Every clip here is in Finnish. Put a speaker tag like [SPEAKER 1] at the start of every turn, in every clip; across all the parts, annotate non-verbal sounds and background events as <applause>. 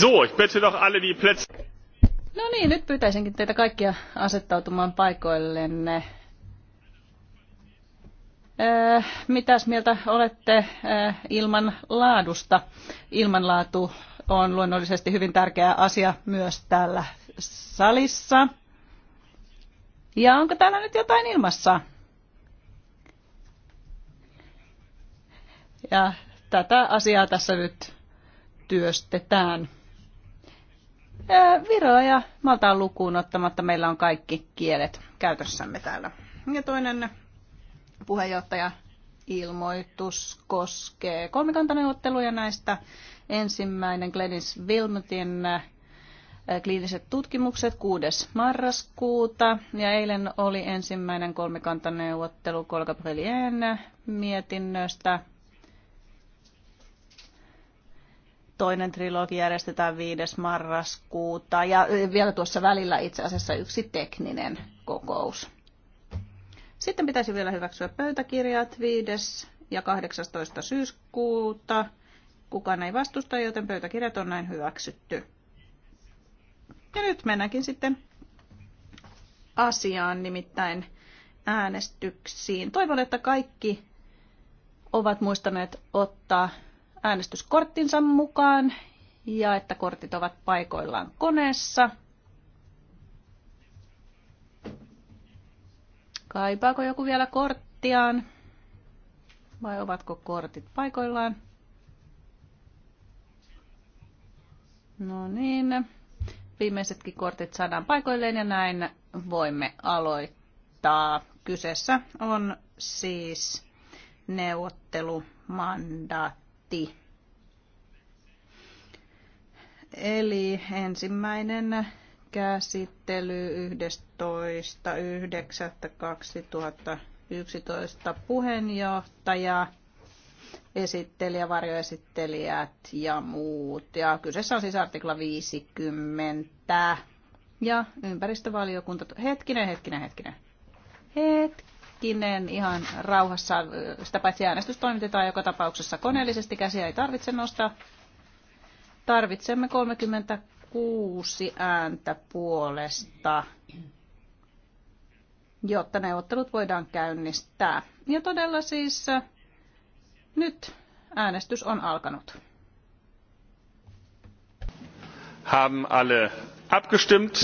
[SPEAKER 1] So, ich bitte doch alle die Plätze.
[SPEAKER 2] No niin, nyt pyytäisinkin teitä kaikkia asettautumaan paikoillenne. Öö, mitäs mieltä olette äh, ilman laadusta? Ilmanlaatu on luonnollisesti hyvin tärkeä asia myös täällä salissa. Ja onko täällä nyt jotain ilmassa? Ja tätä asiaa tässä nyt työstetään. Viroa ja maltaa lukuun ottamatta meillä on kaikki kielet käytössämme täällä. Ja toinen puheenjohtaja ilmoitus koskee kolmikantaneuvotteluja näistä. Ensimmäinen Glenis Wilmotin kliiniset tutkimukset 6. marraskuuta ja eilen oli ensimmäinen kolmikantaneuvottelu Kolka Prelien mietinnöstä toinen trilogi järjestetään 5. marraskuuta ja vielä tuossa välillä itse asiassa yksi tekninen kokous. Sitten pitäisi vielä hyväksyä pöytäkirjat 5. ja 18. syyskuuta. Kukaan ei vastusta, joten pöytäkirjat on näin hyväksytty. Ja nyt mennäänkin sitten asiaan, nimittäin äänestyksiin. Toivon, että kaikki ovat muistaneet ottaa äänestyskorttinsa mukaan ja että kortit ovat paikoillaan koneessa. Kaipaako joku vielä korttiaan? Vai ovatko kortit paikoillaan? No niin, viimeisetkin kortit saadaan paikoilleen ja näin voimme aloittaa. Kyseessä on siis neuvottelumandaatti heti. Eli ensimmäinen käsittely 11.9.2011 puheenjohtaja, esittelijä, varjoesittelijät ja muut. Ja kyseessä on siis artikla 50 ja ympäristövaliokunta. Hetkinen, hetkinen, hetkinen. Hetkinen hetkinen ihan rauhassa. Sitä paitsi äänestys toimitetaan joka tapauksessa koneellisesti. Käsiä ei tarvitse nostaa. Tarvitsemme 36 ääntä puolesta, jotta neuvottelut voidaan käynnistää. Ja todella siis nyt äänestys on alkanut.
[SPEAKER 1] Haben alle abgestimmt?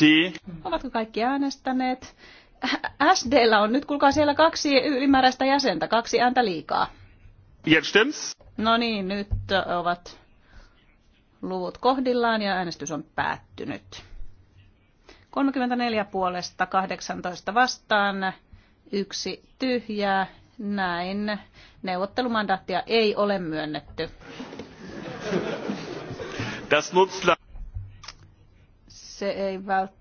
[SPEAKER 1] D.
[SPEAKER 2] Ovatko kaikki äänestäneet? SDllä on nyt, kuulkaa siellä kaksi ylimääräistä jäsentä, kaksi ääntä liikaa. No niin, nyt ovat luvut kohdillaan ja äänestys on päättynyt. 34 puolesta, 18 vastaan, yksi tyhjää, näin. Neuvottelumandaattia ei ole myönnetty. Se ei vält-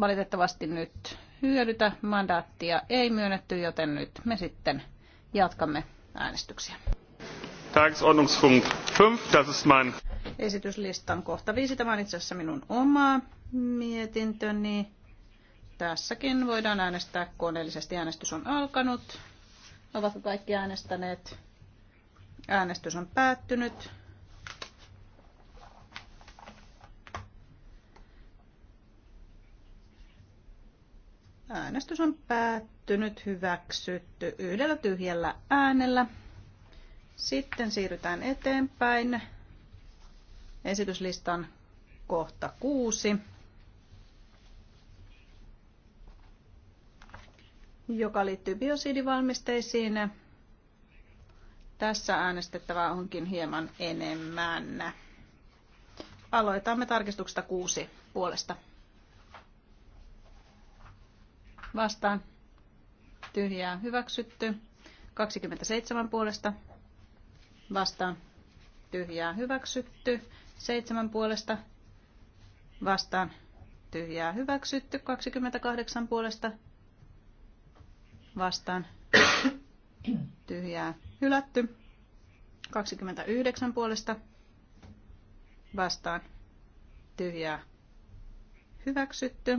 [SPEAKER 2] valitettavasti nyt hyödytä, mandaattia ei myönnetty, joten nyt me sitten jatkamme äänestyksiä.
[SPEAKER 1] Tagesordnungspunkt 5, das ist mein...
[SPEAKER 2] Esityslistan kohta 5, tämä on itse asiassa minun oma mietintöni. Tässäkin voidaan äänestää koneellisesti. Äänestys on alkanut. Ovatko kaikki äänestäneet? Äänestys on päättynyt. Äänestys on päättynyt, hyväksytty yhdellä tyhjällä äänellä. Sitten siirrytään eteenpäin. Esityslistan kohta kuusi, joka liittyy biosidivalmisteisiin. Tässä äänestettävää onkin hieman enemmän. Aloitamme tarkistuksesta kuusi puolesta vastaan tyhjää hyväksytty. 27 puolesta vastaan tyhjää hyväksytty. 7 puolesta vastaan tyhjää hyväksytty. 28 puolesta vastaan tyhjää hylätty. 29 puolesta vastaan tyhjää hyväksytty.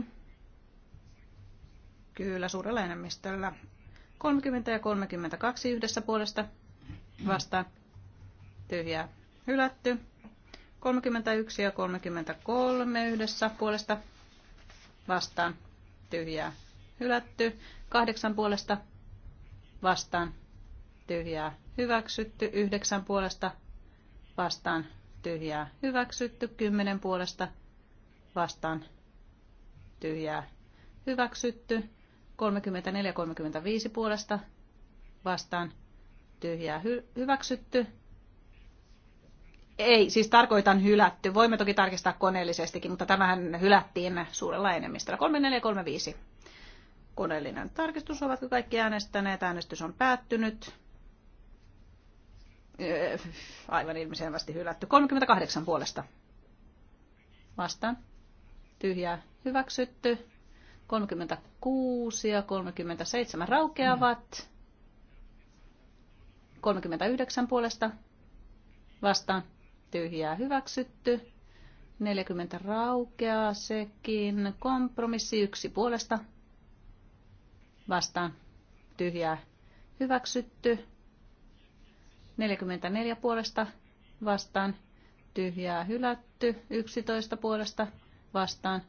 [SPEAKER 2] Kyllä, suurella enemmistöllä. 30 ja 32 yhdessä puolesta vastaan. Tyhjää hylätty. 31 ja 33 yhdessä puolesta vastaan. Tyhjää hylätty. 8 puolesta vastaan. Tyhjää hyväksytty. 9 puolesta vastaan. Tyhjää hyväksytty. 10 puolesta vastaan. Tyhjää hyväksytty. 34-35 puolesta vastaan tyhjää hy- hyväksytty. Ei, siis tarkoitan hylätty. Voimme toki tarkistaa koneellisestikin, mutta tämähän hylättiin suurella enemmistöllä. 3435 koneellinen tarkistus. Ovatko kaikki äänestäneet? Äänestys on päättynyt. Öö, aivan ilmiselvästi hylätty. 38 puolesta. Vastaan. Tyhjää hyväksytty. 36 ja 37 raukeavat. 39 puolesta vastaan tyhjää hyväksytty. 40 raukeaa sekin. Kompromissi yksi puolesta vastaan tyhjää hyväksytty. 44 puolesta vastaan tyhjää hylätty. 11 puolesta vastaan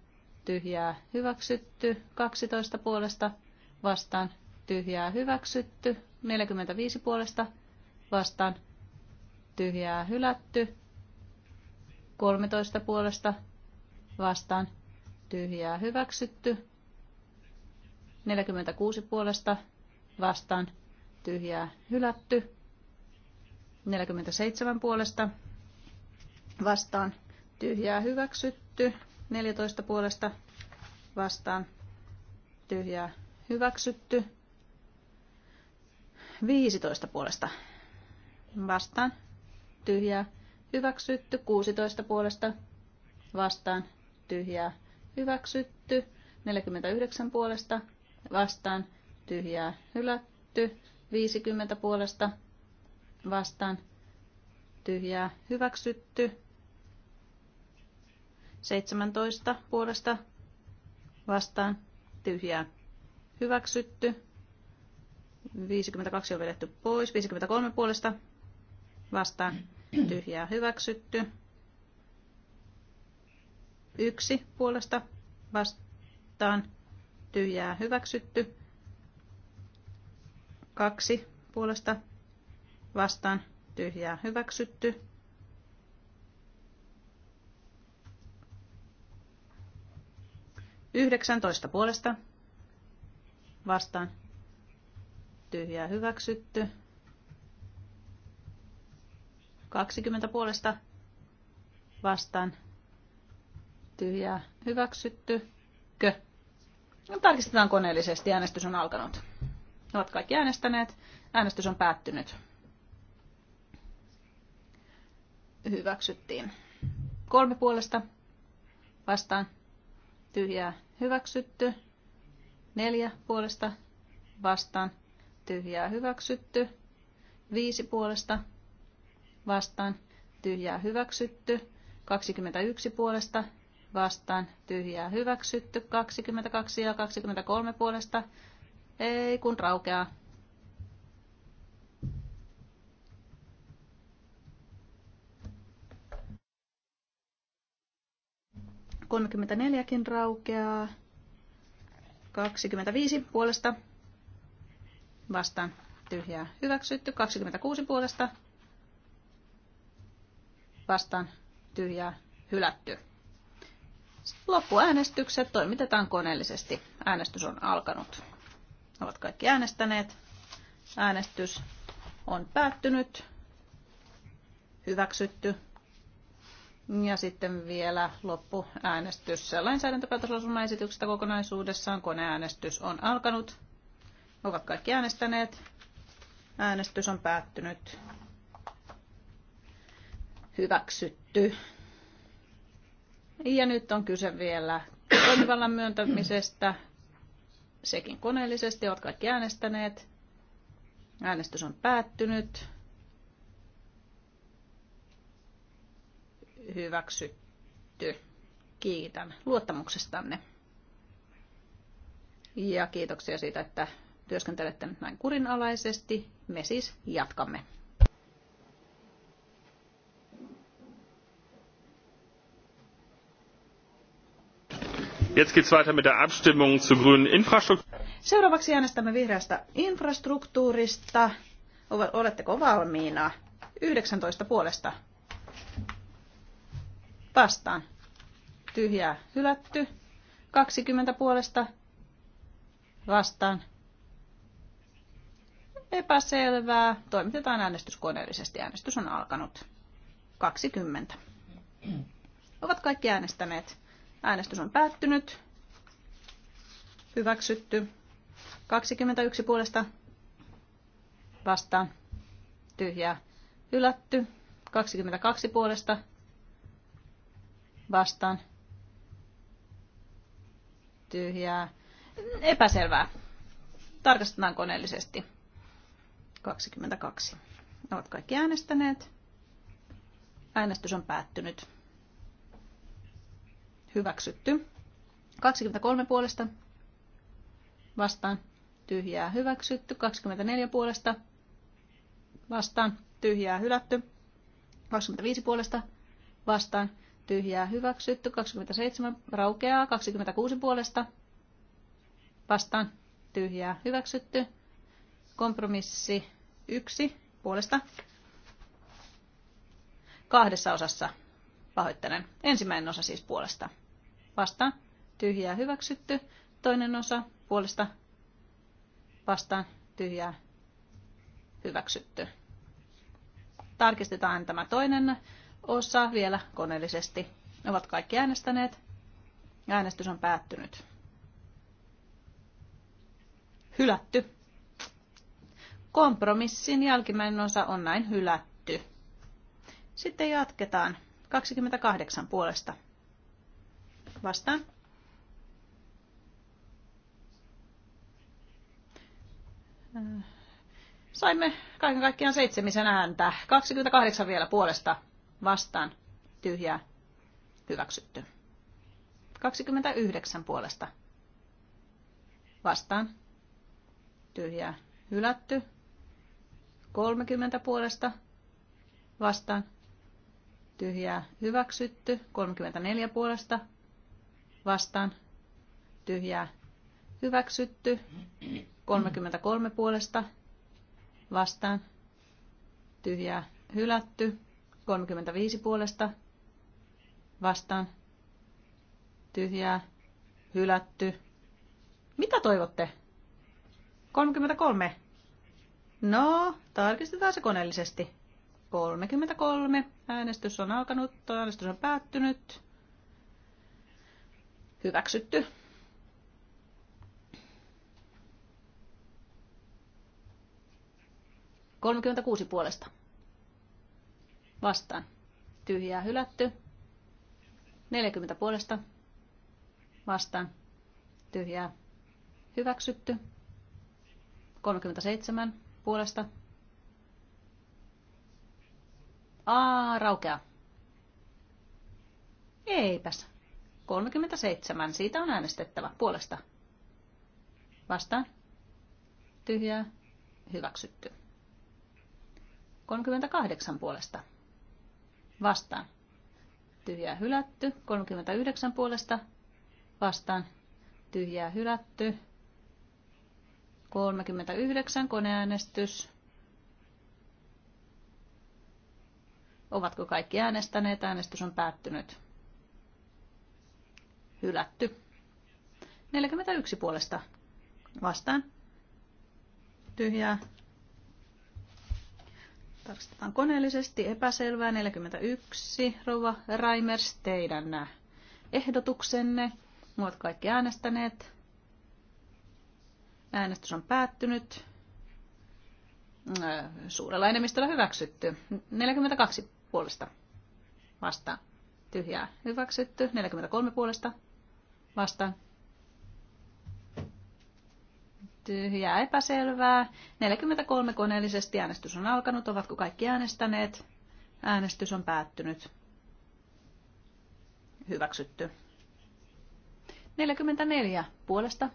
[SPEAKER 2] tyhjää hyväksytty, 12 puolesta vastaan tyhjää hyväksytty, 45 puolesta vastaan tyhjää hylätty, 13 puolesta vastaan tyhjää hyväksytty, 46 puolesta vastaan tyhjää hylätty, 47 puolesta vastaan tyhjää hyväksytty, 14 puolesta vastaan tyhjää hyväksytty. 15 puolesta vastaan tyhjää hyväksytty. 16 puolesta vastaan tyhjää hyväksytty. 49 puolesta vastaan tyhjää hylätty. 50 puolesta vastaan tyhjää hyväksytty. 17 puolesta vastaan tyhjää hyväksytty. 52 on vedetty pois. 53 puolesta vastaan tyhjää hyväksytty. Yksi puolesta vastaan tyhjää hyväksytty. Kaksi puolesta vastaan tyhjää hyväksytty. 19 puolesta vastaan tyhjää hyväksytty. 20 puolesta vastaan tyhjää hyväksytty. Kö? No, tarkistetaan koneellisesti. Äänestys on alkanut. Ovat kaikki äänestäneet. Äänestys on päättynyt. Hyväksyttiin. Kolme puolesta vastaan tyhjää hyväksytty. Neljä puolesta vastaan tyhjää hyväksytty. Viisi puolesta vastaan tyhjää hyväksytty. 21 puolesta vastaan tyhjää hyväksytty. 22 ja 23 puolesta ei kun raukeaa 34kin raukeaa. 25 puolesta vastaan tyhjää hyväksytty. 26 puolesta vastaan tyhjää hylätty. Loppuäänestykset toimitetaan koneellisesti. Äänestys on alkanut. Ovat kaikki äänestäneet. Äänestys on päättynyt. Hyväksytty. Ja sitten vielä loppuäänestys lainsäädäntöpäätöslausunnan esityksestä kokonaisuudessaan. Koneäänestys on alkanut. Ovat kaikki äänestäneet. Äänestys on päättynyt. Hyväksytty. Ja nyt on kyse vielä toimivallan myöntämisestä. Sekin koneellisesti ovat kaikki äänestäneet. Äänestys on päättynyt. hyväksytty. Kiitän luottamuksestanne. Ja kiitoksia siitä, että työskentelette nyt näin kurinalaisesti. Me siis jatkamme.
[SPEAKER 1] Jetzt geht's weiter mit der Abstimmung grünen Infrastruktur.
[SPEAKER 2] Seuraavaksi äänestämme vihreästä infrastruktuurista. Oletteko valmiina? 19 puolesta vastaan. Tyhjää hylätty. 20 puolesta vastaan. Epäselvää. Toimitetaan äänestyskoneellisesti. Äänestys on alkanut. 20. Ovat kaikki äänestäneet. Äänestys on päättynyt. Hyväksytty. 21 puolesta vastaan. Tyhjää. Hylätty. 22 puolesta vastaan tyhjää. Epäselvää. Tarkastetaan koneellisesti. 22. Ovat kaikki äänestäneet. Äänestys on päättynyt. Hyväksytty. 23 puolesta vastaan tyhjää hyväksytty. 24 puolesta vastaan tyhjää hylätty. 25 puolesta vastaan tyhjää hyväksytty. 27 raukeaa. 26 puolesta vastaan tyhjää hyväksytty. Kompromissi 1 puolesta kahdessa osassa pahoittelen. Ensimmäinen osa siis puolesta vastaan tyhjää hyväksytty. Toinen osa puolesta vastaan tyhjää hyväksytty. Tarkistetaan tämä toinen osa vielä koneellisesti. Ovat kaikki äänestäneet. Äänestys on päättynyt. Hylätty. Kompromissin jälkimmäinen osa on näin hylätty. Sitten jatketaan. 28 puolesta. Vastaan. Saimme kaiken kaikkiaan seitsemisen ääntä. 28 vielä puolesta vastaan tyhjää hyväksytty. 29 puolesta vastaan tyhjää hylätty. 30 puolesta vastaan tyhjää hyväksytty. 34 puolesta vastaan tyhjää hyväksytty. 33 puolesta vastaan tyhjää hylätty. 35 puolesta vastaan. Tyhjää. Hylätty. Mitä toivotte? 33. No, tarkistetaan se koneellisesti. 33. Äänestys on alkanut, äänestys on päättynyt. Hyväksytty. kolmekymmentä kuusi puolesta. Vastaan. Tyhjää hylätty. 40 puolesta. Vastaan. Tyhjää hyväksytty. 37 puolesta. a raukea. Eipäs. 37. Siitä on äänestettävä. Puolesta. Vastaan. Tyhjää. Hyväksytty. 38 puolesta vastaan. Tyhjää hylätty. 39 puolesta vastaan. Tyhjää hylätty. 39 koneäänestys. Ovatko kaikki äänestäneet? Äänestys on päättynyt. Hylätty. 41 puolesta vastaan. Tyhjää Tarkistetaan koneellisesti. Epäselvää 41. Rova Raimers, teidän ehdotuksenne. Muut kaikki äänestäneet. Äänestys on päättynyt. Äh, suurella enemmistöllä hyväksytty. 42 puolesta vastaan. Tyhjää hyväksytty. 43 puolesta vastaan tyhjää epäselvää. 43 koneellisesti äänestys on alkanut. Ovatko kaikki äänestäneet? Äänestys on päättynyt. Hyväksytty. 44 puolesta.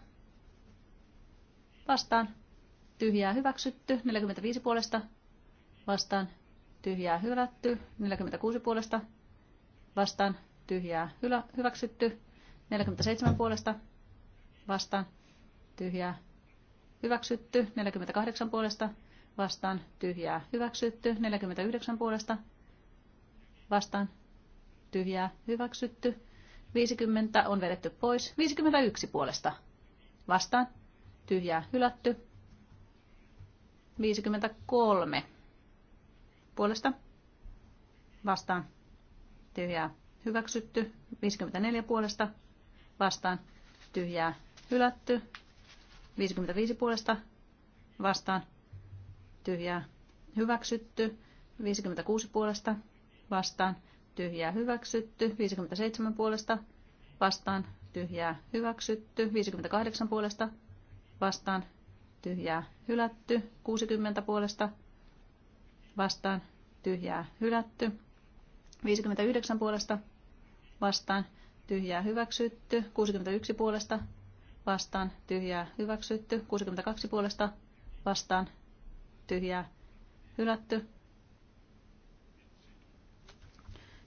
[SPEAKER 2] Vastaan. Tyhjää hyväksytty. 45 puolesta. Vastaan. Tyhjää hylätty. 46 puolesta. Vastaan. Tyhjää hyväksytty. 47 puolesta. Vastaan. Tyhjää hyväksytty, 48 puolesta vastaan tyhjää hyväksytty, 49 puolesta vastaan tyhjää hyväksytty, 50 on vedetty pois, 51 puolesta vastaan tyhjää hylätty, 53 puolesta vastaan tyhjää hyväksytty, 54 puolesta vastaan tyhjää hylätty, 55 puolesta vastaan tyhjää hyväksytty. 56 puolesta vastaan tyhjää hyväksytty. 57 puolesta vastaan tyhjää hyväksytty. 58 puolesta vastaan tyhjää hylätty. 60 puolesta vastaan tyhjää hylätty. 59 puolesta vastaan tyhjää hyväksytty. 61 puolesta vastaan tyhjää hyväksytty. 62 puolesta vastaan tyhjää hylätty.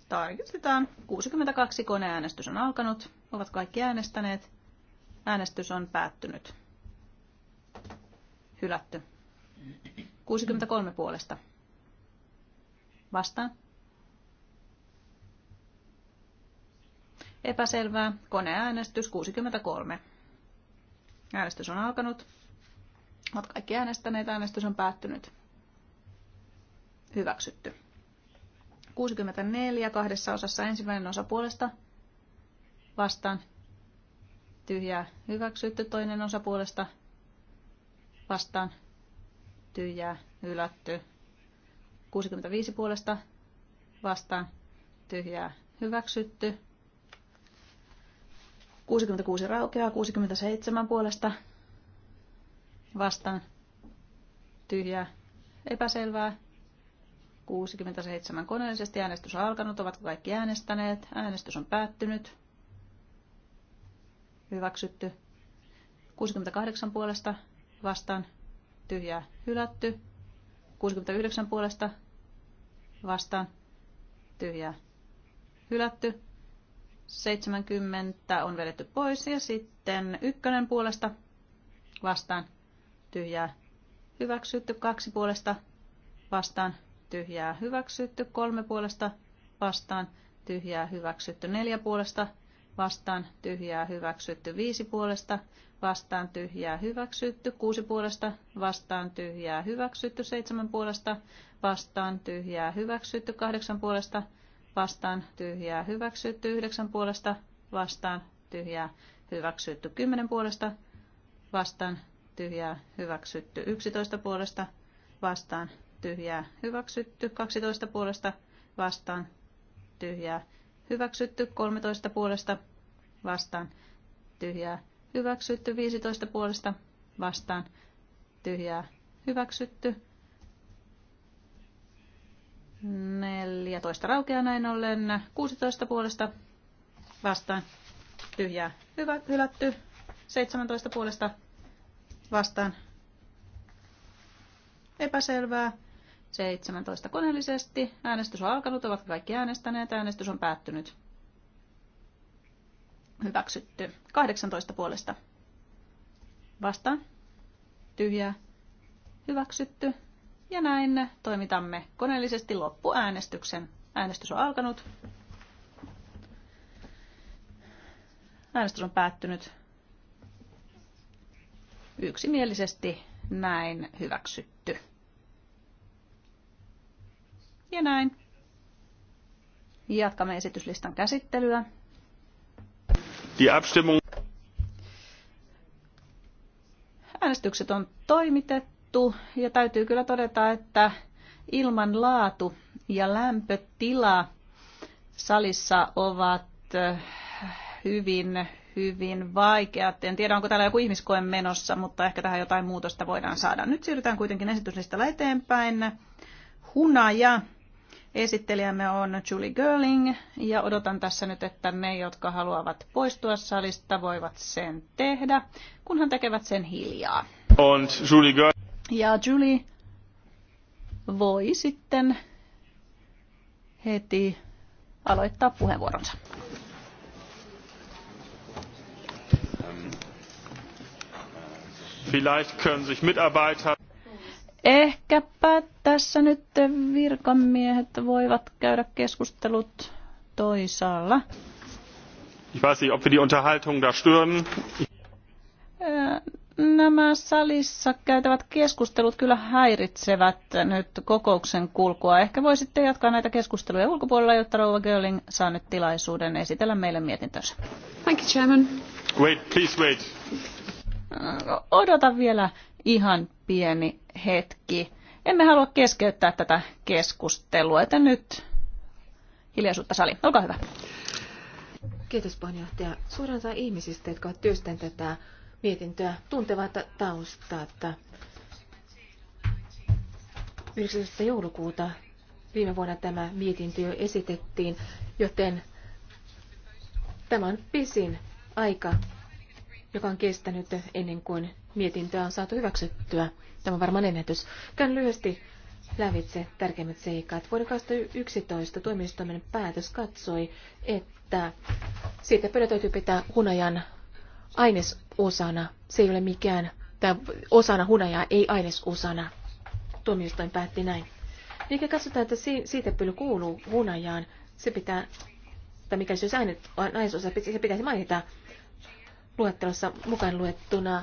[SPEAKER 2] Tarkistetaan. 62 koneäänestys on alkanut. Ovat kaikki äänestäneet. Äänestys on päättynyt. Hylätty. 63 puolesta. Vastaan. Epäselvää. Koneäänestys 63. Äänestys on alkanut. Olet kaikki äänestäneet. Äänestys on päättynyt. Hyväksytty. 64 kahdessa osassa ensimmäinen osa puolesta vastaan tyhjää hyväksytty, toinen osa puolesta vastaan tyhjää hylätty, 65 puolesta vastaan tyhjää hyväksytty, 66 raukeaa, 67 puolesta vastaan tyhjää epäselvää. 67 koneellisesti äänestys on alkanut, ovatko kaikki äänestäneet, äänestys on päättynyt, hyväksytty. 68 puolesta vastaan tyhjää hylätty. 69 puolesta vastaan tyhjää hylätty. 70 on vedetty pois ja sitten ykkönen puolesta vastaan tyhjää hyväksytty, kaksi puolesta vastaan tyhjää hyväksytty, kolme puolesta vastaan tyhjää hyväksytty, neljä puolesta vastaan tyhjää hyväksytty, viisi puolesta vastaan tyhjää hyväksytty, kuusi puolesta vastaan tyhjää hyväksytty, seitsemän puolesta vastaan tyhjää hyväksytty, kahdeksan puolesta vastaan, vastaan tyhjää hyväksytty, 9 puolesta vastaan tyhjää hyväksytty, 10 puolesta vastaan tyhjää hyväksytty, 11 puolesta vastaan tyhjää hyväksytty, 12 puolesta vastaan tyhjää hyväksytty, 13 puolesta vastaan tyhjää hyväksytty, 15 puolesta vastaan tyhjää hyväksytty, 14 raukeaa näin ollen. 16 puolesta vastaan. Tyhjää. Hyvä, hylätty. 17 puolesta vastaan. Epäselvää. 17 koneellisesti. Äänestys on alkanut, ovat kaikki äänestäneet. Äänestys on päättynyt. Hyväksytty. 18 puolesta. Vastaan. Tyhjää. Hyväksytty. Ja näin toimitamme koneellisesti loppuäänestyksen. Äänestys on alkanut. Äänestys on päättynyt. Yksimielisesti näin hyväksytty. Ja näin. Jatkamme esityslistan käsittelyä. Die Abstimmung. Äänestykset on toimitettu juttu. ja täytyy kyllä todeta, että ilman laatu ja lämpötila salissa ovat äh, hyvin, hyvin vaikeat. En tiedä, onko täällä joku ihmiskoe menossa, mutta ehkä tähän jotain muutosta voidaan saada. Nyt siirrytään kuitenkin esityslistalla eteenpäin. Hunaja. Esittelijämme on Julie Görling ja odotan tässä nyt, että ne, jotka haluavat poistua salista, voivat sen tehdä, kunhan tekevät sen hiljaa.
[SPEAKER 1] Und Julie Girling.
[SPEAKER 2] Ja Julie voi sitten heti aloittaa puheenvuoronsa.
[SPEAKER 1] Vielleicht können sich Mitarbeiter
[SPEAKER 2] Ehkäpä tässä nyt virkamiehet voivat käydä keskustelut toisaalla.
[SPEAKER 1] Ich weiß nicht, ob wir die Unterhaltung da stören.
[SPEAKER 2] Äh, nämä salissa käytävät keskustelut kyllä häiritsevät nyt kokouksen kulkua. Ehkä voisitte jatkaa näitä keskusteluja ulkopuolella, jotta Rouva Görling saa nyt tilaisuuden esitellä meille mietintönsä. Thank you, Chairman.
[SPEAKER 1] Wait, please wait.
[SPEAKER 2] Odota vielä ihan pieni hetki. Emme halua keskeyttää tätä keskustelua, että nyt
[SPEAKER 3] hiljaisuutta sali. Olkaa hyvä. Kiitos puheenjohtaja. Suurin osa ihmisistä, jotka ovat työstäneet tätä mietintöä tuntevat että 19. joulukuuta viime vuonna tämä mietintö jo esitettiin, joten tämä on pisin aika, joka on kestänyt ennen kuin mietintöä on saatu hyväksyttyä. Tämä on varmaan ennätys. Käyn lyhyesti lävitse tärkeimmät seikat. Vuoden 2011 tuomioistuimen päätös katsoi, että siitä pöydä täytyy pitää hunajan aines ainesosana. Se ei ole mikään, tämä osana hunajaa, ei ainesosana. Tuomioistuin päätti näin. Mikä katsotaan, että siitepöly kuuluu hunajaan, se pitää, tai mikä se olisi aine, ainesosa, se pitäisi mainita luettelossa mukaan luettuna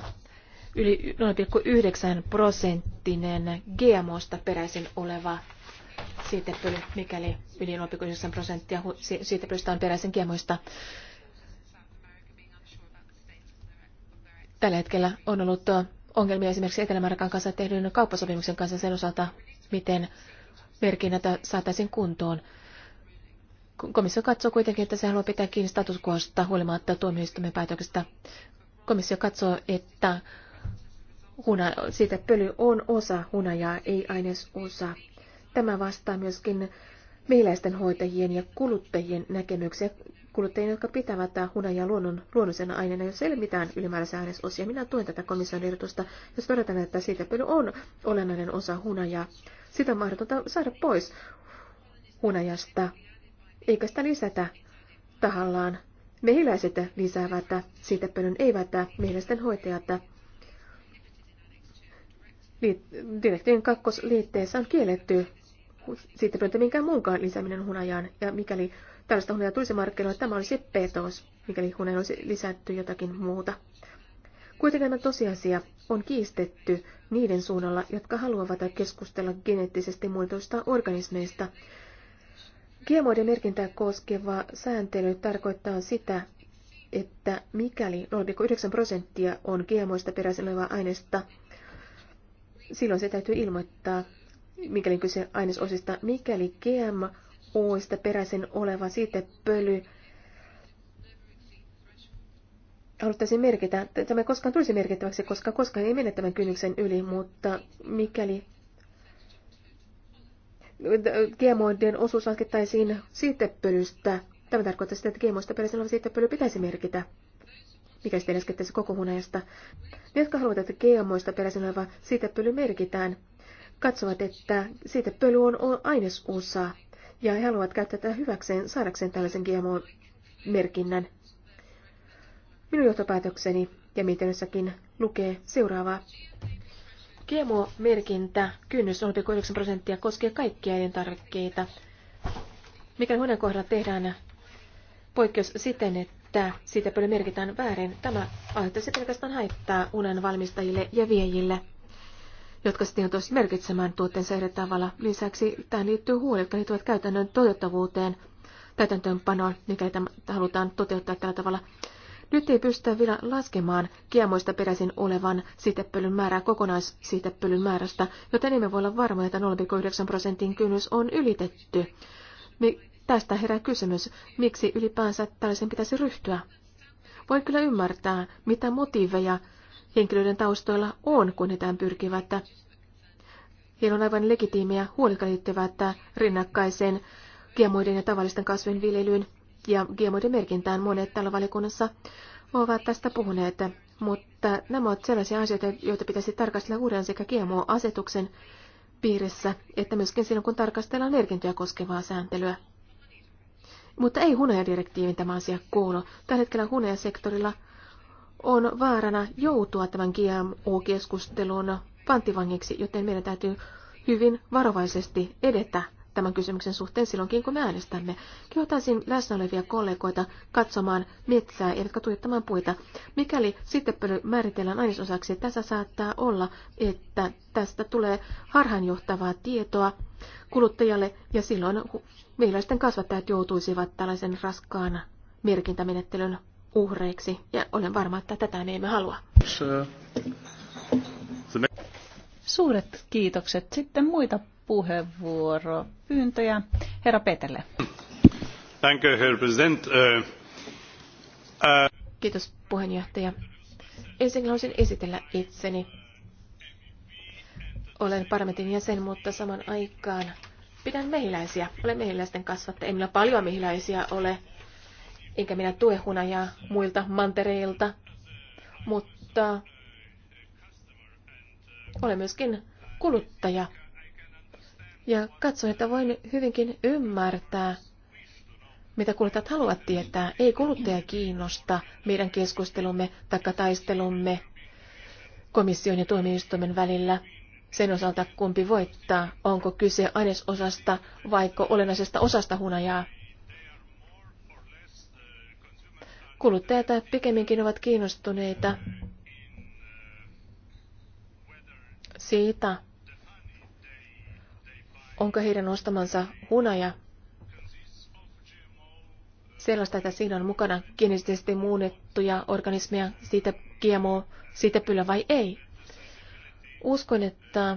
[SPEAKER 3] yli 0,9 prosenttinen GMOsta peräisin oleva siitepöly, mikäli yli 0,9 prosenttia siitepölystä on peräisin GMOista. Tällä hetkellä on ollut ongelmia esimerkiksi Etelä-Amerikan kanssa tehdyn kauppasopimuksen kanssa sen osalta, miten merkinnät saataisiin kuntoon. Komissio katsoo kuitenkin, että se haluaa pitää kiinni status quoista huolimatta tuomioistuimen päätöksestä. Komissio katsoo, että huna, siitä pöly on osa hunajaa, ei ainesosa. Tämä vastaa myöskin mieläisten hoitajien ja kuluttajien näkemyksiä kuluttajien, jotka pitävät hunajaa luonnon, luonnollisena aineena, jos ei ole mitään ylimääräisiä ainesosia. Minä tuen tätä komission ehdotusta, jos todetaan, että siitä on olennainen osa hunajaa. Sitä on mahdotonta saada pois hunajasta, eikä sitä lisätä tahallaan. Mehiläiset lisäävät siitepölyn, eivät mehiläisten hoitajat. Direktiivin kakkosliitteessä on kielletty siitepölyntä minkään muunkaan lisääminen hunajaan, ja mikäli tällaista hunajaa tulisi markkinoille, tämä olisi petos, mikäli hunajalle olisi lisätty jotakin muuta. Kuitenkin tämä tosiasia on kiistetty niiden suunnalla, jotka haluavat keskustella geneettisesti muotoista organismeista. Kiemoiden merkintää koskeva sääntely tarkoittaa sitä, että mikäli 0,9 prosenttia on kiemoista peräisin olevaa aineesta, silloin se täytyy ilmoittaa, mikäli kyse ainesosista, mikäli GM puuista peräisin oleva siitepöly haluttaisiin merkitä. Tämä ei koskaan tulisi merkittäväksi, koska koskaan ei mene tämän kynnyksen yli, mutta mikäli GMOiden osuus laskettaisiin siitepölystä, tämä tarkoittaa sitä, että GMOista peräisin oleva siitepöly pitäisi merkitä mikä sitten laskettaisi koko huoneesta. Ne, jotka haluavat, että GMOista peräisin oleva siitepöly merkitään, katsovat, että siitepöly on ainesosa ja he haluavat käyttää tätä hyväkseen saadakseen tällaisen GMO-merkinnän. Minun johtopäätökseni ja mietinnössäkin lukee seuraavaa. GMO-merkintä kynnys 0,9 prosenttia koskee kaikkia elintarvikkeita. Mikäli huoneen kohdalla tehdään poikkeus siten, että siitä paljon merkitään väärin, tämä aiheuttaisi pelkästään haittaa unen valmistajille ja viejille – jotka sitten joutuisivat merkitsemään tuotteensa eri tavalla. Lisäksi tähän liittyy huoli, jotka liittyvät käytännön toteuttavuuteen, täytäntöönpanoon, mikä halutaan toteuttaa tällä tavalla. Nyt ei pystytä vielä laskemaan kiemoista peräisin olevan siitepölyn määrää kokonaissiitepölyn määrästä, joten emme voi olla varmoja, että 0,9 prosentin kynnys on ylitetty. Mi- tästä herää kysymys, miksi ylipäänsä tällaisen pitäisi ryhtyä. Voi kyllä ymmärtää, mitä motiiveja henkilöiden taustoilla on, kun he tähän pyrkivät. Heillä on aivan legitiimiä huolika liittyvät rinnakkaiseen kiemoiden ja tavallisten kasvien viljelyyn ja kiemoiden merkintään. Monet täällä valikunnassa ovat tästä puhuneet, mutta nämä ovat sellaisia asioita, joita pitäisi tarkastella uuden sekä GMO-asetuksen piirissä, että myöskin silloin, kun tarkastellaan merkintöjä koskevaa sääntelyä. Mutta ei hunajadirektiivin tämä asia kuulu. Tällä hetkellä hunajasektorilla sektorilla on vaarana joutua tämän GMO-keskustelun panttivangiksi, joten meidän täytyy hyvin varovaisesti edetä tämän kysymyksen suhteen silloinkin, kun me äänestämme. Kehotaisin läsnä olevia kollegoita katsomaan metsää, eivätkä tuijottamaan puita. Mikäli sitten määritellään ainesosaksi, tässä saattaa olla, että tästä tulee harhaanjohtavaa tietoa kuluttajalle, ja silloin meillä sitten kasvattajat joutuisivat tällaisen raskaan merkintämenettelyn uhreiksi, ja olen varma, että tätä me emme halua. Suuret
[SPEAKER 2] kiitokset. Sitten muita puheenvuoropyyntöjä. Herra Petelle.
[SPEAKER 1] Thank you, herr president. Uh, uh...
[SPEAKER 3] Kiitos puheenjohtaja. Ensinnäkin haluaisin esitellä itseni. Olen parlamentin jäsen, mutta saman aikaan pidän mehiläisiä. Olen mehiläisten kasvattaja. Ei meillä paljon mehiläisiä ole, enkä minä tue hunajaa muilta mantereilta, mutta olen myöskin kuluttaja. Ja katson, että voin hyvinkin ymmärtää, mitä kuluttajat haluavat tietää. Ei kuluttaja kiinnosta meidän keskustelumme tai taistelumme komission ja tuomioistuimen välillä sen osalta, kumpi voittaa. Onko kyse ainesosasta vaiko olennaisesta osasta hunajaa. Kuluttajat pikemminkin ovat kiinnostuneita siitä, onko heidän ostamansa hunaja sellaista, että siinä on mukana geneettisesti muunnettuja organismeja, siitä GMO, siitä pyllä vai ei. Uskon, että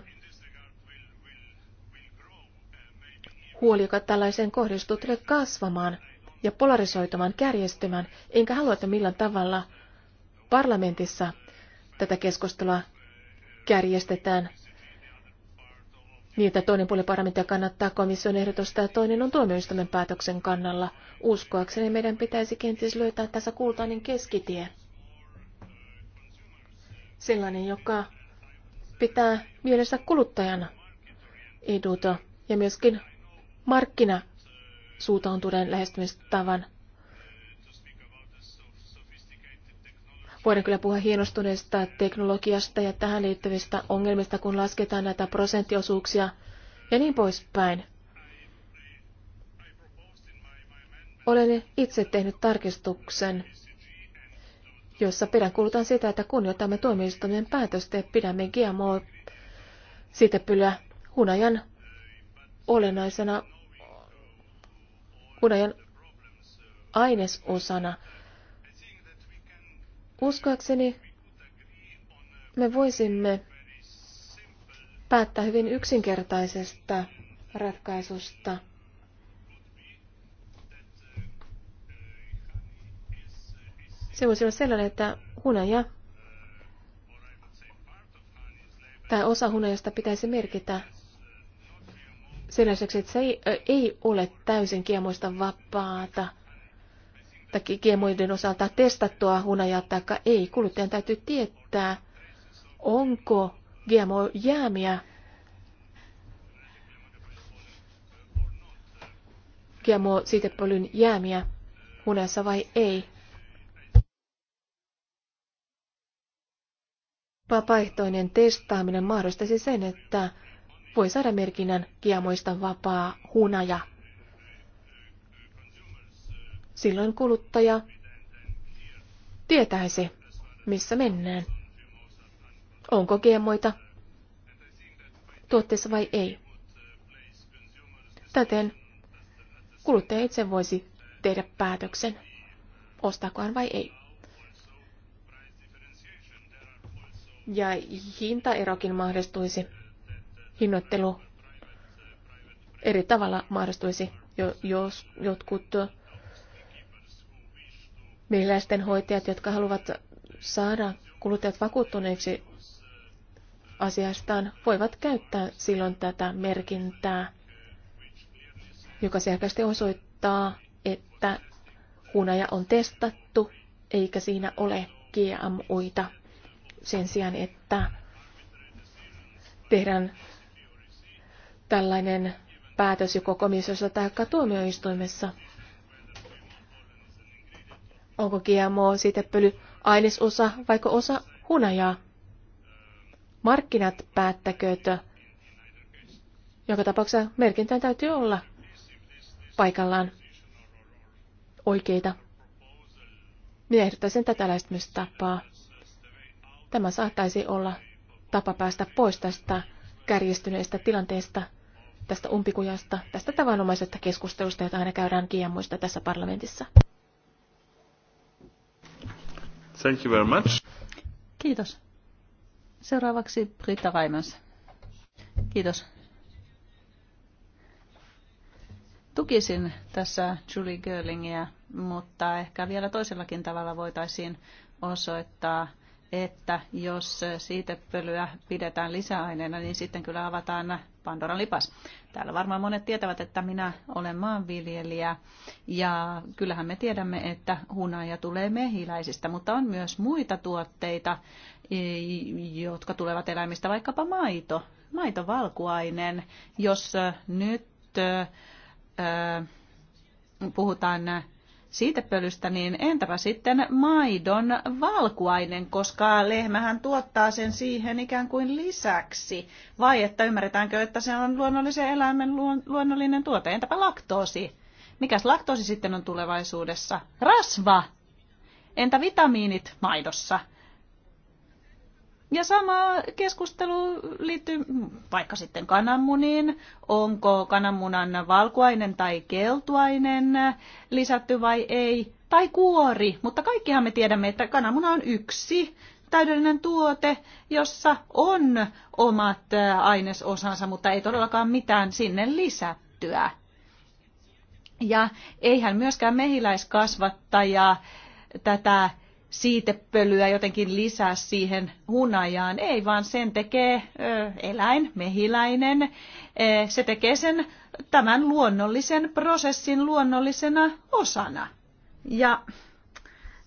[SPEAKER 3] huoli, joka tällaiseen kohdistuu, tulee kasvamaan – ja polarisoitumaan kärjestymään, enkä halua, että millään tavalla parlamentissa tätä keskustelua kärjestetään niin, että toinen puoli parlamenttia kannattaa komission ehdotusta ja toinen on tuomioistuimen päätöksen kannalla. Uskoakseni meidän pitäisi kenties löytää tässä kultainen keskitie. Sellainen, joka pitää mielessä kuluttajan edut ja myöskin markkina suuntautuneen lähestymistavan. Voidaan kyllä puhua hienostuneesta teknologiasta ja tähän liittyvistä ongelmista, kun lasketaan näitä prosenttiosuuksia ja niin poispäin. Olen itse tehnyt tarkistuksen, jossa peräänkuulutan sitä, että kunnioitamme tuomioistuimen päätöstä ja pidämme GMO-sitepylyä hunajan olennaisena hunajan ainesosana. Uskoakseni me voisimme päättää hyvin yksinkertaisesta ratkaisusta. Se voisi olla sellainen, että hunaja tai osa hunajasta pitäisi merkitä sen lisäksi, että se ei, ei ole täysin kiemoista vapaata tai kiemoiden osalta testattua hunajaa, tai ei. Kuluttajan täytyy tietää, onko GMO-jäämiä GMO-siitepölyn jäämiä hunajassa vai ei. Vapaaehtoinen testaaminen mahdollistaisi sen, että voi saada merkinnän kiamoista vapaa hunaja. Silloin kuluttaja tietäisi, missä mennään. Onko kiemoita tuotteessa vai ei. Täten kuluttaja itse voisi tehdä päätöksen, ostaako vai ei. Ja hintaerokin mahdollistuisi hinnoittelu eri tavalla mahdollistuisi, jos jotkut mieläisten hoitajat, jotka haluavat saada kuluttajat vakuuttuneiksi asiastaan, voivat käyttää silloin tätä merkintää, joka selkeästi osoittaa, että hunaja on testattu eikä siinä ole GMOita sen sijaan, että tehdään tällainen päätös joko komissiossa tai tuomioistuimessa. Onko GMO pöly ainesosa vai osa hunajaa? Markkinat päättäkööt. Joka tapauksessa merkintään täytyy olla paikallaan oikeita. Minä ehdottaisin tätä lähestymistapaa. Tämä saattaisi olla tapa päästä pois tästä kärjistyneestä tilanteesta – tästä umpikujasta, tästä tavanomaisesta keskustelusta, jota aina käydään GMOista tässä parlamentissa.
[SPEAKER 1] Thank you very much.
[SPEAKER 2] Kiitos. Seuraavaksi Britta Raimans. Kiitos. Tukisin tässä Julie Girlingia, mutta ehkä vielä toisellakin tavalla voitaisiin osoittaa että jos siitepölyä pidetään lisäaineena, niin sitten kyllä avataan Pandoran lipas. Täällä varmaan monet tietävät, että minä olen maanviljelijä ja kyllähän me tiedämme, että hunaja tulee mehiläisistä, mutta on myös muita tuotteita, eh, jotka tulevat eläimistä, vaikkapa maito, maitovalkuainen. Jos nyt eh, puhutaan siitepölystä, niin entäpä sitten maidon valkuainen, koska lehmähän tuottaa sen siihen ikään kuin lisäksi. Vai että ymmärretäänkö, että se on luonnollisen eläimen luonnollinen tuote. Entäpä laktoosi? Mikäs laktoosi sitten on tulevaisuudessa? Rasva! Entä vitamiinit maidossa? Ja sama keskustelu liittyy vaikka sitten kananmuniin. Onko kananmunan valkuainen tai keltuainen lisätty vai ei? Tai kuori. Mutta kaikkihan me tiedämme, että kananmuna on yksi täydellinen tuote, jossa on omat ainesosansa, mutta ei todellakaan mitään sinne lisättyä. Ja eihän myöskään mehiläiskasvattaja tätä siitepölyä jotenkin lisää siihen hunajaan. Ei, vaan sen tekee ö, eläin, mehiläinen. E, se tekee sen tämän luonnollisen prosessin luonnollisena osana. Ja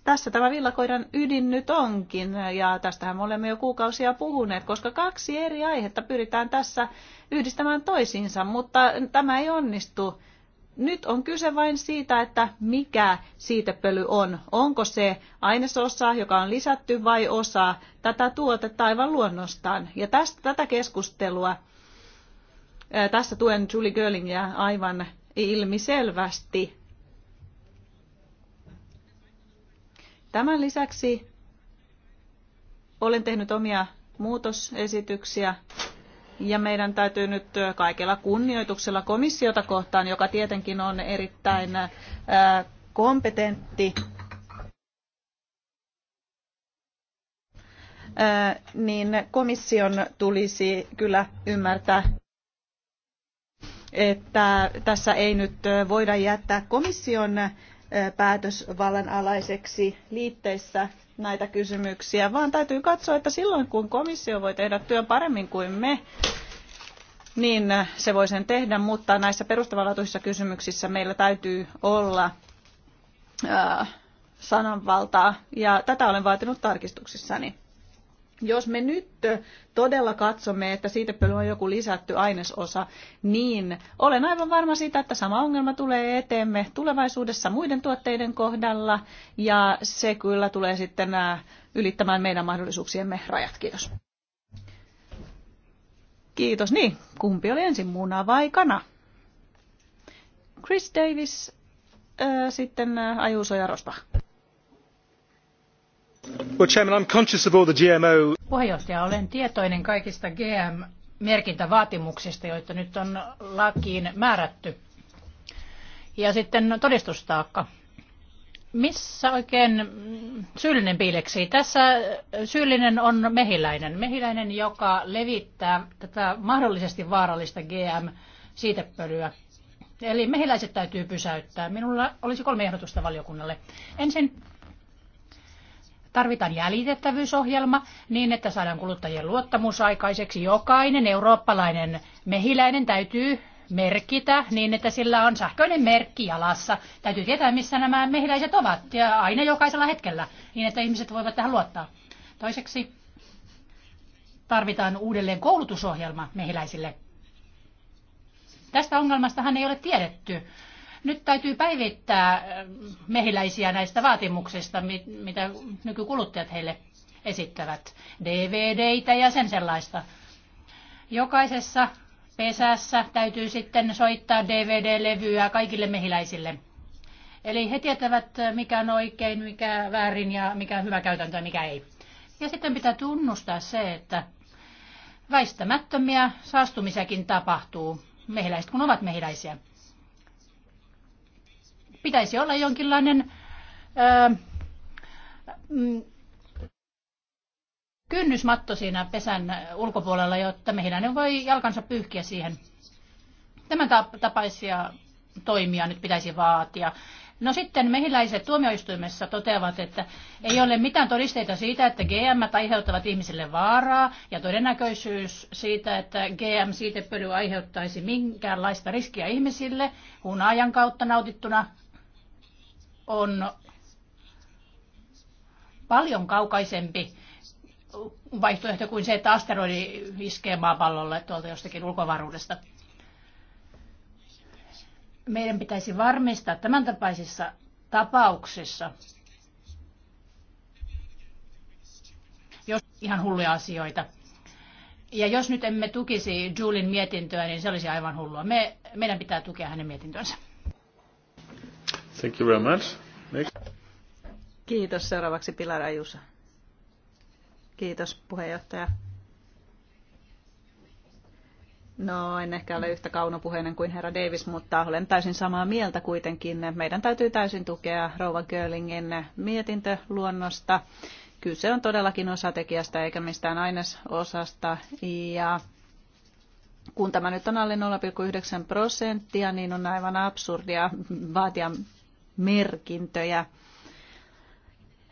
[SPEAKER 2] tässä tämä villakoiran ydin nyt onkin, ja tästähän me olemme jo kuukausia puhuneet, koska kaksi eri aihetta pyritään tässä yhdistämään toisiinsa, mutta tämä ei onnistu nyt on kyse vain siitä, että mikä siitepöly on. Onko se ainesosa, joka on lisätty vai osa tätä tuotetta aivan luonnostaan. Ja tästä, tätä keskustelua, tässä tuen Julie Girlingia aivan ilmiselvästi. Tämän lisäksi olen tehnyt omia muutosesityksiä ja meidän täytyy nyt kaikella kunnioituksella komissiota kohtaan, joka tietenkin on erittäin kompetentti, niin komission tulisi kyllä ymmärtää, että tässä ei nyt voida jättää komission päätösvallan alaiseksi liitteissä näitä kysymyksiä, vaan täytyy katsoa, että silloin kun komissio voi tehdä työn paremmin kuin me, niin se voi sen tehdä, mutta näissä perustavanlaatuisissa kysymyksissä meillä täytyy olla sananvaltaa, ja tätä olen vaatinut tarkistuksissani. Jos me nyt todella katsomme, että pölyä on joku lisätty ainesosa, niin olen aivan varma siitä, että sama ongelma tulee eteemme tulevaisuudessa muiden tuotteiden kohdalla, ja se kyllä tulee sitten ylittämään meidän mahdollisuuksiemme rajat. Kiitos. Kiitos. Niin, kumpi oli ensin, muuna vai kana? Chris Davis, äh, sitten äh, Ajuso ja Rosbach.
[SPEAKER 4] Puheenjohtaja, olen tietoinen kaikista GM-merkintävaatimuksista, joita nyt on lakiin määrätty. Ja sitten todistustaakka. Missä oikein syyllinen piileksi? Tässä syyllinen on mehiläinen. Mehiläinen, joka levittää tätä mahdollisesti vaarallista GM-siitepölyä. Eli mehiläiset täytyy pysäyttää. Minulla olisi kolme ehdotusta valiokunnalle. Ensin Tarvitaan jäljitettävyysohjelma niin, että saadaan kuluttajien luottamus aikaiseksi. Jokainen eurooppalainen mehiläinen täytyy merkitä niin, että sillä on sähköinen merkki jalassa. Täytyy tietää, missä nämä mehiläiset ovat ja aina jokaisella hetkellä niin, että ihmiset voivat tähän luottaa. Toiseksi tarvitaan uudelleen koulutusohjelma mehiläisille. Tästä ongelmastahan ei ole tiedetty nyt täytyy päivittää äh, mehiläisiä näistä vaatimuksista, mitä nykykuluttajat heille esittävät. DVDitä ja sen sellaista. Jokaisessa pesässä täytyy sitten soittaa DVD-levyä kaikille mehiläisille. Eli he tietävät, äh, mikä on oikein, mikä väärin ja mikä on hyvä käytäntö ja mikä ei. Ja sitten pitää tunnustaa se, että väistämättömiä saastumisiakin tapahtuu, mehiläiset kun ovat mehiläisiä pitäisi olla jonkinlainen ää, mm, kynnysmatto siinä pesän ulkopuolella, jotta mehiläinen voi jalkansa pyyhkiä siihen. Tämän tapaisia toimia nyt pitäisi vaatia. No sitten mehiläiset tuomioistuimessa toteavat, että ei ole mitään todisteita siitä, että GM aiheuttavat ihmisille vaaraa ja todennäköisyys siitä, että GM-siitepöly aiheuttaisi minkäänlaista riskiä ihmisille hunajan kautta nautittuna on paljon kaukaisempi vaihtoehto kuin se, että asteroidi iskee maapallolle tuolta jostakin ulkovaruudesta. Meidän pitäisi varmistaa tämän tapaisissa tapauksissa, jos ihan hulluja asioita. Ja jos nyt emme tukisi Julin mietintöä, niin se olisi aivan hullua. Me, meidän pitää tukea hänen mietintönsä.
[SPEAKER 1] Thank you very much. Next.
[SPEAKER 2] Kiitos. Seuraavaksi Pilar Ajusa. Kiitos puheenjohtaja. No, en ehkä ole yhtä kaunopuheinen kuin herra Davis, mutta olen täysin samaa mieltä kuitenkin. Meidän täytyy täysin tukea Rouva Görlingin mietintöluonnosta. Kyse on todellakin osatekijästä eikä mistään ainesosasta. Ja kun tämä nyt on alle 0,9 prosenttia, niin on aivan absurdia vaatia merkintöjä.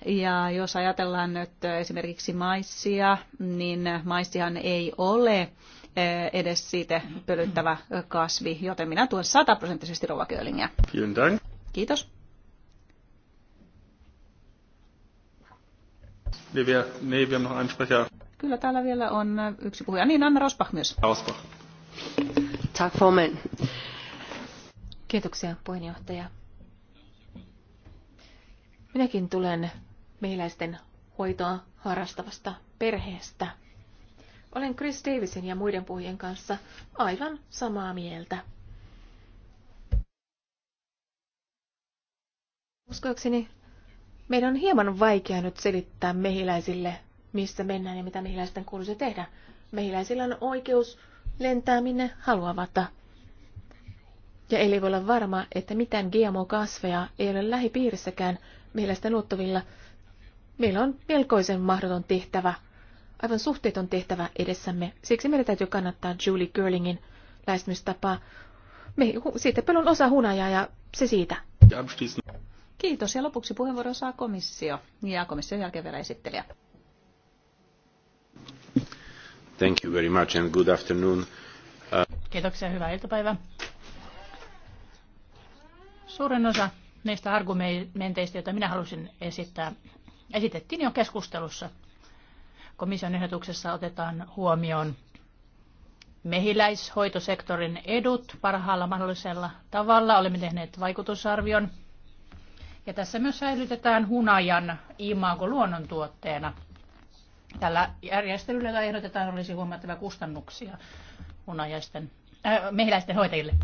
[SPEAKER 2] Ja jos ajatellaan nyt esimerkiksi maissia, niin maissihan ei ole eh, edes siitä pölyttävä kasvi, joten minä tuen sataprosenttisesti Rova Kiitos. Kyllä täällä vielä on yksi puhuja. Niin, Anna Rosbach myös.
[SPEAKER 1] Rosbach.
[SPEAKER 4] Tack
[SPEAKER 3] Kiitoksia puheenjohtaja. Minäkin tulen mehiläisten hoitoa harrastavasta perheestä. Olen Chris Davisin ja muiden puhujien kanssa aivan samaa mieltä. Uskoakseni meidän on hieman vaikea nyt selittää mehiläisille, missä mennään ja mitä mehiläisten kuuluisi tehdä. Mehiläisillä on oikeus lentää minne haluavat. Ja eli voi olla varma, että mitään GMO-kasveja ei ole lähipiirissäkään, mielestäni luottavilla, meillä on melkoisen mahdoton tehtävä, aivan suhteeton tehtävä edessämme. Siksi meidän täytyy kannattaa Julie Girlingin lähestymistapaa. Me, siitä pelon osa hunajaa ja se siitä. Kiitos ja lopuksi puheenvuoron saa komissio ja komission jälkeen vielä esittelijä.
[SPEAKER 1] Thank you very much and good afternoon. Uh...
[SPEAKER 4] Kiitoksia, hyvää iltapäivää. Suurin osa näistä argumenteista, joita minä halusin esittää, esitettiin jo keskustelussa. Komission ehdotuksessa otetaan huomioon mehiläishoitosektorin edut parhaalla mahdollisella tavalla. Olemme tehneet vaikutusarvion. Ja tässä myös säilytetään hunajan imago luonnontuotteena. Tällä järjestelyllä, jota ehdotetaan, olisi huomattavia kustannuksia hunajaisten, äh, mehiläisten hoitajille.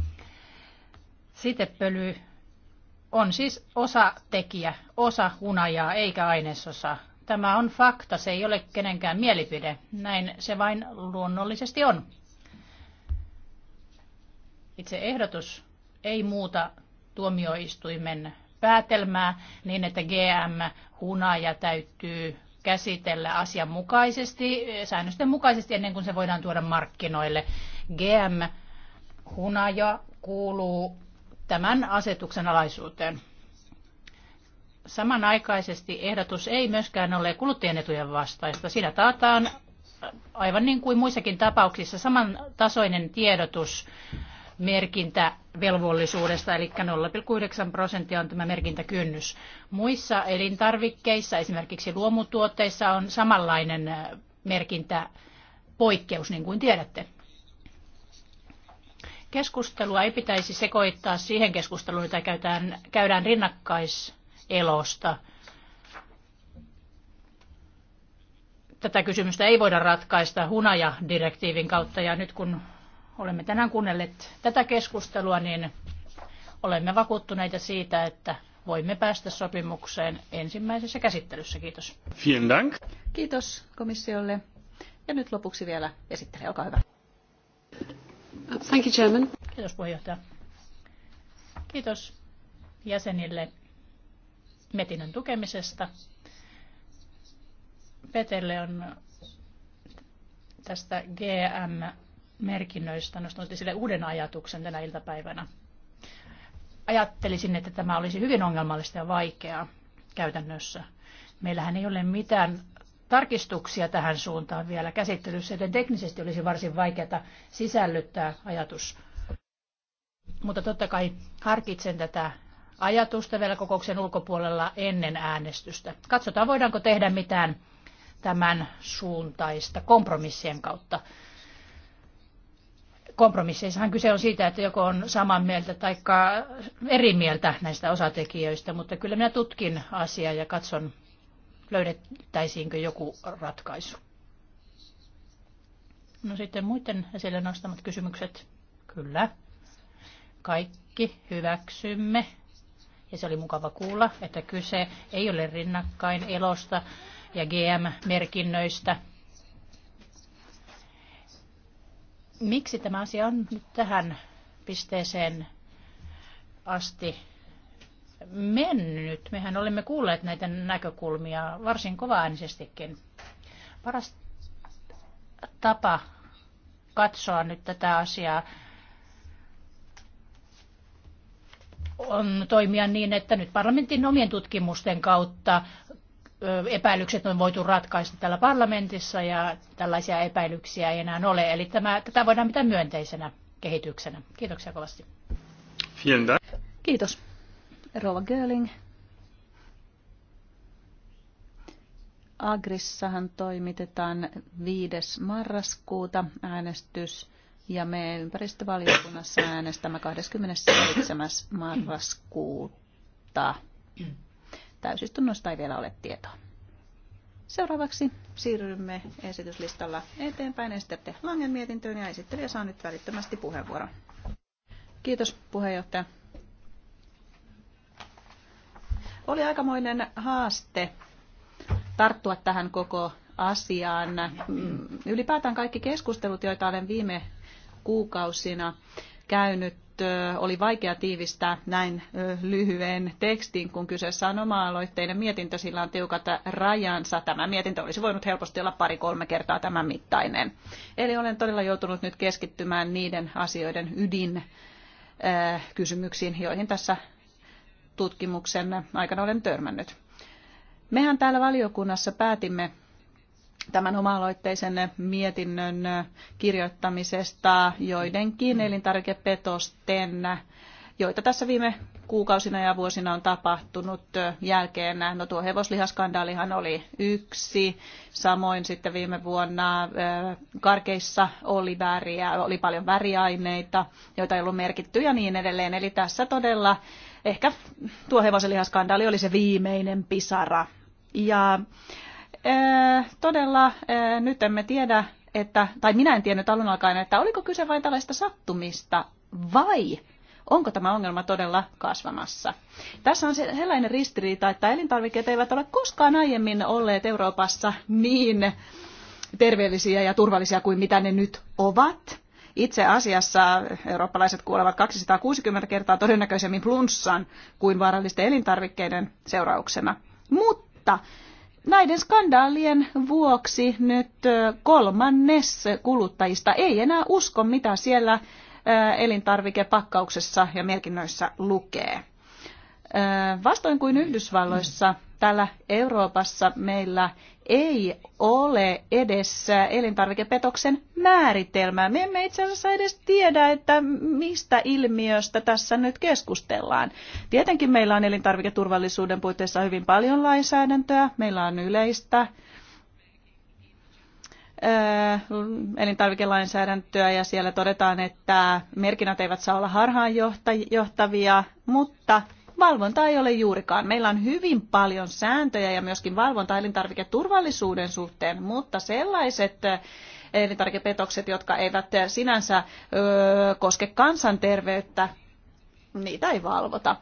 [SPEAKER 4] Sitepöly on siis osa tekijä, osa hunajaa eikä ainesosa. Tämä on fakta, se ei ole kenenkään mielipide. Näin se vain luonnollisesti on. Itse ehdotus ei muuta tuomioistuimen päätelmää niin, että GM-hunaja täytyy käsitellä asianmukaisesti, säännösten mukaisesti ennen kuin se voidaan tuoda markkinoille. GM-hunaja kuuluu tämän asetuksen alaisuuteen. Samanaikaisesti ehdotus ei myöskään ole kuluttajien etujen vastaista. Siinä taataan aivan niin kuin muissakin tapauksissa samantasoinen tiedotus merkintävelvollisuudesta, eli 0,9 prosenttia on tämä merkintäkynnys. Muissa elintarvikkeissa, esimerkiksi luomutuotteissa, on samanlainen merkintäpoikkeus, niin kuin tiedätte. Keskustelua ei pitäisi sekoittaa siihen keskusteluun, jota käydään, käydään rinnakkaiselosta. Tätä kysymystä ei voida ratkaista hunaja-direktiivin kautta, ja nyt kun olemme tänään kuunnelleet tätä keskustelua, niin olemme vakuuttuneita siitä, että voimme päästä sopimukseen ensimmäisessä käsittelyssä. Kiitos.
[SPEAKER 1] Vielen dank.
[SPEAKER 2] Kiitos komissiolle. Ja nyt lopuksi vielä esittely. olkaa hyvä.
[SPEAKER 4] Kiitos puheenjohtaja. Kiitos jäsenille metinnön tukemisesta. Petelle on tästä GM-merkinnöistä nostanut esille uuden ajatuksen tänä iltapäivänä. Ajattelisin, että tämä olisi hyvin ongelmallista ja vaikeaa käytännössä. Meillähän ei ole mitään tarkistuksia tähän suuntaan vielä käsittelyssä, joten teknisesti olisi varsin vaikeaa sisällyttää ajatus. Mutta totta kai harkitsen tätä ajatusta vielä kokouksen ulkopuolella ennen äänestystä. Katsotaan, voidaanko tehdä mitään tämän suuntaista kompromissien kautta. Kompromisseissahan kyse on siitä, että joko on samaa mieltä tai eri mieltä näistä osatekijöistä, mutta kyllä minä tutkin asiaa ja katson, löydettäisiinkö joku ratkaisu. No sitten muiden esille nostamat kysymykset. Kyllä. Kaikki hyväksymme. Ja se oli mukava kuulla, että kyse ei ole rinnakkain elosta ja GM-merkinnöistä. Miksi tämä asia on nyt tähän pisteeseen asti mennyt. Mehän olemme kuulleet näitä näkökulmia varsin kovaäänisestikin. Paras tapa katsoa nyt tätä asiaa on toimia niin, että nyt parlamentin omien tutkimusten kautta epäilykset on voitu ratkaista täällä parlamentissa ja tällaisia epäilyksiä ei enää ole. Eli tämä, tätä voidaan pitää myönteisenä kehityksenä. Kiitoksia kovasti. Kiitos. Rova
[SPEAKER 2] Görling. Agrissahan toimitetaan 5. marraskuuta äänestys ja me ympäristövaliokunnassa äänestämme 27. marraskuuta. Täysistunnosta ei vielä ole tietoa. Seuraavaksi siirrymme esityslistalla eteenpäin Esterte Langen mietintöön ja esittelijä saa nyt välittömästi puheenvuoron. Kiitos puheenjohtaja. Oli aikamoinen haaste tarttua tähän koko asiaan. Mm, ylipäätään kaikki keskustelut, joita olen viime kuukausina käynyt, oli vaikea tiivistää näin lyhyen tekstin, kun kyseessä on oma-aloitteinen mietintö, sillä on tiukat rajansa. Tämä mietintö olisi voinut helposti olla pari-kolme kertaa tämän mittainen. Eli olen todella joutunut nyt keskittymään niiden asioiden ydin kysymyksiin, joihin tässä tutkimuksen aikana olen törmännyt. Mehän täällä valiokunnassa päätimme tämän oma-aloitteisen mietinnön kirjoittamisesta joidenkin elintarvikepetosten, joita tässä viime kuukausina ja vuosina on tapahtunut jälkeen. No tuo hevoslihaskandaalihan oli yksi, samoin sitten viime vuonna eh, karkeissa oli väriä, oli paljon väriaineita, joita ei ollut merkitty ja niin edelleen. Eli tässä todella Ehkä tuo hevosenlihaskandaali oli se viimeinen pisara. Ja todella nyt emme tiedä, että, tai minä en tiennyt alun alkaen, että oliko kyse vain tällaista sattumista vai onko tämä ongelma todella kasvamassa. Tässä on sellainen ristiriita, että elintarvikkeet eivät ole koskaan aiemmin olleet Euroopassa niin terveellisiä ja turvallisia kuin mitä ne nyt ovat. Itse asiassa eurooppalaiset kuolevat 260 kertaa todennäköisemmin plunssan kuin vaarallisten elintarvikkeiden seurauksena. Mutta näiden skandaalien vuoksi nyt kolmannes kuluttajista ei enää usko, mitä siellä elintarvikepakkauksessa ja merkinnöissä lukee. Vastoin kuin Yhdysvalloissa, täällä Euroopassa meillä ei ole edes elintarvikepetoksen määritelmää. Me emme itse asiassa edes tiedä, että mistä ilmiöstä tässä nyt keskustellaan. Tietenkin meillä on elintarviketurvallisuuden puitteissa hyvin paljon lainsäädäntöä. Meillä on yleistä elintarvikelainsäädäntöä ja siellä todetaan, että merkinnät eivät saa olla harhaanjohtavia, mutta Valvonta ei ole juurikaan. Meillä on hyvin paljon sääntöjä ja myöskin valvonta elintarviketurvallisuuden suhteen, mutta sellaiset eh, elintarvikepetokset, jotka eivät eh, sinänsä öö, koske kansanterveyttä, niitä ei valvota.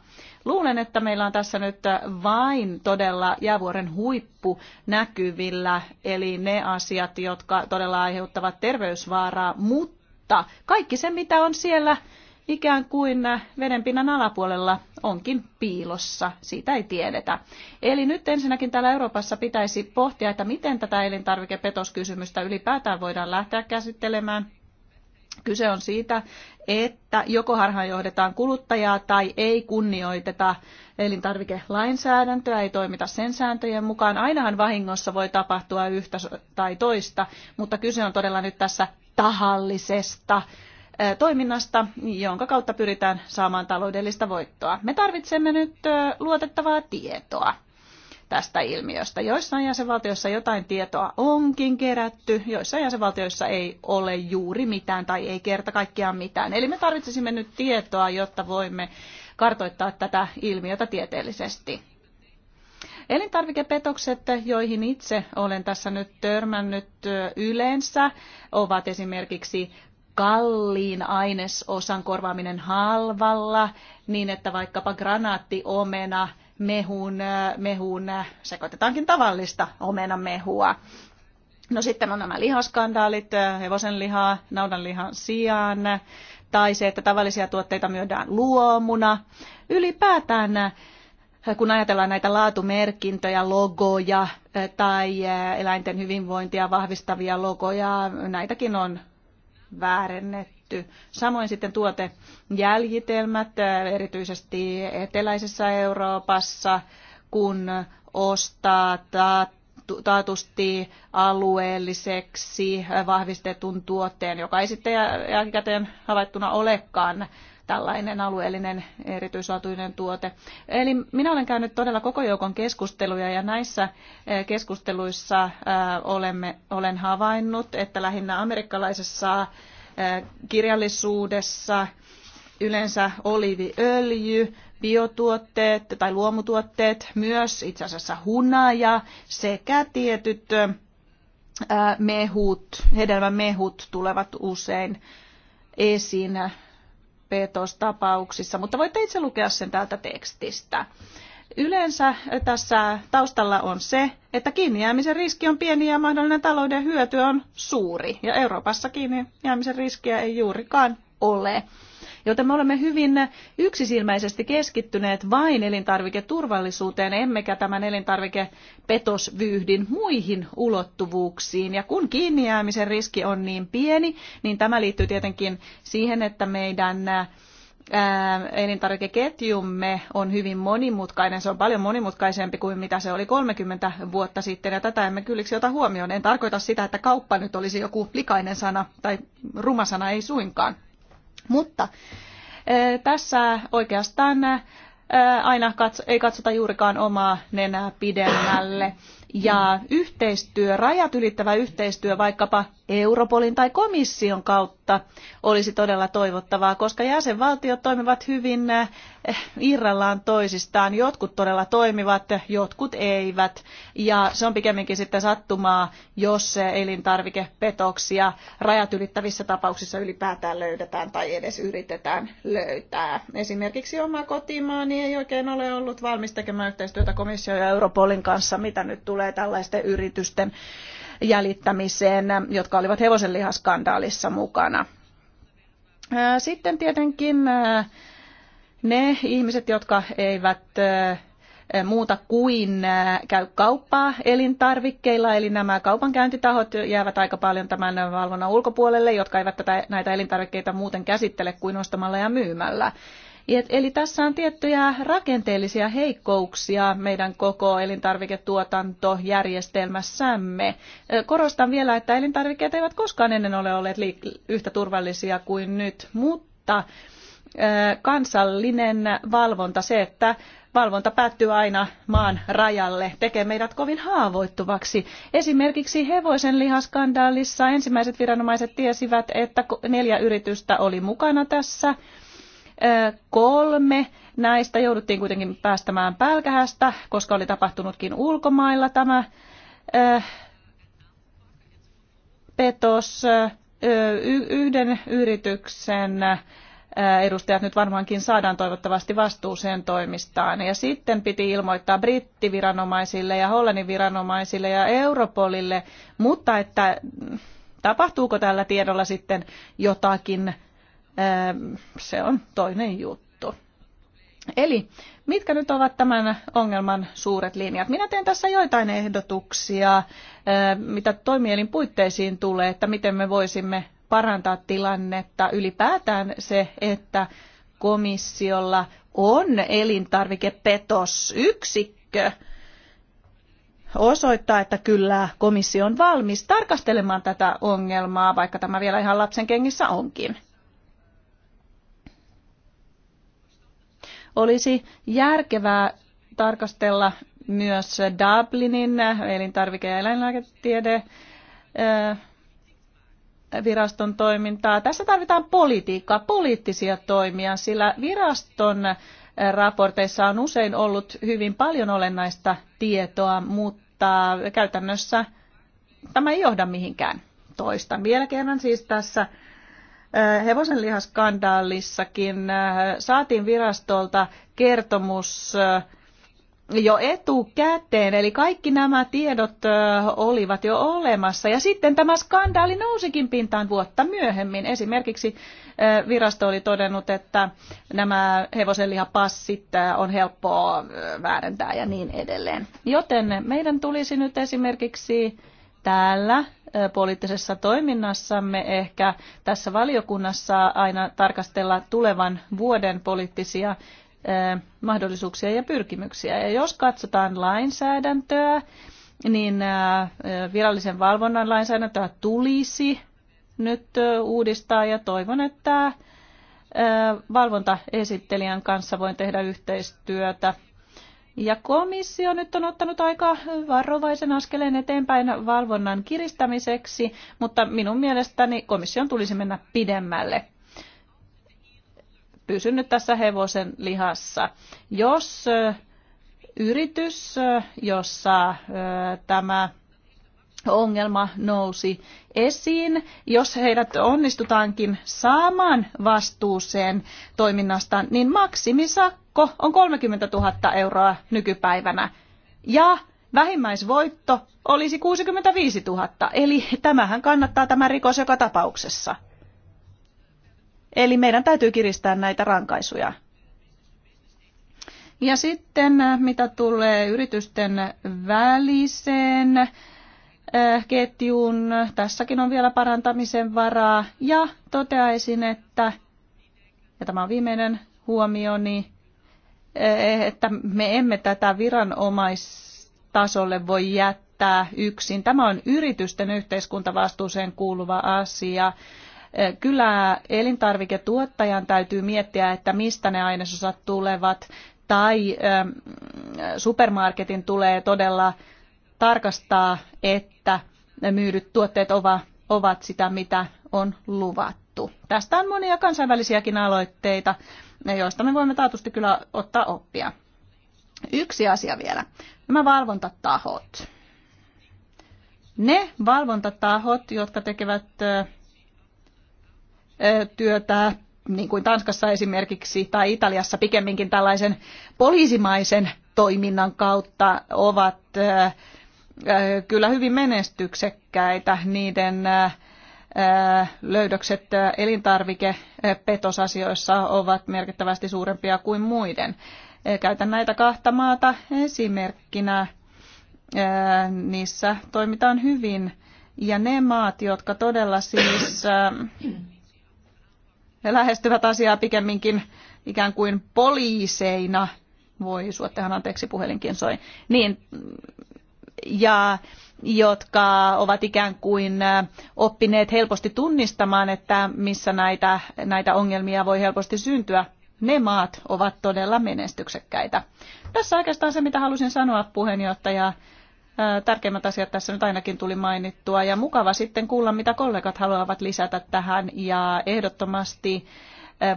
[SPEAKER 2] Luulen, että meillä on tässä nyt eh, vain todella jäävuoren huippu näkyvillä, eli ne asiat, jotka todella aiheuttavat terveysvaaraa, mutta kaikki se, mitä on siellä ikään kuin vedenpinnan alapuolella onkin piilossa. Siitä ei tiedetä. Eli nyt ensinnäkin täällä Euroopassa pitäisi pohtia, että miten tätä elintarvikepetoskysymystä ylipäätään voidaan lähteä käsittelemään. Kyse on siitä, että joko harhaan johdetaan kuluttajaa tai ei kunnioiteta elintarvikelainsäädäntöä, ei toimita sen sääntöjen mukaan. Ainahan vahingossa voi tapahtua yhtä tai toista, mutta kyse on todella nyt tässä tahallisesta toiminnasta, jonka kautta pyritään saamaan taloudellista voittoa. Me tarvitsemme nyt luotettavaa tietoa tästä ilmiöstä. Joissain jäsenvaltioissa jotain tietoa onkin kerätty, joissain jäsenvaltioissa ei ole juuri mitään tai ei kerta kaikkiaan mitään. Eli me tarvitsisimme nyt tietoa, jotta voimme kartoittaa tätä ilmiötä tieteellisesti. Elintarvikepetokset, joihin itse olen tässä nyt törmännyt yleensä, ovat esimerkiksi kalliin ainesosan korvaaminen halvalla, niin että vaikkapa granaattiomena mehun, äh, mehun äh, sekoitetaankin tavallista mehua. No sitten on nämä lihaskandaalit, äh, hevosen lihaa, lihan sijaan, tai se, että tavallisia tuotteita myydään luomuna. Ylipäätään kun ajatellaan näitä laatumerkintöjä, logoja tai eläinten hyvinvointia vahvistavia logoja, näitäkin on väärennetty. Samoin sitten tuotejäljitelmät, äh, erityisesti eteläisessä Euroopassa, kun ostaa taatusti alueelliseksi äh, vahvistetun tuotteen, joka ei sitten jälkikäteen havaittuna olekaan tällainen alueellinen erityislaatuinen tuote. Eli minä olen käynyt todella koko joukon keskusteluja ja näissä eh, keskusteluissa eh, olemme, olen havainnut, että lähinnä amerikkalaisessa eh, kirjallisuudessa yleensä oliiviöljy, biotuotteet tai luomutuotteet, myös itse asiassa hunaja sekä tietyt mehut, hedelmämehut tulevat usein esiin petostapauksissa, mutta voitte itse lukea sen täältä tekstistä. Yleensä tässä taustalla on se, että kiinni jäämisen riski on pieni ja mahdollinen talouden hyöty on suuri. Ja Euroopassa kiinni jäämisen riskiä ei juurikaan ole. Joten me olemme hyvin yksisilmäisesti keskittyneet vain elintarviketurvallisuuteen, emmekä tämän elintarvikepetosvyyhdin muihin ulottuvuuksiin. Ja kun kiinnijäämisen riski on niin pieni, niin tämä liittyy tietenkin siihen, että meidän elintarvikeketjumme on hyvin monimutkainen. Se on paljon monimutkaisempi kuin mitä se oli 30 vuotta sitten, ja tätä emme kylliksi ota huomioon. En tarkoita sitä, että kauppa nyt olisi joku likainen sana tai ruma sana, ei suinkaan. Mutta tässä oikeastaan aina katso, ei katsota juurikaan omaa nenää pidemmälle ja yhteistyö, rajat ylittävä yhteistyö vaikkapa Europolin tai komission kautta olisi todella toivottavaa, koska jäsenvaltiot toimivat hyvin eh, irrallaan toisistaan. Jotkut todella toimivat, jotkut eivät. Ja se on pikemminkin sitten sattumaa, jos elintarvikepetoksia rajat ylittävissä tapauksissa ylipäätään löydetään tai edes yritetään löytää. Esimerkiksi oma kotimaani ei oikein ole ollut valmis tekemään yhteistyötä komission ja Europolin kanssa, mitä nyt tulee tulee tällaisten yritysten jäljittämiseen, jotka olivat hevosenlihaskandaalissa mukana. Sitten tietenkin ne ihmiset, jotka eivät muuta kuin käy kauppaa elintarvikkeilla, eli nämä kaupankäyntitahot jäävät aika paljon tämän valvonnan ulkopuolelle, jotka eivät tätä, näitä elintarvikkeita muuten käsittele kuin ostamalla ja myymällä. Eli tässä on tiettyjä rakenteellisia heikkouksia meidän koko elintarviketuotantojärjestelmässämme. Korostan vielä, että elintarvikkeet eivät koskaan ennen ole olleet yhtä turvallisia kuin nyt, mutta kansallinen valvonta, se, että valvonta päättyy aina maan rajalle, tekee meidät kovin haavoittuvaksi. Esimerkiksi hevosen lihaskandaalissa ensimmäiset viranomaiset tiesivät, että neljä yritystä oli mukana tässä Kolme näistä jouduttiin kuitenkin päästämään pälkähästä, koska oli tapahtunutkin ulkomailla tämä petos. Yhden yrityksen edustajat nyt varmaankin saadaan toivottavasti vastuuseen toimistaan. Ja sitten piti ilmoittaa brittiviranomaisille ja hollannin viranomaisille ja Europolille, mutta että tapahtuuko tällä tiedolla sitten jotakin se on toinen juttu. Eli mitkä nyt ovat tämän ongelman suuret linjat? Minä teen tässä joitain ehdotuksia, mitä toimielin puitteisiin tulee, että miten me voisimme parantaa tilannetta ylipäätään se, että komissiolla on elintarvikepetosyksikkö osoittaa, että kyllä komissio on valmis tarkastelemaan tätä ongelmaa, vaikka tämä vielä ihan lapsen kengissä onkin. olisi järkevää tarkastella myös Dublinin elintarvike- ja eläinlääketiede viraston toimintaa. Tässä tarvitaan politiikkaa, poliittisia toimia, sillä viraston raporteissa on usein ollut hyvin paljon olennaista tietoa, mutta käytännössä tämä ei johda mihinkään. Toistan vielä kerran siis tässä hevosenlihaskandaalissakin äh, saatiin virastolta kertomus äh, jo etukäteen, eli kaikki nämä tiedot äh, olivat jo olemassa. Ja sitten tämä skandaali nousikin pintaan vuotta myöhemmin. Esimerkiksi virasto oli todennut, että nämä hevosenlihapassit on helppoa väärentää ja niin edelleen. Joten meidän tulisi nyt esimerkiksi täällä poliittisessa toiminnassamme ehkä tässä valiokunnassa aina tarkastella tulevan vuoden poliittisia mahdollisuuksia ja pyrkimyksiä. Ja jos katsotaan lainsäädäntöä, niin virallisen valvonnan lainsäädäntöä tulisi nyt uudistaa ja toivon, että valvontaesittelijän kanssa voin tehdä yhteistyötä ja komissio nyt on ottanut aika varovaisen askeleen eteenpäin valvonnan kiristämiseksi, mutta minun mielestäni komission tulisi mennä pidemmälle. Pysyn nyt tässä hevosen lihassa. Jos yritys, jossa tämä ongelma nousi esiin. Jos heidät onnistutaankin saamaan vastuuseen toiminnasta, niin maksimisakko palkko on 30 000 euroa nykypäivänä. Ja vähimmäisvoitto olisi 65 000. Eli tämähän kannattaa tämä rikos joka tapauksessa. Eli meidän täytyy kiristää näitä rankaisuja. Ja sitten äh, mitä tulee yritysten väliseen äh, ketjun, tässäkin on vielä parantamisen varaa. Ja toteaisin, että, ja tämä on viimeinen huomioni, Eh, että me emme tätä viranomaistasolle voi jättää yksin. Tämä on yritysten yhteiskuntavastuuseen kuuluva asia. Eh, kyllä elintarviketuottajan täytyy miettiä, että mistä ne ainesosat tulevat, tai eh, supermarketin tulee todella tarkastaa, että myydyt tuotteet ovat sitä, mitä on luvattu. Tästä on monia kansainvälisiäkin aloitteita, joista me voimme taatusti kyllä ottaa oppia. Yksi asia vielä. Nämä valvontatahot. Ne valvontatahot, jotka tekevät työtä niin kuin Tanskassa esimerkiksi tai Italiassa pikemminkin tällaisen poliisimaisen toiminnan kautta ovat kyllä hyvin menestyksekkäitä. Niiden Äh, löydökset äh, elintarvikepetosasioissa äh, ovat merkittävästi suurempia kuin muiden. Käytän näitä kahta maata esimerkkinä. Niissä toimitaan hyvin. Ja ne maat, jotka todella siis lähestyvät asiaa pikemminkin ikään kuin poliiseina, voi suottehan anteeksi puhelinkin soi, niin ja jotka ovat ikään kuin oppineet helposti tunnistamaan, että missä näitä, näitä ongelmia voi helposti syntyä. Ne maat ovat todella menestyksekkäitä. Tässä oikeastaan se, mitä halusin sanoa puheenjohtaja. Tärkeimmät asiat tässä nyt ainakin tuli mainittua ja mukava sitten kuulla, mitä kollegat haluavat lisätä tähän ja ehdottomasti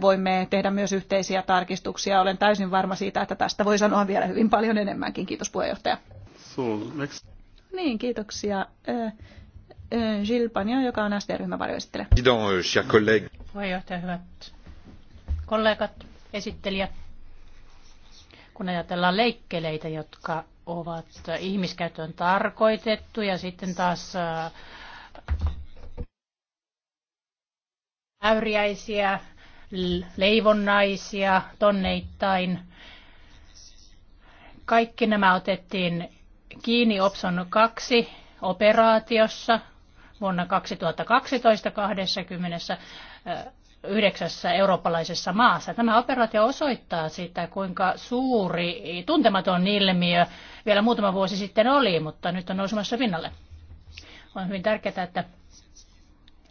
[SPEAKER 2] voimme tehdä myös yhteisiä tarkistuksia. Olen täysin varma siitä, että tästä voi sanoa vielä hyvin paljon enemmänkin. Kiitos puheenjohtaja.
[SPEAKER 1] So, next.
[SPEAKER 2] Niin, kiitoksia. Gilles Pagno, joka on SD-ryhmän varjoesittelijä. Euh, Puheenjohtaja, hyvät kollegat, esittelijä. Kun ajatellaan leikkeleitä,
[SPEAKER 4] jotka ovat ihmiskäyttöön tarkoitettu ja sitten taas äyriäisiä, leivonnaisia tonneittain. Kaikki nämä otettiin kiinni Opson 2 operaatiossa vuonna 2012 29 eurooppalaisessa maassa. Tämä operaatio osoittaa sitä, kuinka suuri tuntematon ilmiö vielä muutama vuosi sitten oli, mutta nyt on nousemassa pinnalle. On hyvin tärkeää, että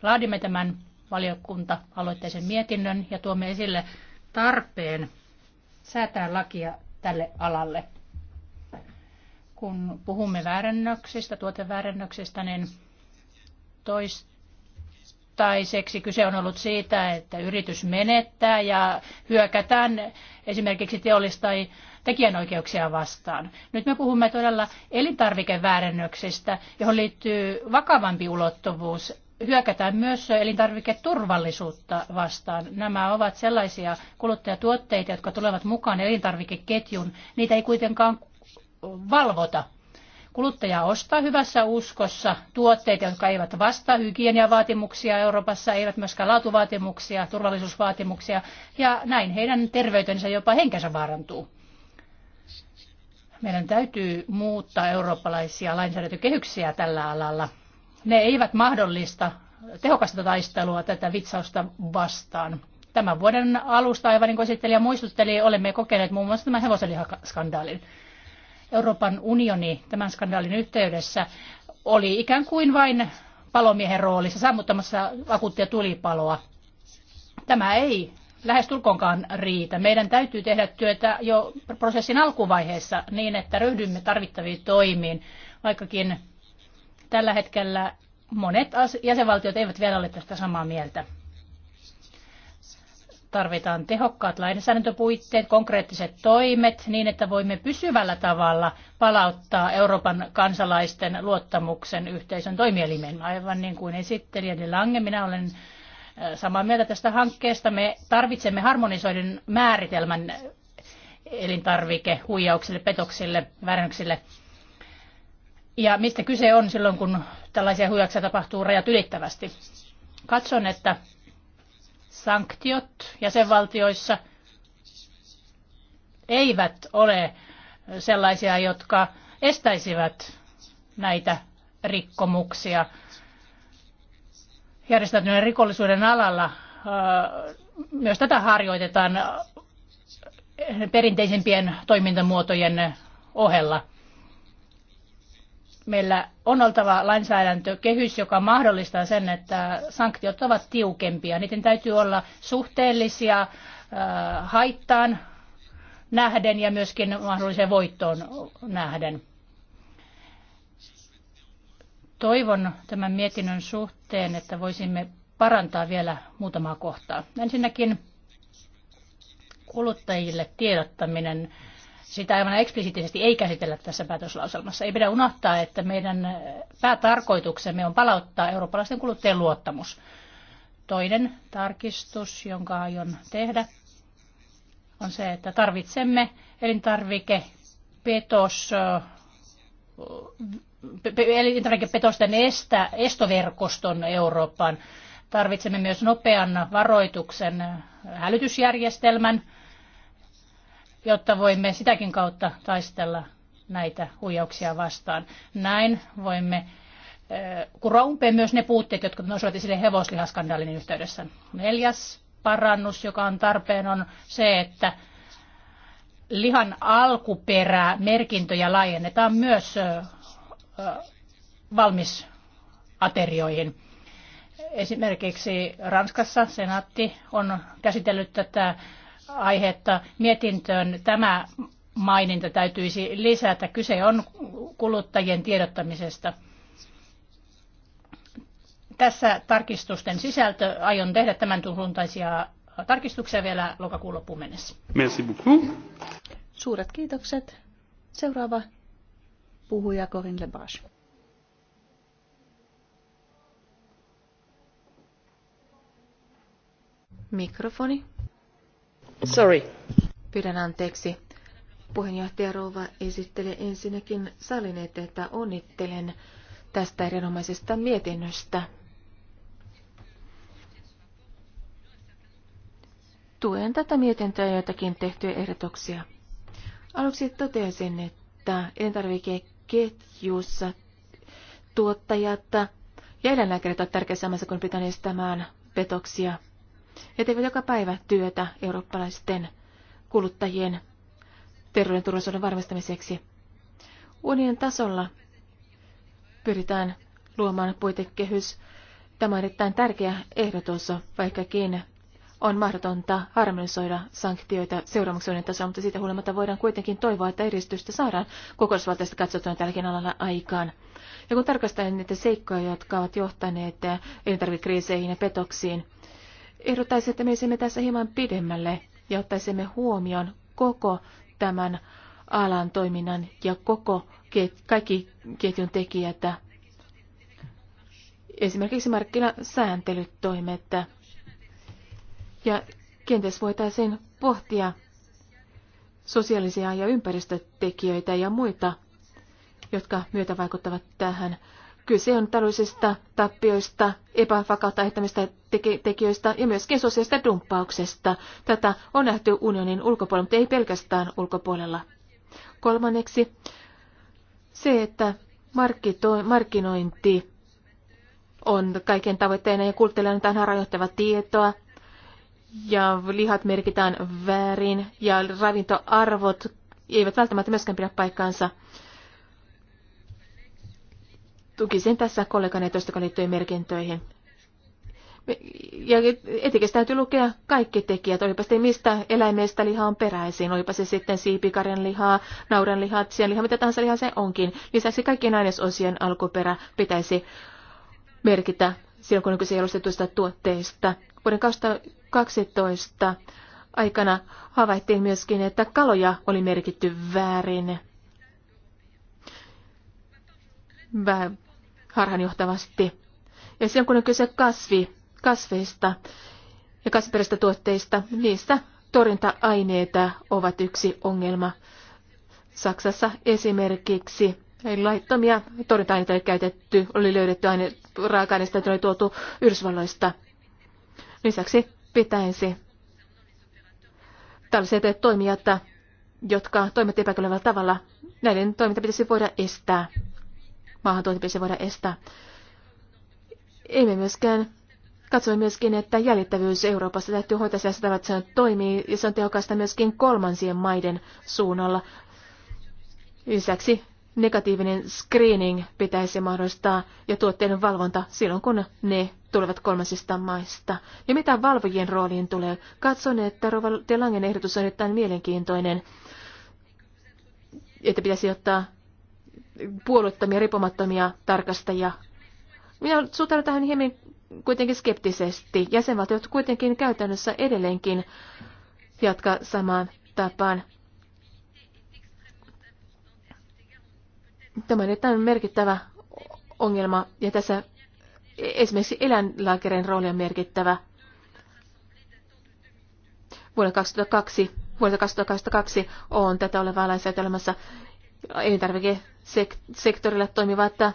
[SPEAKER 4] laadimme tämän valiokunta-aloitteisen mietinnön ja tuomme esille tarpeen säätää lakia tälle alalle. Kun puhumme väärännöksestä, tuoteväärännöksestä, niin toistaiseksi kyse on ollut siitä, että yritys menettää ja hyökätään esimerkiksi teollis- tai tekijänoikeuksia vastaan. Nyt me puhumme todella elintarvikeväärännöksestä, johon liittyy vakavampi ulottuvuus. Hyökätään myös elintarviketurvallisuutta vastaan. Nämä ovat sellaisia kuluttajatuotteita, jotka tulevat mukaan elintarvikeketjun. Niitä ei kuitenkaan valvota. Kuluttaja ostaa hyvässä uskossa tuotteita, jotka eivät vastaa hygieniavaatimuksia Euroopassa, eivät myöskään laatuvaatimuksia, turvallisuusvaatimuksia, ja näin heidän terveytensä jopa henkensä vaarantuu. Meidän täytyy muuttaa eurooppalaisia lainsäädäntökehyksiä tällä alalla. Ne eivät mahdollista tehokasta taistelua tätä vitsausta vastaan. Tämän vuoden alusta, aivan niin kuin esittelijä muistutteli, olemme kokeneet muun muassa tämän hevosenlihaskandaalin. skandaalin Euroopan unioni tämän skandaalin yhteydessä oli ikään kuin vain palomiehen roolissa sammuttamassa akuuttia tulipaloa. Tämä ei lähestulkoonkaan riitä. Meidän täytyy tehdä työtä jo prosessin alkuvaiheessa niin, että ryhdymme tarvittaviin toimiin, vaikkakin tällä hetkellä monet jäsenvaltiot eivät vielä ole tästä samaa mieltä. Tarvitaan tehokkaat lainsäädäntöpuitteet, konkreettiset toimet niin, että voimme pysyvällä tavalla palauttaa Euroopan kansalaisten luottamuksen yhteisön toimielimen. Aivan niin kuin esittelijä De Lange, minä olen äh, samaa mieltä tästä hankkeesta. Me tarvitsemme harmonisoidun määritelmän elintarvike huijauksille, petoksille, väärännöksille. Ja mistä kyse on silloin, kun tällaisia huijauksia tapahtuu rajat ylittävästi? Katson, että sanktiot jäsenvaltioissa eivät ole sellaisia, jotka estäisivät näitä rikkomuksia. Järjestäytyneen rikollisuuden alalla myös tätä harjoitetaan perinteisempien toimintamuotojen ohella. Meillä on oltava lainsäädäntökehys, joka mahdollistaa sen, että sanktiot ovat tiukempia. Niiden täytyy olla suhteellisia äh, haittaan nähden ja myöskin mahdolliseen voittoon nähden. Toivon tämän mietinnön suhteen, että voisimme parantaa vielä muutamaa kohtaa. Ensinnäkin kuluttajille tiedottaminen sitä aivan eksplisiittisesti ei käsitellä tässä päätöslauselmassa. Ei pidä unohtaa, että meidän päätarkoituksemme on palauttaa eurooppalaisten kuluttajien luottamus. Toinen tarkistus, jonka aion tehdä, on se, että tarvitsemme elintarvike petos elintarvikepetosten estä, estoverkoston Eurooppaan. Tarvitsemme myös nopean varoituksen hälytysjärjestelmän jotta voimme sitäkin kautta taistella näitä huijauksia vastaan. Näin voimme eh, kuroa umpeen myös ne puutteet, jotka nousivat esille hevoslihaskandaalin yhteydessä. Neljäs parannus, joka on tarpeen, on se, että lihan alkuperää merkintöjä laajennetaan myös eh, eh, valmisaterioihin. Esimerkiksi Ranskassa senaatti on käsitellyt tätä aihetta mietintöön tämä maininta täytyisi lisätä. Kyse on kuluttajien tiedottamisesta. Tässä tarkistusten sisältö. Aion tehdä tämän tuhuntaisia
[SPEAKER 2] tarkistuksia vielä lokakuun
[SPEAKER 4] loppuun mennessä.
[SPEAKER 1] Merci beaucoup.
[SPEAKER 2] Suuret kiitokset. Seuraava puhuja Corinne Lebas.
[SPEAKER 3] Mikrofoni. Sorry. Pyydän anteeksi. Puheenjohtaja Rouva esittelee ensinnäkin salineet, että onnittelen tästä erinomaisesta mietinnöstä. Tuen tätä mietintöä ja joitakin tehtyjä ehdotuksia. Aluksi toteaisin, että elintarvikeketjussa tuottajat ja eläinlääkärit ovat tärkeässä asemassa, kun pitää estämään petoksia – he tekevät joka päivä työtä eurooppalaisten kuluttajien terveyden turvallisuuden varmistamiseksi. Unionin tasolla pyritään luomaan puitekehys. Tämä on erittäin tärkeä ehdotus, vaikkakin on mahdotonta harmonisoida sanktioita seuraamuksen tasolla, mutta siitä huolimatta voidaan kuitenkin toivoa, että edistystä saadaan kokonaisvaltaisesti katsottuna tälläkin alalla aikaan. Ja kun tarkastellaan niitä seikkoja, jotka ovat johtaneet elintarvikriiseihin ja petoksiin, Ehdottaisin, että menisimme tässä hieman pidemmälle ja ottaisimme huomioon koko tämän alan toiminnan ja koko kaikki ketjun tekijät, esimerkiksi markkinasääntelytoimet. Ja kenties voitaisiin pohtia sosiaalisia ja ympäristötekijöitä ja muita, jotka myötä vaikuttavat tähän Kyse on taloudellisista tappioista, epävakautta tekijöistä ja myöskin sosiaalista dumppauksesta. Tätä on nähty unionin ulkopuolella, mutta ei pelkästään ulkopuolella. Kolmanneksi se, että markkinointi on kaiken tavoitteena ja kuluttajille tähän rajoittava tietoa ja lihat merkitään väärin ja ravintoarvot eivät välttämättä myöskään pidä paikkaansa tukisin tässä kollegan etoistakaan liittyen merkintöihin. Ja etikessä täytyy lukea kaikki tekijät, olipa sitten mistä eläimestä liha on peräisin, olipa se sitten siipikarjan lihaa, nauran lihaa, sien lihaa, mitä tahansa lihaa se onkin. Lisäksi kaikkien ainesosien alkuperä pitäisi merkitä silloin, kun se jalostetuista tuotteista. Vuoden 2012 aikana havaittiin myöskin, että kaloja oli merkitty väärin. Vähän harhanjohtavasti. Ja silloin kun on kyse kasvi, kasveista ja kasviperäisistä tuotteista, niistä torjunta-aineita ovat yksi ongelma. Saksassa esimerkiksi laittomia torjunta-aineita oli käytetty, oli löydetty aine, raaka-aineista, joita oli tuotu Yhdysvalloista. Lisäksi pitäisi tällaiset toimijat, jotka toimivat epäkylävällä tavalla, näiden toiminta pitäisi voida estää maahantuonti pitäisi voida estää. Emme myöskään Katsoi myöskin, että jäljittävyys Euroopassa täytyy hoitaa sitä, tavalla, että se toimii ja se on tehokasta myöskin kolmansien maiden suunnalla. Lisäksi negatiivinen screening pitäisi mahdollistaa ja tuotteiden valvonta silloin, kun ne tulevat kolmansista maista. Ja mitä valvojien rooliin tulee? Katson, että Rova Langen ehdotus on erittäin mielenkiintoinen, että pitäisi ottaa puolueettomia, ripomattomia tarkastajia. Minä suhtaudun tähän hieman kuitenkin skeptisesti. Jäsenvaltiot kuitenkin käytännössä edelleenkin jatkaa samaan tapaan. Tämä on erittäin merkittävä ongelma ja tässä esimerkiksi eläinlääkärin rooli on merkittävä. Vuonna 2002 vuonna 2002 on tätä olevaa lainsäädäntöä olemassa elintarvikesektorilla että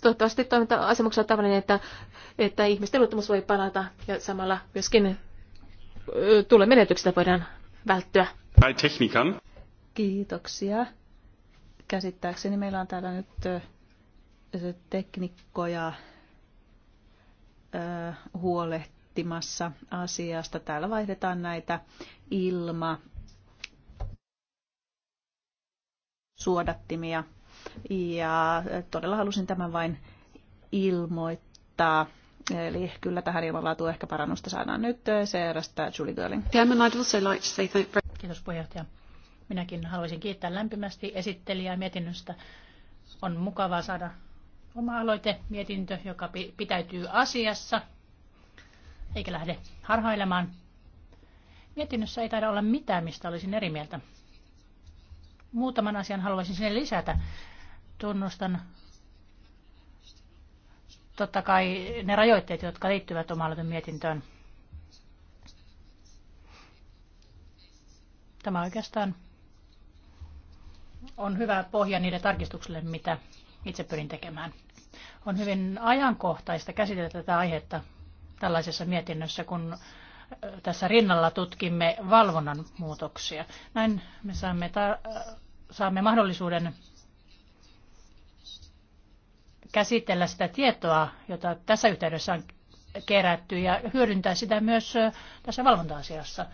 [SPEAKER 3] toivottavasti toiminta asemuksella tavallinen, että, että ihmisten luottamus voi palata ja samalla myöskin tulee menetyksistä voidaan välttyä. Teknikan. Kiitoksia.
[SPEAKER 2] Käsittääkseni meillä on täällä nyt teknikkoja huolehtimassa asiasta. Täällä vaihdetaan näitä ilma suodattimia. Ja todella halusin tämän vain ilmoittaa. Eli kyllä tähän ilmanlaatuun ehkä parannusta saadaan nyt. Seurasta Julie Girling.
[SPEAKER 4] Kiitos puheenjohtaja. Minäkin haluaisin kiittää lämpimästi esittelijää mietinnöstä. On mukavaa saada oma aloite, mietintö, joka pitäytyy asiassa, eikä lähde harhailemaan. Mietinnössä ei taida olla mitään, mistä olisin eri mieltä muutaman asian haluaisin sinne lisätä. Tunnustan totta kai ne rajoitteet, jotka liittyvät omalle mietintöön. Tämä oikeastaan on hyvä pohja niille tarkistuksille, mitä itse pyrin tekemään. On hyvin ajankohtaista käsitellä tätä aihetta tällaisessa mietinnössä, kun tässä rinnalla tutkimme valvonnan muutoksia. Näin me saamme tar- saamme mahdollisuuden käsitellä sitä tietoa, jota tässä yhteydessä on kerätty ja hyödyntää sitä myös tässä valvonta-asiassa.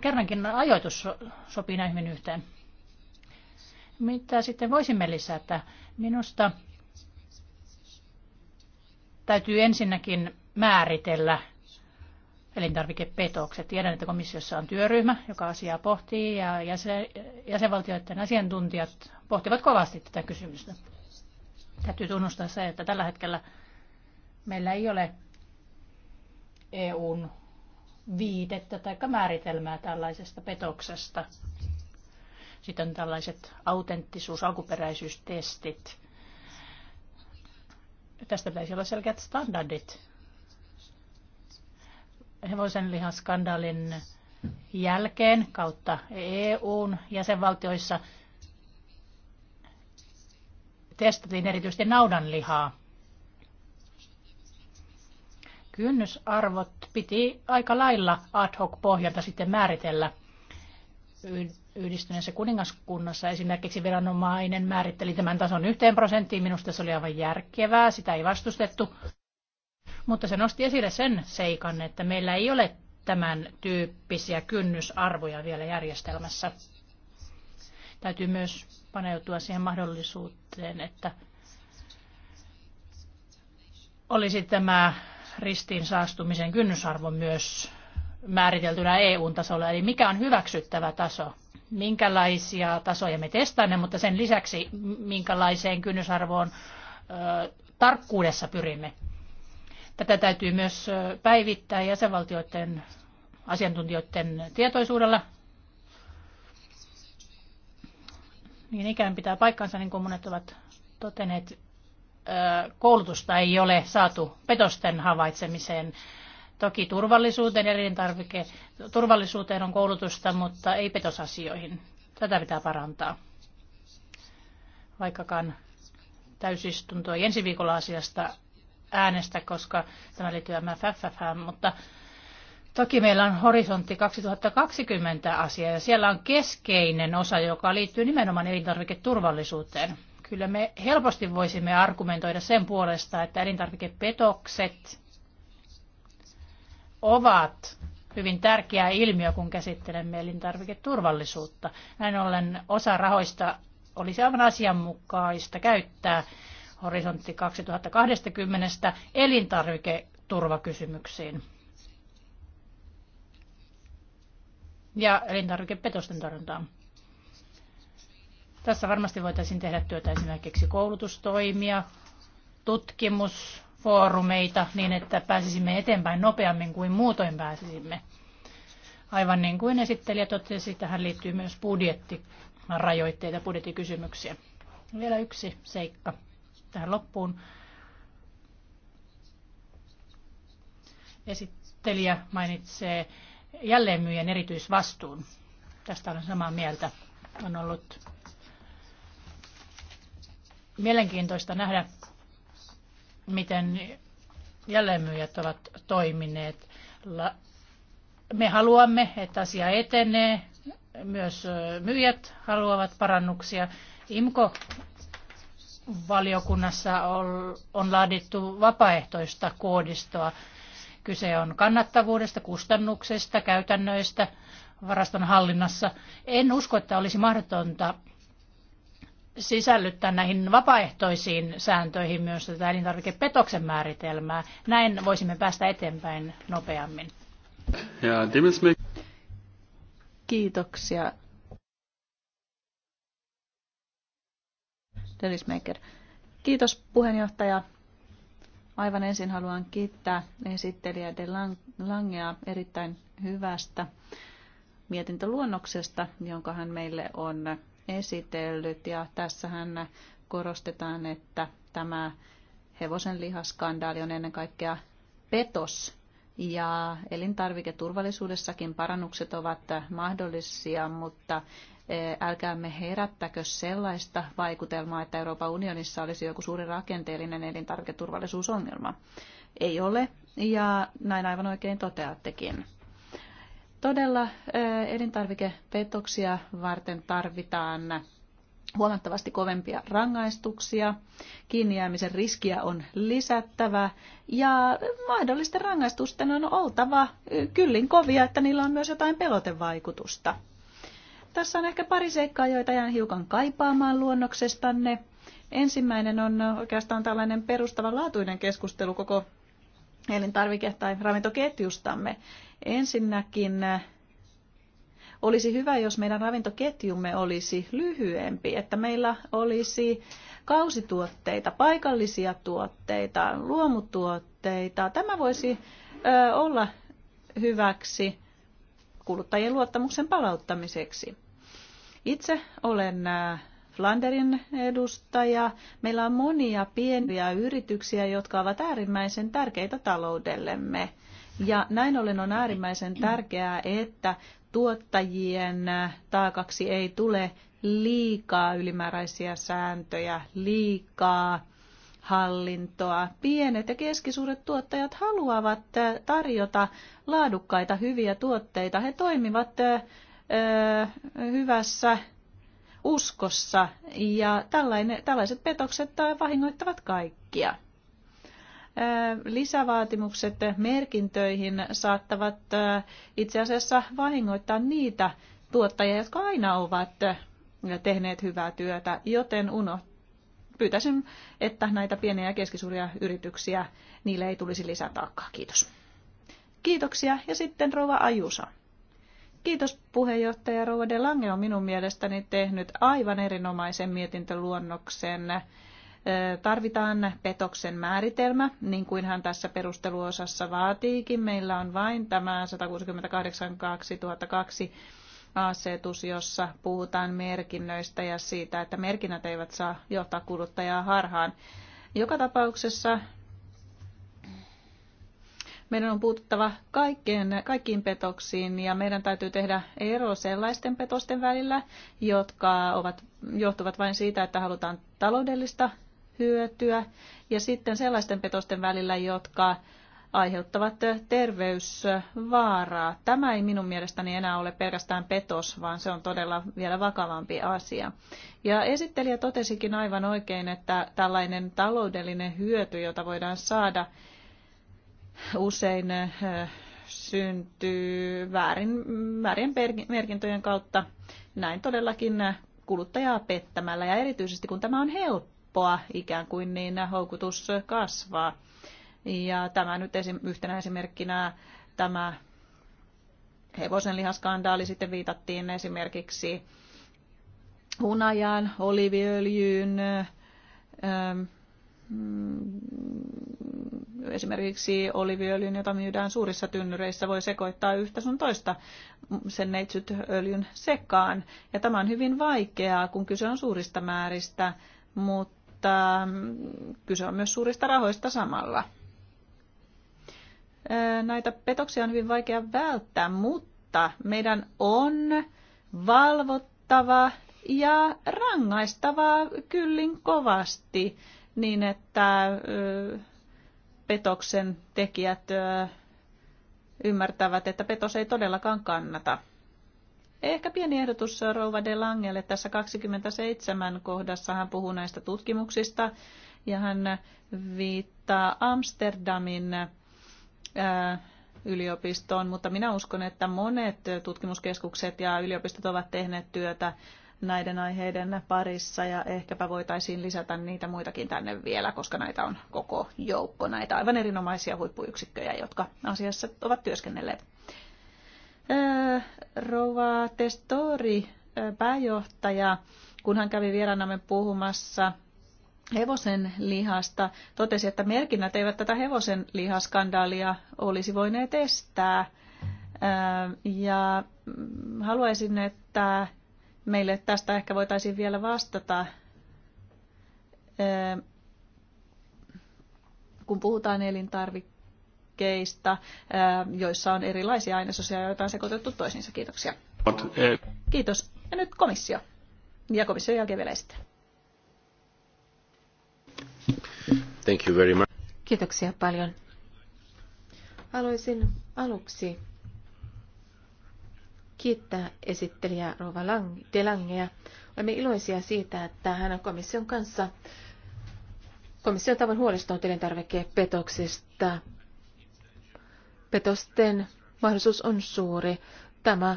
[SPEAKER 4] Kerrankin ajoitus sopii näihin yhteen. Mitä sitten voisimme lisätä? Minusta täytyy ensinnäkin määritellä elintarvikepetokset. Tiedän, että komissiossa on työryhmä, joka asiaa pohtii ja jäsen, jäsenvaltioiden asiantuntijat pohtivat kovasti tätä kysymystä. Täytyy tunnustaa se, että tällä hetkellä meillä ei ole EUn viitettä tai määritelmää tällaisesta petoksesta. Sitten on tällaiset autenttisuus- alkuperäisyystestit. Tästä pitäisi olla selkeät standardit hevosenlihaskandaalin jälkeen kautta EUn jäsenvaltioissa testattiin erityisesti naudanlihaa. Kynnysarvot piti aika lailla ad hoc pohjalta sitten määritellä yhdistyneessä kuningaskunnassa esimerkiksi viranomainen määritteli tämän tason yhteen prosenttiin. Minusta se oli aivan järkevää, sitä ei vastustettu mutta se nosti esille sen seikan, että meillä ei ole tämän tyyppisiä kynnysarvoja vielä järjestelmässä. Täytyy myös paneutua siihen mahdollisuuteen, että olisi tämä ristiin saastumisen kynnysarvo myös määriteltynä EU-tasolla, eli mikä on hyväksyttävä taso, minkälaisia tasoja me testaamme, mutta sen lisäksi minkälaiseen kynnysarvoon ö, tarkkuudessa pyrimme. Tätä täytyy myös päivittää jäsenvaltioiden asiantuntijoiden tietoisuudella. Niin ikään pitää paikkansa, niin kuin monet ovat toteneet, koulutusta ei ole saatu petosten havaitsemiseen. Toki turvallisuuteen, elintarvike, turvallisuuteen on koulutusta, mutta ei petosasioihin. Tätä pitää parantaa. Vaikkakaan täysistunto ei ensi viikolla asiasta äänestä, koska tämä liittyy MFFF, mutta Toki meillä on horisontti 2020 asia ja siellä on keskeinen osa, joka liittyy nimenomaan elintarviketurvallisuuteen. Kyllä me helposti voisimme argumentoida sen puolesta, että elintarvikepetokset ovat hyvin tärkeä ilmiö, kun käsittelemme elintarviketurvallisuutta. Näin ollen osa rahoista olisi aivan asianmukaista käyttää horisontti 2020 elintarviketurvakysymyksiin ja elintarvikepetosten torjuntaan. Tässä varmasti voitaisiin tehdä työtä esimerkiksi koulutustoimia, tutkimusfoorumeita niin, että pääsisimme eteenpäin nopeammin kuin muutoin pääsisimme. Aivan niin kuin esittelijä totesi, tähän liittyy myös budjettirajoitteita, budjettikysymyksiä. Vielä yksi seikka tähän loppuun. Esittelijä mainitsee jälleenmyyjän erityisvastuun. Tästä olen samaa mieltä. On ollut mielenkiintoista nähdä, miten jälleenmyyjät ovat toimineet. Me haluamme, että asia etenee. Myös myyjät haluavat parannuksia. IMKO valiokunnassa on laadittu vapaaehtoista koodistoa. Kyse on kannattavuudesta, kustannuksesta, käytännöistä varaston hallinnassa. En usko, että olisi mahdotonta sisällyttää näihin vapaaehtoisiin sääntöihin myös tätä elintarvikepetoksen määritelmää. Näin voisimme päästä eteenpäin nopeammin.
[SPEAKER 2] Kiitoksia. Delismaker. Kiitos puheenjohtaja. Aivan ensin haluan kiittää esittelijä De Langea erittäin hyvästä mietintöluonnoksesta, jonka hän meille on esitellyt. Ja tässähän korostetaan, että tämä hevosen lihaskandaali on ennen kaikkea petos. Ja elintarviketurvallisuudessakin parannukset ovat mahdollisia, mutta Eh, älkäämme herättäkö sellaista vaikutelmaa, että Euroopan unionissa olisi joku suuri rakenteellinen elintarviketurvallisuusongelma. Ei ole, ja näin aivan oikein toteattekin. Todella eh, elintarvikepetoksia varten tarvitaan huomattavasti kovempia rangaistuksia, kiinnijäämisen riskiä on lisättävä ja mahdollisten rangaistusten on oltava eh, kyllin kovia, että niillä on myös jotain pelotevaikutusta. Tässä on ehkä pari seikkaa, joita jään hiukan kaipaamaan luonnoksestanne. Ensimmäinen on oikeastaan tällainen perustavanlaatuinen keskustelu koko elintarvike- tai ravintoketjustamme. Ensinnäkin eh, olisi hyvä, jos meidän ravintoketjumme olisi lyhyempi, että meillä olisi kausituotteita, paikallisia tuotteita, luomutuotteita. Tämä voisi eh, olla hyväksi kuluttajien luottamuksen palauttamiseksi. Itse olen Flanderin edustaja. Meillä on monia pieniä yrityksiä, jotka ovat äärimmäisen tärkeitä taloudellemme. Ja näin ollen on äärimmäisen tärkeää, että tuottajien taakaksi ei tule liikaa ylimääräisiä sääntöjä, liikaa hallintoa. Pienet ja keskisuuret tuottajat haluavat tarjota laadukkaita, hyviä tuotteita. He toimivat hyvässä uskossa ja tällainen, tällaiset petokset vahingoittavat kaikkia. Lisävaatimukset merkintöihin saattavat itse asiassa vahingoittaa niitä tuottajia, jotka aina ovat tehneet hyvää työtä, joten unohtaa pyytäisin, että näitä pieniä ja keskisuuria yrityksiä, niille ei tulisi lisätaakkaa. Kiitos. Kiitoksia ja sitten Rova Ajusa. Kiitos puheenjohtaja Rouva de Lange on minun mielestäni tehnyt aivan erinomaisen mietintöluonnoksen. Tarvitaan petoksen määritelmä, niin kuin hän tässä perusteluosassa vaatiikin. Meillä on vain tämä 168-2002 asetus, jossa puhutaan merkinnöistä ja siitä, että merkinnät eivät saa johtaa kuluttajaa harhaan. Joka tapauksessa meidän on puututtava kaikkeen, kaikkiin petoksiin ja meidän täytyy tehdä ero sellaisten petosten välillä, jotka ovat, johtuvat vain siitä, että halutaan taloudellista hyötyä ja sitten sellaisten petosten välillä, jotka aiheuttavat terveysvaaraa. Tämä ei minun mielestäni enää ole pelkästään petos, vaan se on todella vielä vakavampi asia. Ja esittelijä totesikin aivan oikein, että tällainen taloudellinen hyöty, jota voidaan saada usein eh, syntyy väärin, väärien merkintöjen kautta. Näin todellakin eh, kuluttajaa pettämällä ja erityisesti kun tämä on helppoa ikään kuin, niin houkutus kasvaa. Ja tämä nyt esim, yhtenä esimerkkinä tämä hevosenlihaskandaali sitten viitattiin esimerkiksi hunajaan, oliviöljyyn, eh, Mm, esimerkiksi oliviöljyn, jota myydään suurissa tynnyreissä, voi sekoittaa yhtä sun toista sen neitsyt öljyn sekaan. Ja tämä on hyvin vaikeaa, kun kyse on suurista määristä, mutta kyse on myös suurista rahoista samalla. Näitä petoksia on hyvin vaikea välttää, mutta meidän on valvottava ja rangaistava kyllin kovasti niin, että petoksen tekijät ymmärtävät, että petos ei todellakaan kannata. Ehkä pieni ehdotus Rouva de Langelle. Tässä 27 kohdassa hän puhuu näistä tutkimuksista ja hän viittaa Amsterdamin yliopistoon, mutta minä uskon, että monet tutkimuskeskukset ja yliopistot ovat tehneet työtä näiden aiheiden parissa ja ehkäpä voitaisiin lisätä niitä muitakin tänne vielä, koska näitä on koko joukko, näitä aivan erinomaisia huippuyksikköjä, jotka asiassa ovat työskennelleet. Öö, Rova Testori, pääjohtaja, kun hän kävi vieraanamme puhumassa hevosen lihasta, totesi, että merkinnät eivät tätä hevosen lihaskandaalia olisi voineet estää. Öö, ja haluaisin, että Meille tästä ehkä voitaisiin vielä vastata. Kun puhutaan elintarvikkeista, joissa on erilaisia ainesosia, joita on sekoitettu toisiinsa. Kiitoksia. Kiitos. Ja nyt komissio. Ja komission
[SPEAKER 3] jälkeen vielä esittää.
[SPEAKER 2] Thank you very much.
[SPEAKER 3] Kiitoksia paljon. Haluaisin aluksi kiittää esittelijä Rova Delangea. Olemme iloisia siitä, että hän on komission kanssa komission tavoin huolestunut elintarvikepetoksista. Petosten mahdollisuus on suuri. Tämä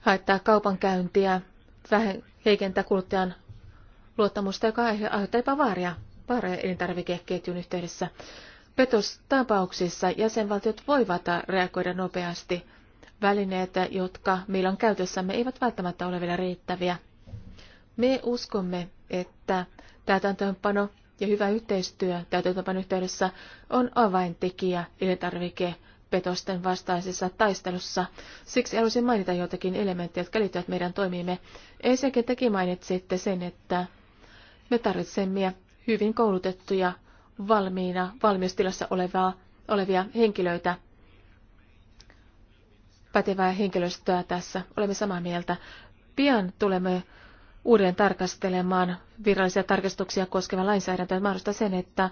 [SPEAKER 3] haittaa kaupankäyntiä, vähän heikentää kuluttajan luottamusta, joka aiheuttaa epävaaria vaaroja elintarvikeketjun yhteydessä. Petostapauksissa jäsenvaltiot voivat reagoida nopeasti välineet, jotka meillä on käytössämme, eivät välttämättä ole vielä riittäviä. Me uskomme, että täytäntöönpano ja hyvä yhteistyö täytäntöönpanon yhteydessä on avaintekijä petosten vastaisessa taistelussa. Siksi haluaisin mainita joitakin elementtejä, jotka liittyvät meidän toimiimme. Ensinnäkin tekin mainitsitte sen, että me tarvitsemme hyvin koulutettuja, valmiina, valmiustilassa olevaa, olevia henkilöitä pätevää henkilöstöä tässä. Olemme samaa mieltä. Pian tulemme uuden tarkastelemaan virallisia tarkastuksia koskevan lainsäädäntöä mahdollista sen, että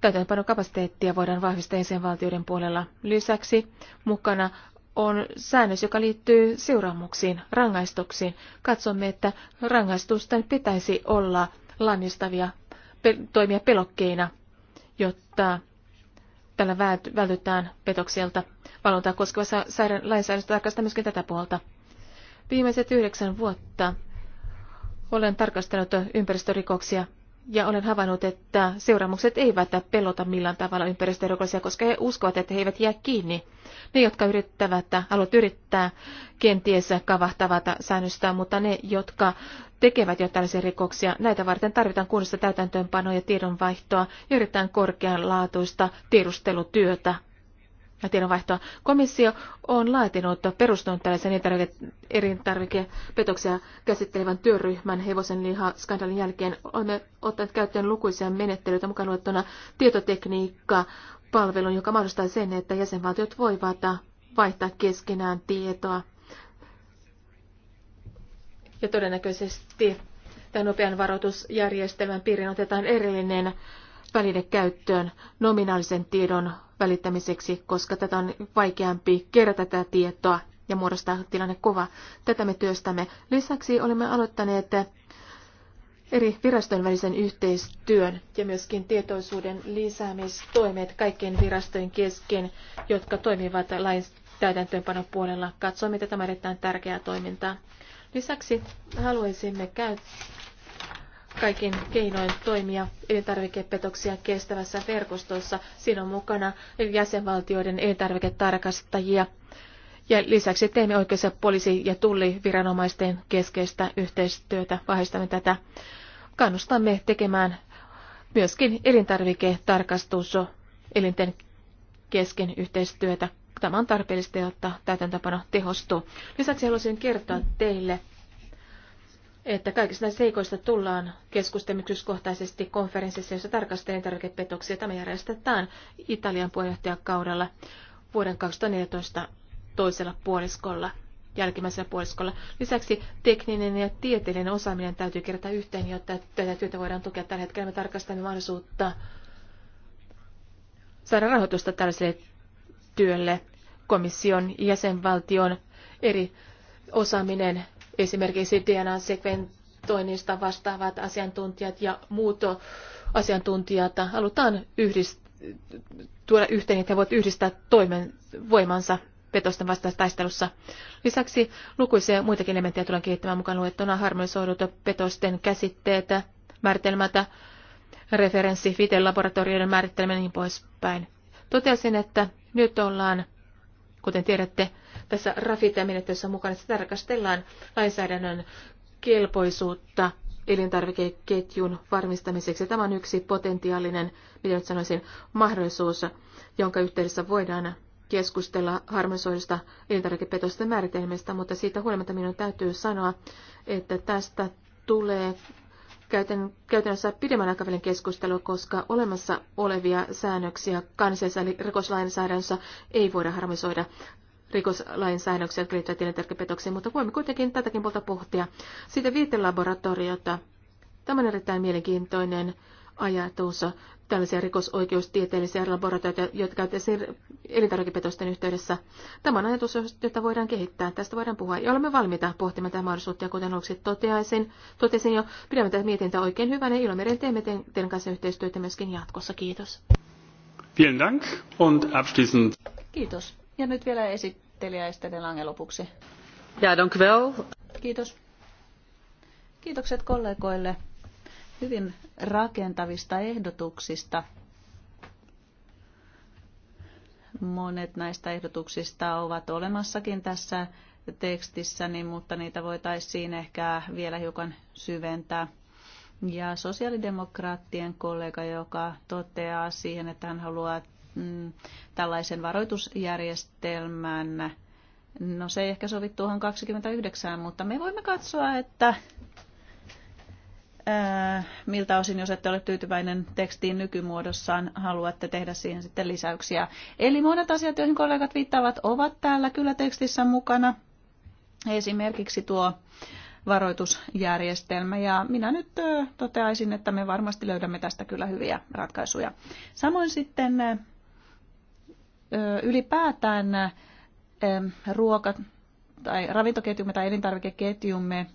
[SPEAKER 3] täytäntöönpanokapasiteettia voidaan vahvistaa jäsenvaltioiden puolella. Lisäksi mukana on säännös, joka liittyy seuraamuksiin, rangaistuksiin. Katsomme, että rangaistusten pitäisi olla lannistavia toimia pelokkeina, jotta Tällä vältytään petokselta. Valvontaa koskeva lainsäädäntö tarkastaa myöskin tätä puolta. Viimeiset yhdeksän vuotta olen tarkastanut ympäristörikoksia ja olen havainnut, että seuraamukset eivät pelota millään tavalla ympäristörikollisia, koska he uskovat, että he eivät jää kiinni. Ne, jotka yrittävät, haluat yrittää, kenties kavahtavat säännöstä, mutta ne, jotka tekevät jo tällaisia rikoksia, näitä varten tarvitaan kunnossa täytäntöönpanoa ja tiedonvaihtoa ja yritetään korkeanlaatuista tiedustelutyötä ja tiedonvaihtoa. Komissio on laatinut perustunut tällaisen elintarvikepetoksia käsittelevän työryhmän hevosenliha-skandalin jälkeen. Olemme ottaneet käyttöön lukuisia menettelyitä mukaan luettuna tietotekniikka palvelun, joka mahdollistaa sen, että jäsenvaltiot voivat vaihtaa keskenään tietoa. Ja todennäköisesti tämän nopean varoitusjärjestelmän piirin otetaan erillinen käyttöön nominaalisen tiedon välittämiseksi, koska tätä on vaikeampi kerätä tätä tietoa ja muodostaa tilanne kova. Tätä me työstämme. Lisäksi olemme aloittaneet eri virastojen välisen yhteistyön ja myöskin tietoisuuden lisäämistoimet kaikkien virastojen kesken, jotka toimivat lain täytäntöönpanon puolella. Katsomme tätä erittäin tärkeää toimintaa. Lisäksi haluaisimme käyttää kaikin keinoin toimia elintarvikepetoksia kestävässä verkostossa. Siinä on mukana jäsenvaltioiden elintarviketarkastajia. Ja lisäksi teemme oikeus- ja poliisi- ja tulliviranomaisten keskeistä yhteistyötä, vahvistamme tätä. Kannustamme tekemään myöskin elintarviketarkastus elinten kesken yhteistyötä. Tämä on tarpeellista, jotta täytäntöpano tehostuu. Lisäksi haluaisin kertoa teille että kaikista näistä seikoista tullaan keskustelmykyskohtaisesti konferenssissa, jossa tarkastelee tarvikepetoksia. Tämä järjestetään Italian puheenjohtajakaudella vuoden 2014 toisella puoliskolla, jälkimmäisellä puoliskolla. Lisäksi tekninen ja tieteellinen osaaminen täytyy kerätä yhteen, jotta tätä työtä voidaan tukea. Tällä hetkellä me tarkastamme mahdollisuutta saada rahoitusta tällaiselle työlle komission jäsenvaltion eri osaaminen Esimerkiksi DNA-sekventoinnista vastaavat asiantuntijat ja muut asiantuntijat halutaan yhdist- tuoda yhteen, että he voivat yhdistää toimen voimansa petosten vastaisessa taistelussa. Lisäksi lukuisia muitakin elementtejä tulee kehittämään mukaan luettuna harmonisoidut petosten käsitteet, määritelmät, referenssi, laboratorioiden määritteleminen ja niin poispäin. Totesin, että nyt ollaan, kuten tiedätte, tässä RAFITA-menettelyssä mukana, että tarkastellaan lainsäädännön kelpoisuutta elintarvikeketjun varmistamiseksi. Tämä on yksi potentiaalinen, mitä nyt sanoisin, mahdollisuus, jonka yhteydessä voidaan keskustella harmonisoidusta elintarvikepetosten määritelmistä, mutta siitä huolimatta minun täytyy sanoa, että tästä tulee käytän, käytännössä pidemmän aikavälin keskustelu, koska olemassa olevia säännöksiä kansallisessa eli rikoslainsäädännössä ei voida harmonisoida rikoslain säännöksiä, jotka liittyvät tilintarkapetokseen, mutta voimme kuitenkin tätäkin puolta pohtia. Sitten viitelaboratoriota. Tämä on erittäin mielenkiintoinen ajatus. Tällaisia rikosoikeustieteellisiä laboratorioita, jotka käytetään elintarvikepetosten yhteydessä. Tämä on ajatus, jota voidaan kehittää. Tästä voidaan puhua. Ja olemme valmiita pohtimaan tätä mahdollisuutta. Ja kuten aluksi toteaisin, totesin jo, pidämme tätä mietintää oikein hyvänä. Ja teemme teidän kanssa yhteistyötä myöskin jatkossa. Kiitos.
[SPEAKER 1] Vielen Dank und abschließend.
[SPEAKER 3] Kiitos.
[SPEAKER 2] Ja nyt vielä esittelijä Estelle Lange lopuksi. Ja, dank Kiitos. Kiitokset kollegoille hyvin rakentavista ehdotuksista. Monet näistä ehdotuksista ovat olemassakin tässä tekstissä, mutta niitä voitaisiin ehkä vielä hiukan syventää. Ja sosiaalidemokraattien kollega, joka toteaa siihen, että hän haluaa Mm, tällaisen varoitusjärjestelmän. No se ei ehkä sovi tuohon 29, mutta me voimme katsoa, että miltä osin, jos ette ole tyytyväinen tekstiin nykymuodossaan, haluatte tehdä siihen sitten lisäyksiä. Eli monet asiat, joihin kollegat viittaavat, ovat täällä kyllä tekstissä mukana. Esimerkiksi tuo varoitusjärjestelmä. Ja minä nyt toteaisin, että me varmasti löydämme tästä kyllä hyviä ratkaisuja. Samoin sitten ylipäätään ruoka- tai ravintoketjumme tai elintarvikeketjumme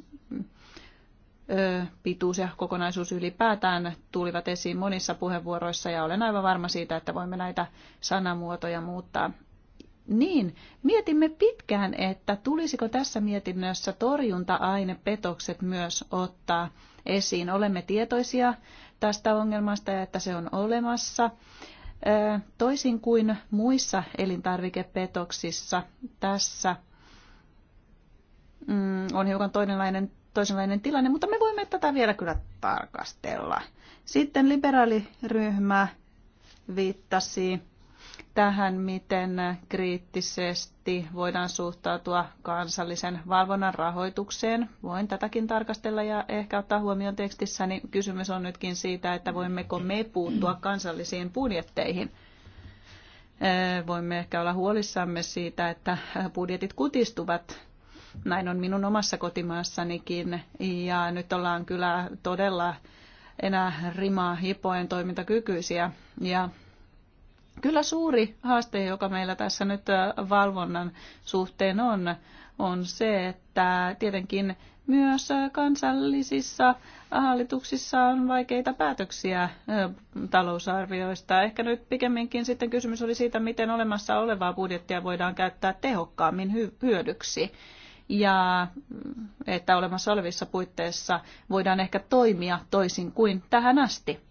[SPEAKER 2] pituus ja kokonaisuus ylipäätään tulivat esiin monissa puheenvuoroissa ja olen aivan varma siitä, että voimme näitä sanamuotoja muuttaa. Niin, mietimme pitkään, että tulisiko tässä mietinnössä torjunta-ainepetokset myös ottaa esiin. Olemme tietoisia tästä ongelmasta ja että se on olemassa. Toisin kuin muissa elintarvikepetoksissa, tässä mm, on hiukan toisenlainen, toisenlainen tilanne, mutta me voimme tätä vielä kyllä tarkastella. Sitten liberaaliryhmä viittasi tähän, miten kriittisesti voidaan suhtautua kansallisen valvonnan rahoitukseen. Voin tätäkin tarkastella ja ehkä ottaa huomioon tekstissä, niin kysymys on nytkin siitä, että voimmeko me puuttua kansallisiin budjetteihin. Voimme ehkä olla huolissamme siitä, että budjetit kutistuvat. Näin on minun omassa kotimaassanikin. Ja nyt ollaan kyllä todella enää rimaa hipoen toimintakykyisiä. Ja Kyllä suuri haaste, joka meillä tässä nyt valvonnan suhteen on, on se, että tietenkin myös kansallisissa hallituksissa on vaikeita päätöksiä talousarvioista. Ehkä nyt pikemminkin sitten kysymys oli siitä, miten olemassa olevaa budjettia voidaan käyttää tehokkaammin hyödyksi. Ja mm, että olemassa olevissa puitteissa voidaan ehkä toimia toisin kuin tähän asti.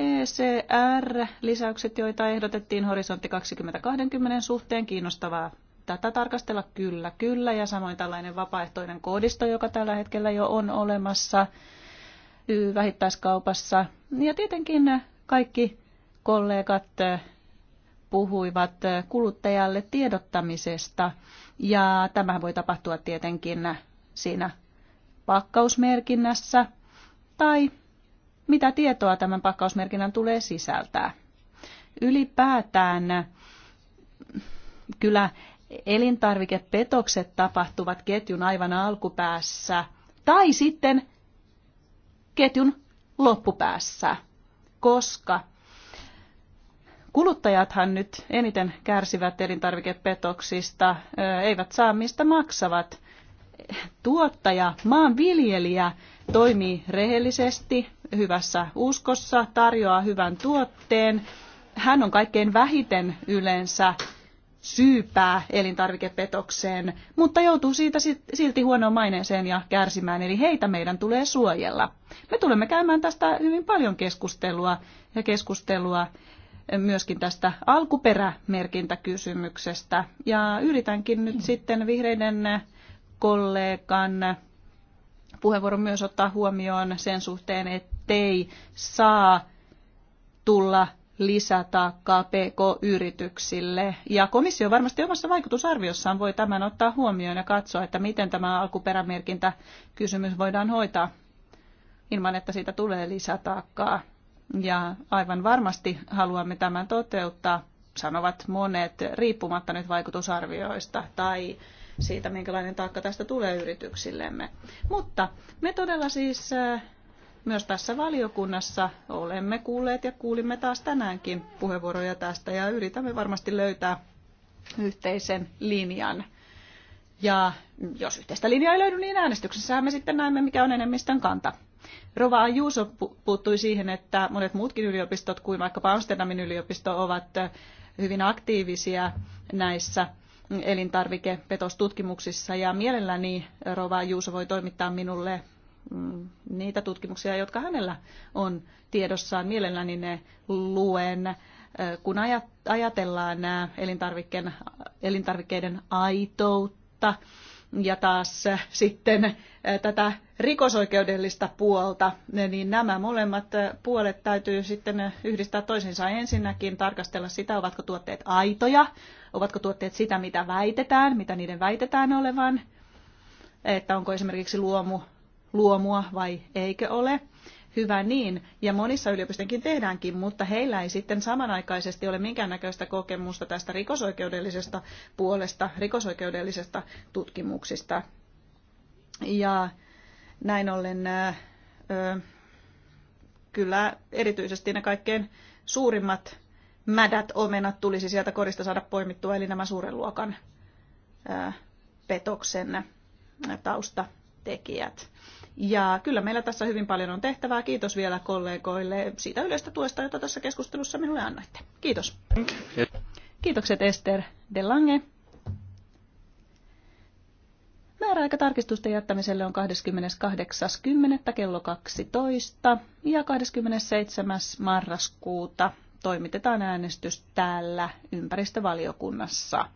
[SPEAKER 2] ECR-lisäykset, joita ehdotettiin horisontti 2020 suhteen, kiinnostavaa tätä tarkastella kyllä, kyllä, ja samoin tällainen vapaaehtoinen koodisto, joka tällä hetkellä jo on olemassa vähittäiskaupassa. Ja tietenkin kaikki kollegat puhuivat kuluttajalle tiedottamisesta, ja tämä voi tapahtua tietenkin siinä pakkausmerkinnässä tai mitä tietoa tämän pakkausmerkinnän tulee sisältää. Ylipäätään kyllä elintarvikepetokset tapahtuvat ketjun aivan alkupäässä tai sitten ketjun loppupäässä, koska kuluttajathan nyt eniten kärsivät elintarvikepetoksista, eivät saa mistä maksavat tuottaja, maanviljelijä toimii rehellisesti, hyvässä uskossa, tarjoaa hyvän tuotteen. Hän on kaikkein vähiten yleensä syypää elintarvikepetokseen, mutta joutuu siitä silti huonoon maineeseen ja kärsimään, eli heitä meidän tulee suojella. Me tulemme käymään tästä hyvin paljon keskustelua ja keskustelua myöskin tästä alkuperämerkintäkysymyksestä. Ja yritänkin nyt sitten vihreiden kollegan puheenvuoro myös ottaa huomioon sen suhteen, ettei saa tulla lisätaakkaa PK-yrityksille. Ja komissio varmasti omassa vaikutusarviossaan voi tämän ottaa huomioon ja katsoa, että miten tämä alkuperämerkintäkysymys voidaan hoitaa ilman, että siitä tulee lisätaakkaa. Ja aivan varmasti haluamme tämän toteuttaa, sanovat monet, riippumatta nyt vaikutusarvioista tai siitä, minkälainen taakka tästä tulee yrityksillemme. Mutta me todella siis äh, myös tässä valiokunnassa olemme kuulleet ja kuulimme taas tänäänkin puheenvuoroja tästä ja yritämme varmasti löytää yhteisen linjan. Ja jos yhteistä linjaa ei löydy, niin äänestyksessähän me sitten näemme, mikä on enemmistön kanta. Rova Juuso puuttui siihen, että monet muutkin yliopistot kuin vaikkapa Amsterdamin yliopisto ovat äh, hyvin aktiivisia näissä elintarvikepetostutkimuksissa ja mielelläni Rova Juuso voi toimittaa minulle mm, niitä tutkimuksia, jotka hänellä on tiedossaan. Mielelläni ne luen, äh, kun ajatellaan äh, elintarvikkeiden aitoutta, ja taas äh, sitten äh, tätä rikosoikeudellista puolta, niin nämä molemmat äh, puolet täytyy sitten yhdistää toisiinsa ensinnäkin, tarkastella sitä, ovatko tuotteet aitoja, ovatko tuotteet sitä, mitä väitetään, mitä niiden väitetään olevan, että onko esimerkiksi luomu, luomua vai eikö ole hyvä niin, ja monissa yliopistenkin tehdäänkin, mutta heillä ei sitten samanaikaisesti ole minkäännäköistä kokemusta tästä rikosoikeudellisesta puolesta, rikosoikeudellisesta tutkimuksista. Ja näin ollen ää, kyllä erityisesti ne kaikkein suurimmat mädät omenat tulisi sieltä korista saada poimittua, eli nämä suuren luokan ää, petoksen taustatekijät. Ja kyllä meillä tässä hyvin paljon on tehtävää. Kiitos vielä kollegoille siitä yleistä tuesta, jota tässä keskustelussa minulle annoitte. Kiitos. Kiitokset Ester Delange. Lange. Määräaikatarkistusten jättämiselle on 28.10. kello 12 ja 27. marraskuuta toimitetaan äänestys täällä ympäristövaliokunnassa.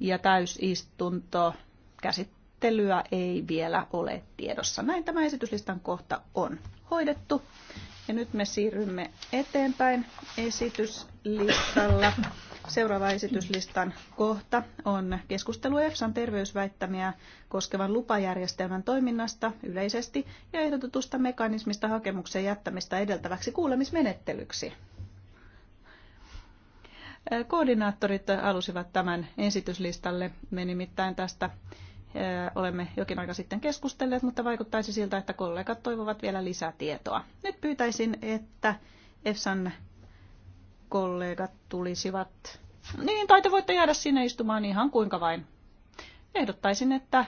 [SPEAKER 2] Ja täysistunto käsittää käsittelyä ei vielä ole tiedossa. Näin tämä esityslistan kohta on hoidettu. Ja nyt me siirrymme eteenpäin esityslistalla. Seuraava esityslistan kohta on keskustelu EFSAn terveysväittämiä koskevan lupajärjestelmän toiminnasta yleisesti ja ehdotetusta mekanismista hakemuksen jättämistä edeltäväksi kuulemismenettelyksi. Koordinaattorit alusivat tämän esityslistalle. Me nimittäin tästä olemme jokin aika sitten keskustelleet, mutta vaikuttaisi siltä, että kollegat toivovat vielä lisää tietoa. Nyt pyytäisin, että EFSAn kollegat tulisivat. Niin, tai te voitte jäädä sinne istumaan ihan kuinka vain. Ehdottaisin, että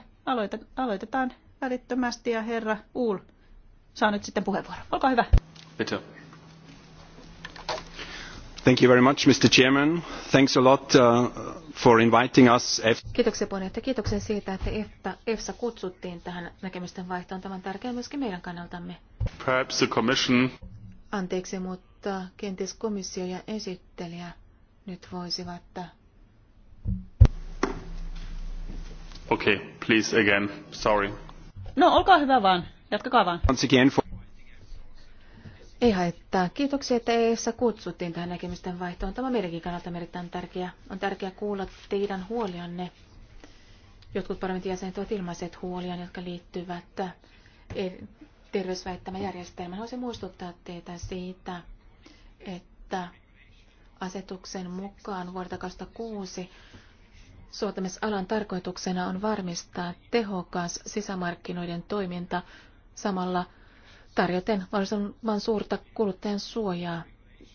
[SPEAKER 2] aloitetaan välittömästi ja herra Uul saa nyt sitten puheenvuoron. Olkaa hyvä.
[SPEAKER 1] Bitte. Thank you very much, Mr. Chairman. Thanks a lot. Uh, for inviting us.
[SPEAKER 3] Kiitoksia puheenjohtaja. Kiitoksia siitä, että EFSA kutsuttiin tähän näkemysten vaihtoon. Tämä on tärkeää myöskin meidän kannaltamme.
[SPEAKER 1] Perhaps the commission.
[SPEAKER 3] Anteeksi, mutta kenties komissio ja esittelijä nyt voisivat.
[SPEAKER 1] Okei, okay, please again. Sorry.
[SPEAKER 3] No, olkaa hyvä vaan. Jatkakaa vaan. Once again ei haittaa. Kiitoksia, että EEssä kutsuttiin tähän näkemysten vaihtoon. Tämä on meidänkin kannalta erittäin tärkeä. On tärkeää kuulla teidän huolianne. Jotkut parlamentin jäsenet ovat ilmaiset huolian, jotka liittyvät eh, terveysväittämäjärjestelmään. Haluaisin muistuttaa teitä siitä, että asetuksen mukaan vuodelta 2006 suotamisalan tarkoituksena on varmistaa tehokas sisämarkkinoiden toiminta samalla – tarjoten mahdollisimman suurta kuluttajan suojaa.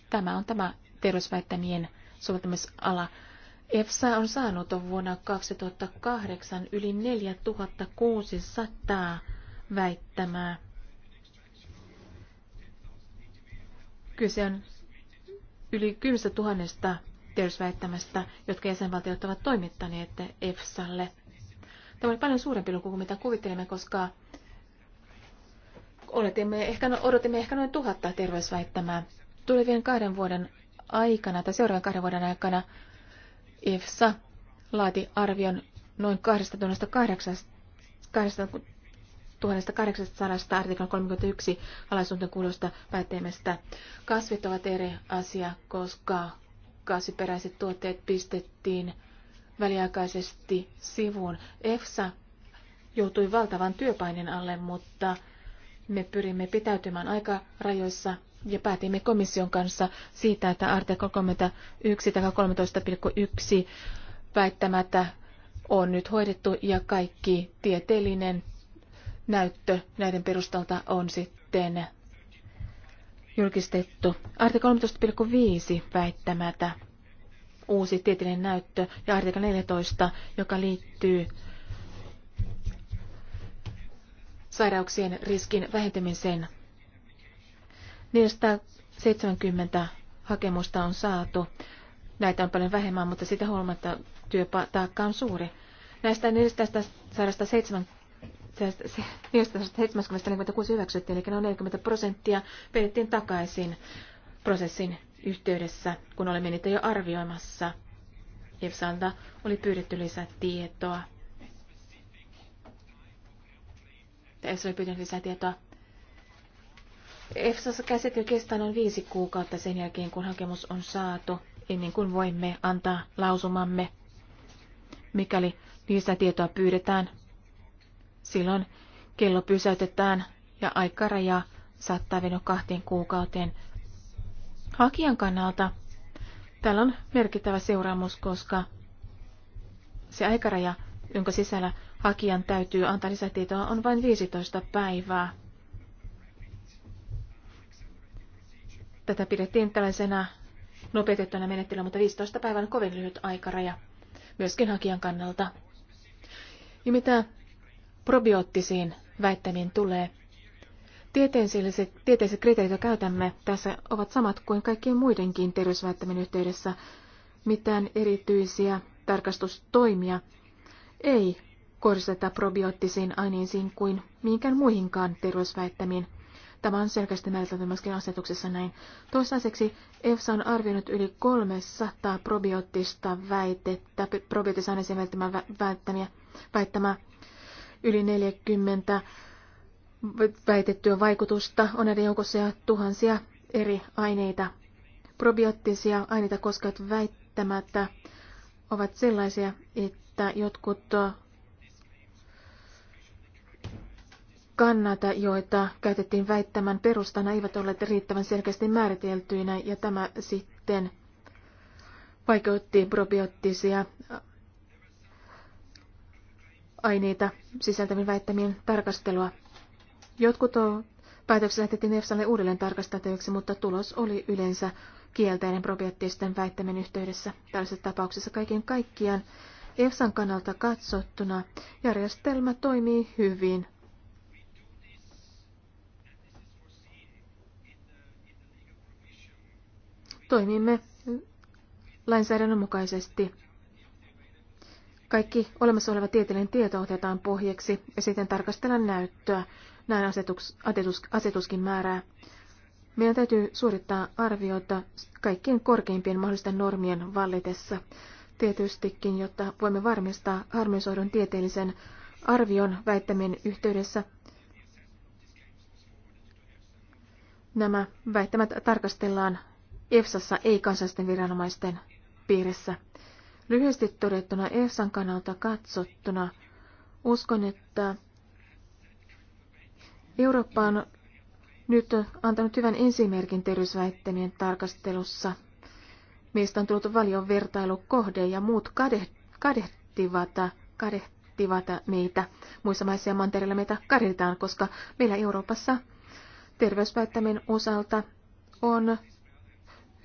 [SPEAKER 3] Tämä on tämä terveysväittämien soveltamisala. EFSA on saanut vuonna 2008 yli 4600 väittämää. Kyse on yli 10 000 terveysväittämästä, jotka jäsenvaltiot ovat toimittaneet EFSAlle. Tämä oli paljon suurempi luku kuin mitä kuvittelimme, koska oletimme, ehkä, no- odotimme ehkä noin tuhatta terveysväittämää. Tulevien kahden vuoden aikana tai seuraavan kahden vuoden aikana EFSA laati arvion noin 2800 artiklan 31 alaisuuteen kuulosta päätteemestä. Kasvit ovat eri asia, koska kasviperäiset tuotteet pistettiin väliaikaisesti sivuun. EFSA joutui valtavan työpaineen alle, mutta me pyrimme pitäytymään aikarajoissa ja päätimme komission kanssa siitä, että artikla 31 tai 13.1 väittämättä on nyt hoidettu ja kaikki tieteellinen näyttö näiden perustalta on sitten julkistettu. Artikla 13.5 väittämätä uusi tieteellinen näyttö ja artikla 14, joka liittyy sairauksien riskin vähentämiseen. 470 hakemusta on saatu. Näitä on paljon vähemmän, mutta sitä huolimatta työtaakka on suuri. Näistä 476 hyväksyttiin, eli noin 40 prosenttia vedettiin takaisin prosessin yhteydessä, kun olemme niitä jo arvioimassa. EFSAlta oli pyydetty lisätietoa. tietoa. ja EFSA oli pyytänyt lisätietoa. EFSAssa käsittely kestää noin viisi kuukautta sen jälkeen, kun hakemus on saatu, ennen kuin voimme antaa lausumamme. Mikäli lisätietoa pyydetään, silloin kello pysäytetään ja aikaraja saattaa venyä kahteen kuukauteen. Hakijan kannalta tällä on merkittävä seuraamus, koska se aikaraja, jonka sisällä hakijan täytyy antaa lisätietoa, on vain 15 päivää. Tätä pidettiin tällaisena nopeutettuna menettelyä, mutta 15 päivän on kovin lyhyt aikaraja myöskin hakijan kannalta. Ja mitä probioottisiin väittämiin tulee, tieteelliset, tieteelliset kriteerit, joita käytämme tässä, ovat samat kuin kaikkien muidenkin terveysväittämien yhteydessä. Mitään erityisiä tarkastustoimia ei kohdisteta probioottisiin aineisiin kuin minkään muihinkaan terveysväittämiin. Tämä on selkeästi määritelty myöskin asetuksessa näin. Toistaiseksi EFSA on arvioinut yli 300 probioottista väitettä, aineisiin välttämää, väittämiä, väittämää yli 40 väitettyä vaikutusta on näiden joukossa ja tuhansia eri aineita. Probioottisia aineita koskevat väittämättä ovat sellaisia, että jotkut kannata, joita käytettiin väittämän perustana, eivät olleet riittävän selkeästi määriteltyinä, ja tämä sitten vaikeutti probioottisia aineita sisältävien väittämien tarkastelua. Jotkut päätökset lähetettiin EFSAlle uudelleen tarkasteltavaksi, mutta tulos oli yleensä kielteinen probioottisten väittämien yhteydessä. Tällaisessa tapauksessa kaiken kaikkiaan EFSAn kannalta katsottuna järjestelmä toimii hyvin Toimimme lainsäädännön mukaisesti. Kaikki olemassa oleva tieteellinen tieto otetaan pohjaksi ja sitten tarkastellaan näyttöä. Näin asetus, asetus, asetuskin määrää. Meidän täytyy suorittaa arvioita kaikkien korkeimpien mahdollisten normien vallitessa. Tietystikin, jotta voimme varmistaa harmonisoidun tieteellisen arvion väittämien yhteydessä, nämä väittämät tarkastellaan EFSassa ei kansallisten viranomaisten piirissä. Lyhyesti todettuna EFSAn kannalta katsottuna uskon, että Eurooppa on nyt antanut hyvän ensimerkin terveysväittämien tarkastelussa. Meistä on tullut valion vertailukohde ja muut kadehtivat, kadehtivat meitä. Muissa maissa ja mantereilla meitä kadehditaan, koska meillä Euroopassa terveysväittämien osalta on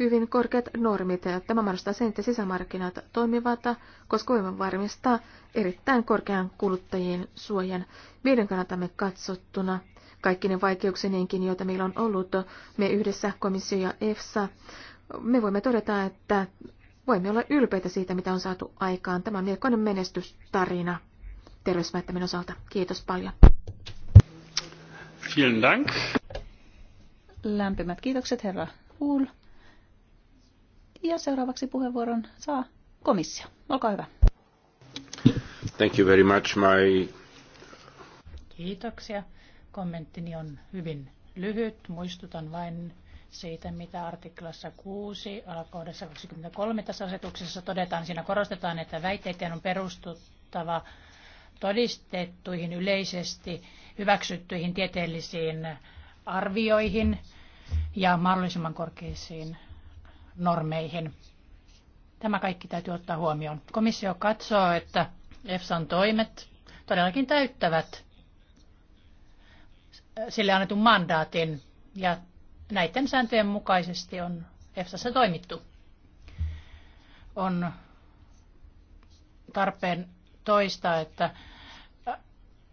[SPEAKER 3] hyvin korkeat normit. Tämä mahdollistaa sen, että sisämarkkinat toimivat, koska voimme varmistaa erittäin korkean kuluttajien suojan. Meidän kannatamme katsottuna kaikki ne vaikeuksinenkin, joita meillä on ollut, me yhdessä komissio ja EFSA, me voimme todeta, että voimme olla ylpeitä siitä, mitä on saatu aikaan. Tämä on melkoinen menestystarina terveysväittämien osalta. Kiitos paljon. Vielen Dank. Lämpimät kiitokset, herra Huul.
[SPEAKER 2] Ja seuraavaksi puheenvuoron saa komissio. Olkaa hyvä.
[SPEAKER 1] Thank you very much. My...
[SPEAKER 4] Kiitoksia. Kommenttini on hyvin lyhyt. Muistutan vain siitä, mitä artiklassa 6 alakohdassa 23 tässä asetuksessa todetaan. Siinä korostetaan, että väitteiden on perustuttava todistettuihin yleisesti hyväksyttyihin tieteellisiin arvioihin ja mahdollisimman korkeisiin normeihin. Tämä kaikki täytyy ottaa huomioon. Komissio katsoo, että EFSAn toimet todellakin täyttävät sille annetun mandaatin ja näiden sääntöjen mukaisesti on EFSAssa toimittu. On tarpeen toistaa, että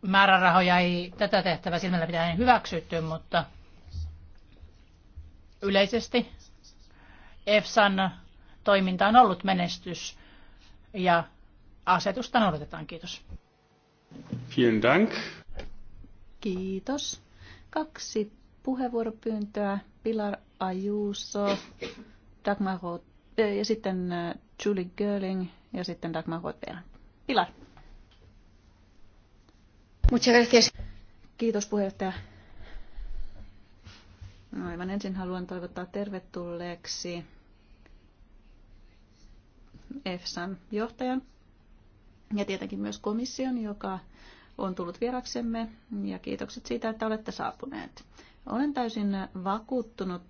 [SPEAKER 4] määrärahoja ei tätä tehtävää silmällä pitäen hyväksytty, mutta yleisesti EFSAn toiminta on ollut menestys ja asetusta noudatetaan. Kiitos.
[SPEAKER 1] Vielen Dank.
[SPEAKER 2] Kiitos. Kaksi puheenvuoropyyntöä. Pilar Ajuso, Dagmar Roth, eh, ja sitten eh, Julie Görling ja sitten Dagmar Roth vielä. Pilar. Muchas gracias. Kiitos puheenjohtaja. No, aivan ensin haluan toivottaa tervetulleeksi EFSAn johtajan ja tietenkin myös komission, joka on tullut vieraksemme ja kiitokset siitä, että olette saapuneet. Olen täysin vakuuttunut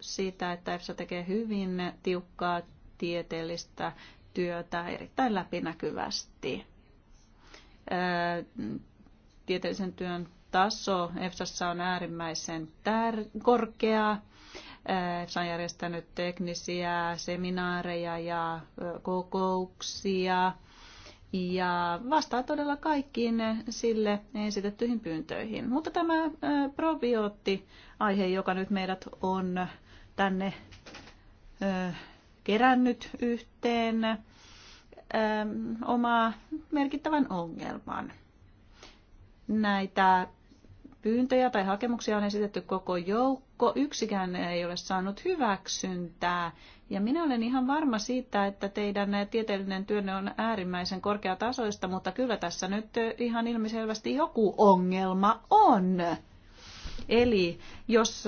[SPEAKER 2] siitä, että EFSA tekee hyvin tiukkaa tieteellistä työtä erittäin läpinäkyvästi. Tieteellisen työn taso EFSAssa on äärimmäisen tär- korkea Äh, se on järjestänyt teknisiä seminaareja ja kokouksia ja vastaa todella kaikkiin sille esitettyihin pyyntöihin. Mutta tämä aihe joka nyt meidät on tänne kerännyt yhteen, omaa merkittävän ongelman. Näitä pyyntöjä tai hakemuksia on esitetty koko joukko, yksikään ei ole saanut hyväksyntää. Ja minä olen ihan varma siitä, että teidän tieteellinen työnne on äärimmäisen korkeatasoista, mutta kyllä tässä nyt ihan ilmiselvästi joku ongelma on. Eli jos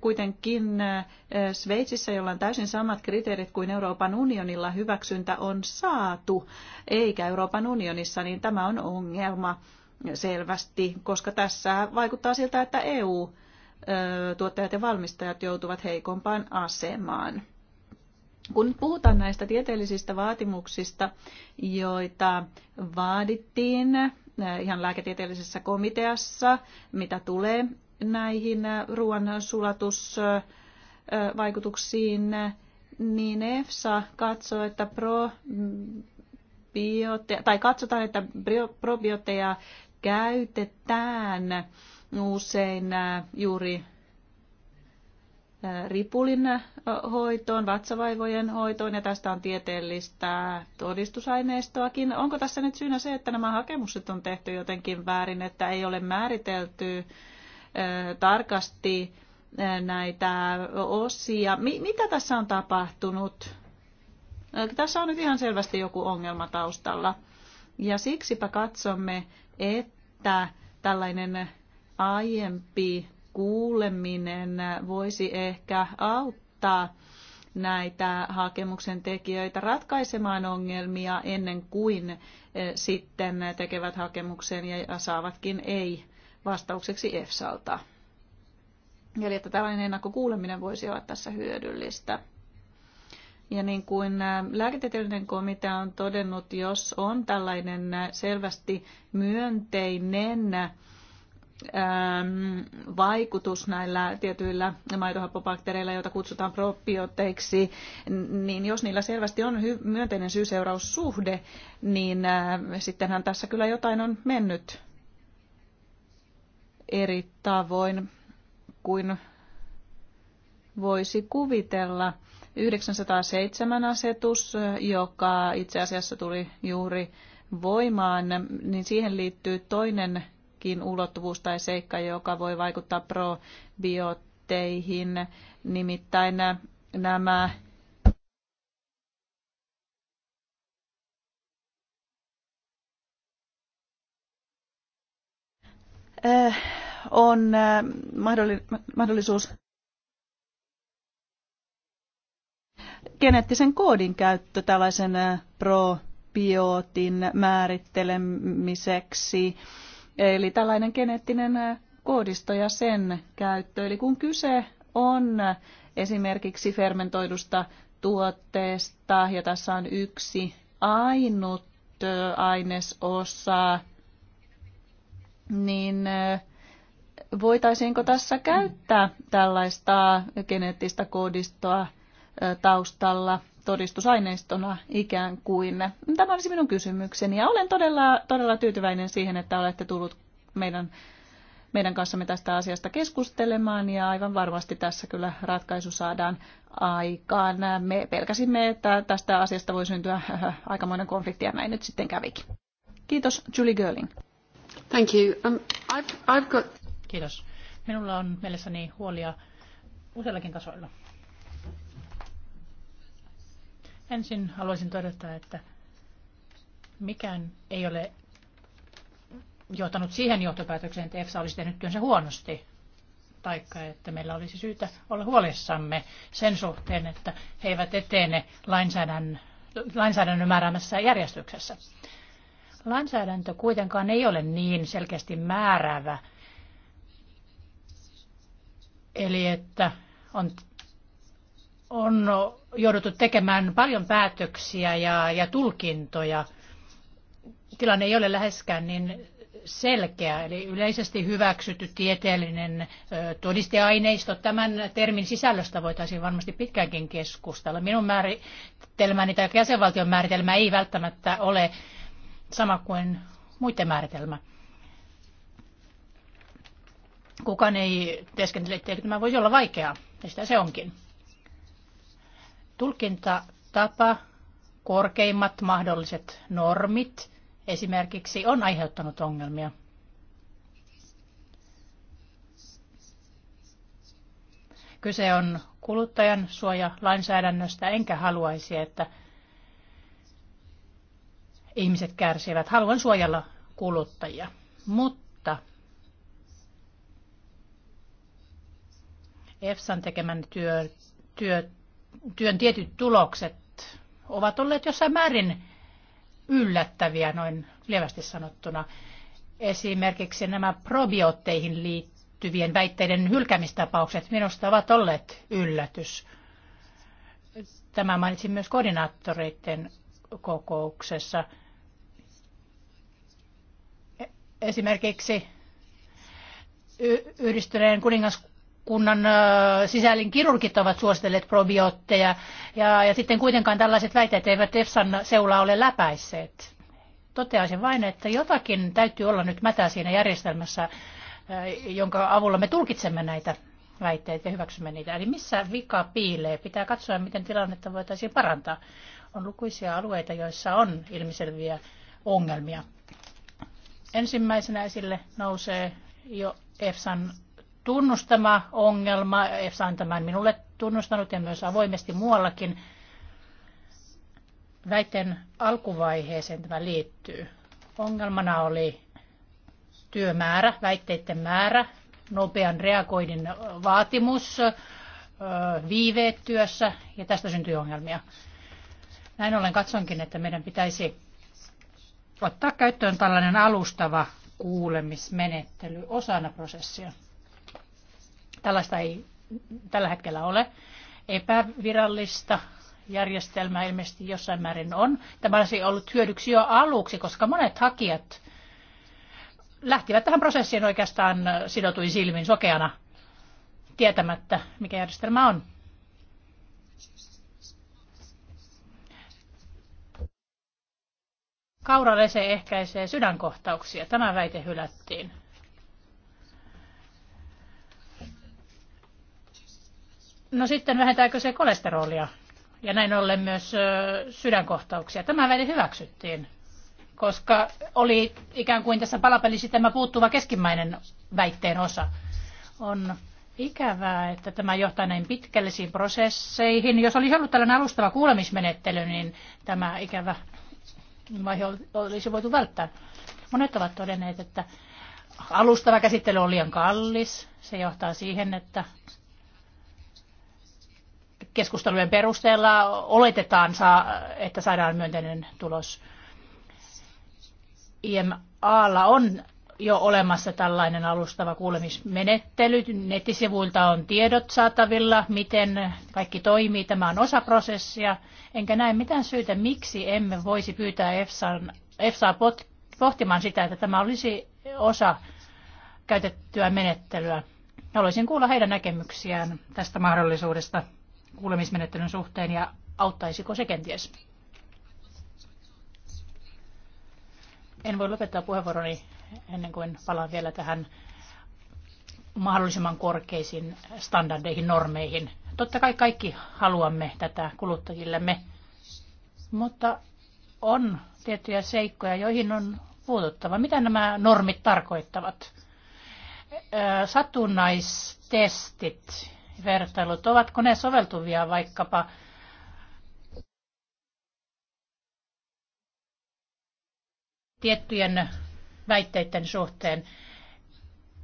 [SPEAKER 2] kuitenkin Sveitsissä, jolla on täysin samat kriteerit kuin Euroopan unionilla, hyväksyntä on saatu, eikä Euroopan unionissa, niin tämä on ongelma selvästi, koska tässä vaikuttaa siltä, että EU-tuottajat ja valmistajat joutuvat heikompaan asemaan. Kun puhutaan näistä tieteellisistä vaatimuksista, joita vaadittiin ihan lääketieteellisessä komiteassa, mitä tulee näihin ruoan sulatusvaikutuksiin, niin EFSA katsoo, että pro Biote- tai katsotaan, että probiotteja käytetään usein äh, juuri äh, ripulin äh, hoitoon, vatsavaivojen hoitoon ja tästä on tieteellistä todistusaineistoakin. Onko tässä nyt syynä se, että nämä hakemukset on tehty jotenkin väärin, että ei ole määritelty tarkasti näitä osia? Mitä tässä on tapahtunut? Tässä on nyt ihan selvästi joku ongelma taustalla. Ja siksipä katsomme, että että tällainen aiempi kuuleminen voisi ehkä auttaa näitä hakemuksen tekijöitä ratkaisemaan ongelmia ennen kuin eh, sitten tekevät hakemuksen ja saavatkin ei vastaukseksi EFSAlta. Eli että tällainen ennakkokuuleminen voisi olla tässä hyödyllistä. Ja niin kuin äh, lääketieteellinen komitea on todennut, jos on tällainen äh, selvästi myönteinen ähm, vaikutus näillä tietyillä maitohappobakteereilla, joita kutsutaan probioteiksi, niin jos niillä selvästi on myönteinen syy-seuraussuhde, niin äh, sittenhän tässä kyllä jotain on mennyt eri tavoin kuin voisi kuvitella. 907 asetus, joka itse asiassa tuli juuri voimaan, niin siihen liittyy toinenkin ulottuvuus tai seikka, joka voi vaikuttaa probiotteihin, nimittäin nämä on mahdollisuus geneettisen koodin käyttö tällaisen probiootin määrittelemiseksi, eli tällainen geneettinen koodisto ja sen käyttö. Eli kun kyse on esimerkiksi fermentoidusta tuotteesta, ja tässä on yksi ainut ainesosa, niin voitaisiinko tässä käyttää tällaista geneettistä koodistoa – taustalla todistusaineistona ikään kuin. Tämä olisi minun kysymykseni ja olen todella, todella tyytyväinen siihen, että olette tullut meidän, meidän kanssamme tästä asiasta keskustelemaan ja aivan varmasti tässä kyllä ratkaisu saadaan aikaan. Me pelkäsimme, että tästä asiasta voi syntyä <laughs> aikamoinen konflikti ja näin nyt sitten kävikin. Kiitos Julie Girling. Thank you. Um, I've, I've got...
[SPEAKER 4] Kiitos. Minulla on mielessäni huolia useillakin tasoilla Ensin haluaisin todeta, että mikään ei ole johtanut siihen johtopäätökseen, että EFSA olisi tehnyt työnsä huonosti, taikka että meillä olisi syytä olla huolissamme sen suhteen, että he eivät etene lainsäädännön, lainsäädännön määräämässä järjestyksessä. Lainsäädäntö kuitenkaan ei ole niin selkeästi määräävä, eli että on on jouduttu tekemään paljon päätöksiä ja, ja tulkintoja. Tilanne ei ole läheskään niin selkeä, eli yleisesti hyväksytty tieteellinen todisteaineisto. Tämän termin sisällöstä voitaisiin varmasti pitkäänkin keskustella. Minun määritelmäni tai jäsenvaltion määritelmä ei välttämättä ole sama kuin muiden määritelmä. Kukaan ei teeskentele, että tämä voisi olla vaikeaa, ja sitä se onkin. Tulkintatapa, korkeimmat mahdolliset normit esimerkiksi on aiheuttanut ongelmia. Kyse on kuluttajan suoja lainsäädännöstä, enkä haluaisi, että ihmiset kärsivät. Haluan suojella kuluttajia, mutta EFSAn tekemän työ, työ, työn tietyt tulokset ovat olleet jossain määrin yllättäviä, noin lievästi sanottuna. Esimerkiksi nämä probiootteihin liittyvien väitteiden hylkäämistapaukset minusta ovat olleet yllätys. Tämä mainitsin myös koordinaattoreiden kokouksessa. Esimerkiksi yhdistyneen kuningas kunnan kirurgit ovat suositelleet probiootteja ja, ja sitten kuitenkaan tällaiset väitteet eivät EFSAn seulaa ole läpäisseet. Toteaisin vain, että jotakin täytyy olla nyt mätä siinä järjestelmässä, jonka avulla me tulkitsemme näitä väitteitä ja hyväksymme niitä. Eli missä vika piilee? Pitää katsoa, miten tilannetta voitaisiin parantaa. On lukuisia alueita, joissa on ilmiselviä ongelmia. Ensimmäisenä esille nousee jo EFSAn tunnustama ongelma. sain tämän minulle tunnustanut ja myös avoimesti muuallakin. Väitteen alkuvaiheeseen tämä liittyy. Ongelmana oli työmäärä, väitteiden määrä, nopean reagoinnin vaatimus, viiveet työssä ja tästä syntyy ongelmia. Näin ollen katsonkin, että meidän pitäisi ottaa käyttöön tällainen alustava kuulemismenettely osana prosessia. Tällaista ei tällä hetkellä ole. Epävirallista järjestelmää ilmeisesti jossain määrin on. Tämä olisi ollut hyödyksi jo aluksi, koska monet hakijat lähtivät tähän prosessiin oikeastaan äh, sidotuin silmin sokeana tietämättä, mikä järjestelmä on. Kauralese ehkäisee sydänkohtauksia. Tämä väite hylättiin. No sitten vähentääkö se kolesterolia ja näin ollen myös sydänkohtauksia. Tämä väli hyväksyttiin, koska oli ikään kuin tässä palapelissä tämä puuttuva keskimmäinen väitteen osa. On ikävää, että tämä johtaa näin pitkällisiin prosesseihin. Jos olisi ollut tällainen alustava kuulemismenettely, niin tämä ikävä vaihe olisi voitu välttää. Monet ovat todenneet, että alustava käsittely on liian kallis. Se johtaa siihen, että keskustelujen perusteella oletetaan, että saadaan myönteinen tulos. IMAlla on jo olemassa tällainen alustava kuulemismenettely. Nettisivuilta on tiedot saatavilla, miten kaikki toimii. Tämä on osa prosessia, enkä näe mitään syytä, miksi emme voisi pyytää EFSAa pohtimaan sitä, että tämä olisi osa käytettyä menettelyä. Haluaisin kuulla heidän näkemyksiään tästä mahdollisuudesta kuulemismenettelyn suhteen ja auttaisiko se kenties? En voi lopettaa puheenvuoroni ennen kuin palaan vielä tähän mahdollisimman korkeisiin standardeihin, normeihin. Totta kai kaikki haluamme tätä kuluttajillemme, mutta on tiettyjä seikkoja, joihin on puututtava. Mitä nämä normit tarkoittavat? Satunnaistestit vertailut, ovatko ne soveltuvia vaikkapa tiettyjen väitteiden suhteen.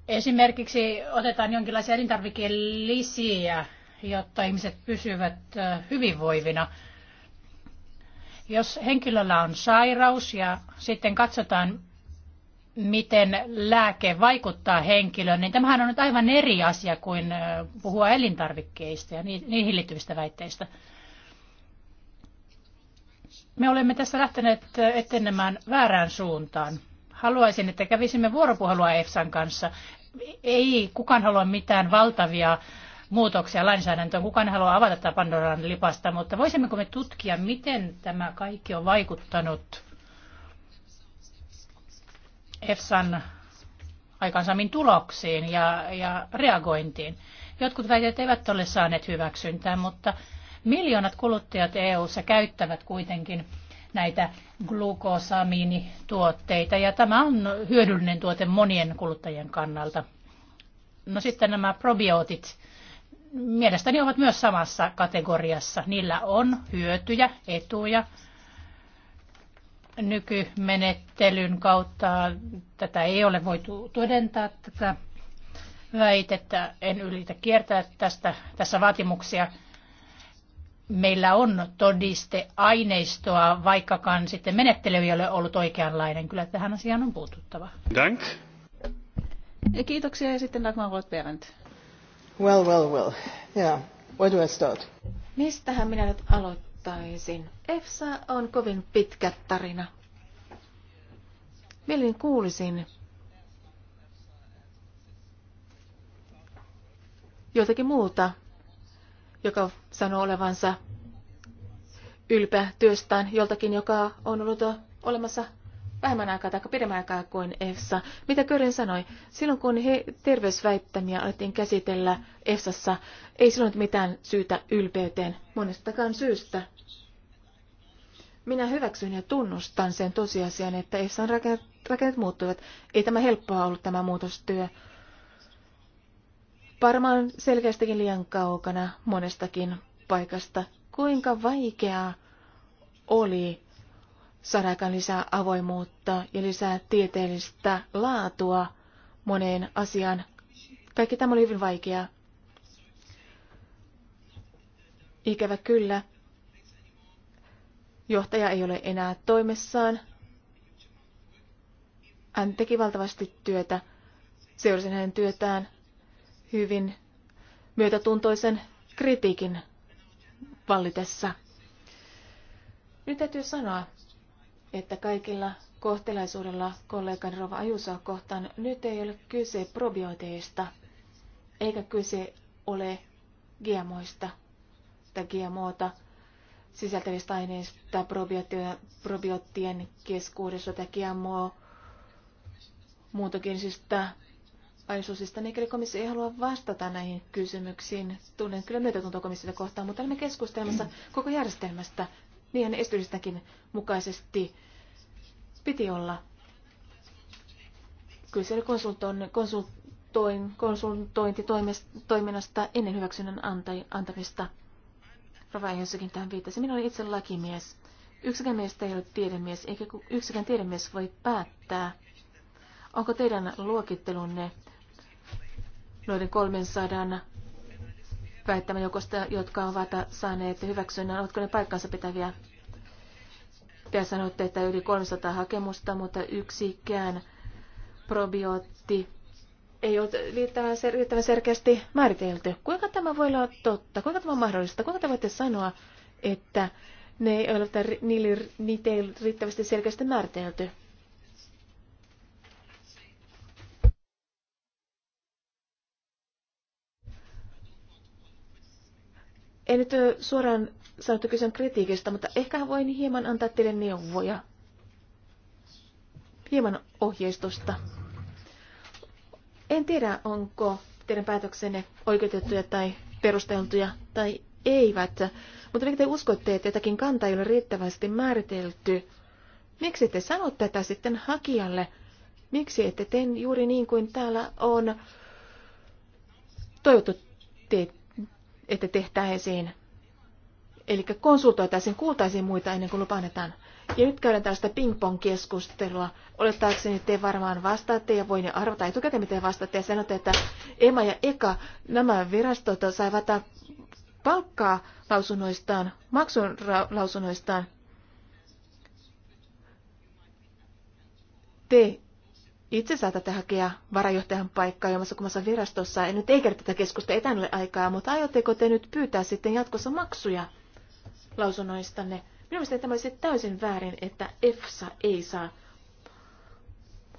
[SPEAKER 4] Esimerkiksi otetaan jonkinlaisia elintarvikelisiä, jotta ihmiset pysyvät hyvinvoivina. Jos henkilöllä on sairaus ja sitten katsotaan, miten lääke vaikuttaa henkilöön, niin tämähän on nyt aivan eri asia kuin puhua elintarvikkeista ja niihin liittyvistä väitteistä. Me olemme tässä lähteneet etenemään väärään suuntaan. Haluaisin, että kävisimme vuoropuhelua EFSAn kanssa. Ei kukaan halua mitään valtavia muutoksia lainsäädäntöön. Kukaan ei halua avata tätä Pandoran lipasta, mutta voisimmeko me tutkia, miten tämä kaikki on vaikuttanut EFSAn aikaansaamiin tuloksiin ja, ja reagointiin. Jotkut väitteet eivät ole saaneet hyväksyntää, mutta miljoonat kuluttajat EU:ssa käyttävät kuitenkin näitä glukosamiinituotteita ja tämä on hyödyllinen tuote monien kuluttajien kannalta. No sitten nämä probiootit mielestäni ovat myös samassa kategoriassa. Niillä on hyötyjä, etuja, nykymenettelyn kautta tätä ei ole voitu todentaa tätä väitettä. En ylitä kiertää tästä, tässä vaatimuksia. Meillä on todisteaineistoa, vaikkakaan sitten menettely ei ole ollut oikeanlainen. Kyllä tähän
[SPEAKER 2] asiaan on puututtava. Dank. Kiitoksia ja sitten Dagmar Rothberg.
[SPEAKER 3] Well, well, well. Yeah. Where do I start? Mistähän minä nyt aloitan? aloittaisin. EFSA on kovin pitkä tarina. Mielin kuulisin jotakin muuta, joka sanoo olevansa ylpeä työstään, joltakin, joka on ollut olemassa vähemmän aikaa tai pidemmän aikaa kuin EFSA. Mitä Körin sanoi, silloin kun he terveysväittämiä alettiin käsitellä EFSassa, ei silloin mitään syytä ylpeyteen monestakaan syystä. Minä hyväksyn ja tunnustan sen tosiasian, että EFSAn rakennet, rakennet muuttuivat. Ei tämä helppoa ollut tämä muutostyö. Varmaan selkeästikin liian kaukana monestakin paikasta. Kuinka vaikeaa oli aikaan lisää avoimuutta ja lisää tieteellistä laatua moneen asiaan. Kaikki tämä oli hyvin vaikeaa. Ikävä kyllä. Johtaja ei ole enää toimessaan. Hän teki valtavasti työtä. Seurasin hänen työtään hyvin myötätuntoisen kritiikin vallitessa. Nyt täytyy sanoa, että kaikilla kohtelaisuudella kollegan Rova Ajusaa kohtaan nyt ei ole kyse probioteista, eikä kyse ole GMOista tai GMOta sisältävistä aineista probioottien keskuudessa tai GMO muuntogeenisistä aisuusista, niin komissio ei halua vastata näihin kysymyksiin. Tunnen kyllä myötätuntokomissiota kohtaan, mutta olemme keskustelemassa koko järjestelmästä. Niinhän esitystäkin mukaisesti piti olla. Kyllä siellä konsultoin, konsultointitoiminnasta ennen hyväksynnän antamista. Rova jossakin tähän viittasi. Minä olen itse lakimies. Yksikään meistä ei ole tiedemies, eikä yksikään tiedemies voi päättää, onko teidän luokittelunne noiden 300 väittämän joukosta, jotka ovat saaneet hyväksynnän, ovatko ne paikkansa pitäviä? Te sanoitte, että yli 300 hakemusta, mutta yksikään probiootti ei ole riittävän, riittävän selkeästi määritelty. Kuinka tämä voi olla totta? Kuinka tämä on mahdollista? Kuinka te voitte sanoa, että ne ei ole, niitä ei ole riittävästi selkeästi määritelty? En nyt suoraan sanottu kyse kritiikistä, mutta ehkä voin hieman antaa teille neuvoja. Hieman ohjeistusta. En tiedä, onko teidän päätöksenne oikeutettuja tai perusteltuja tai eivät, mutta miksi te uskotte, että jotakin kanta ei ole riittävästi määritelty? Miksi te sanotte tätä sitten hakijalle? Miksi ette tee juuri niin kuin täällä on toivottu teet? että tehtäisiin. Eli konsultoitaisiin, kuultaisiin muita ennen kuin lupa Ja nyt käydään tällaista ping-pong-keskustelua. Olettaakseni te varmaan vastaatte ja voin arvata etukäteen, miten vastaatte. Ja sanotte, että EMA ja EKA, nämä virastot saivat palkkaa lausunnoistaan, maksun lausunnoistaan. Te itse saatatte hakea varajohtajan paikkaa jomassa kummassa virastossa. En nyt ei kerta tätä keskusta etänölle aikaa, mutta aiotteko te nyt pyytää sitten jatkossa maksuja lausunnoistanne? Minun mielestäni tämä olisi täysin väärin, että EFSA ei saa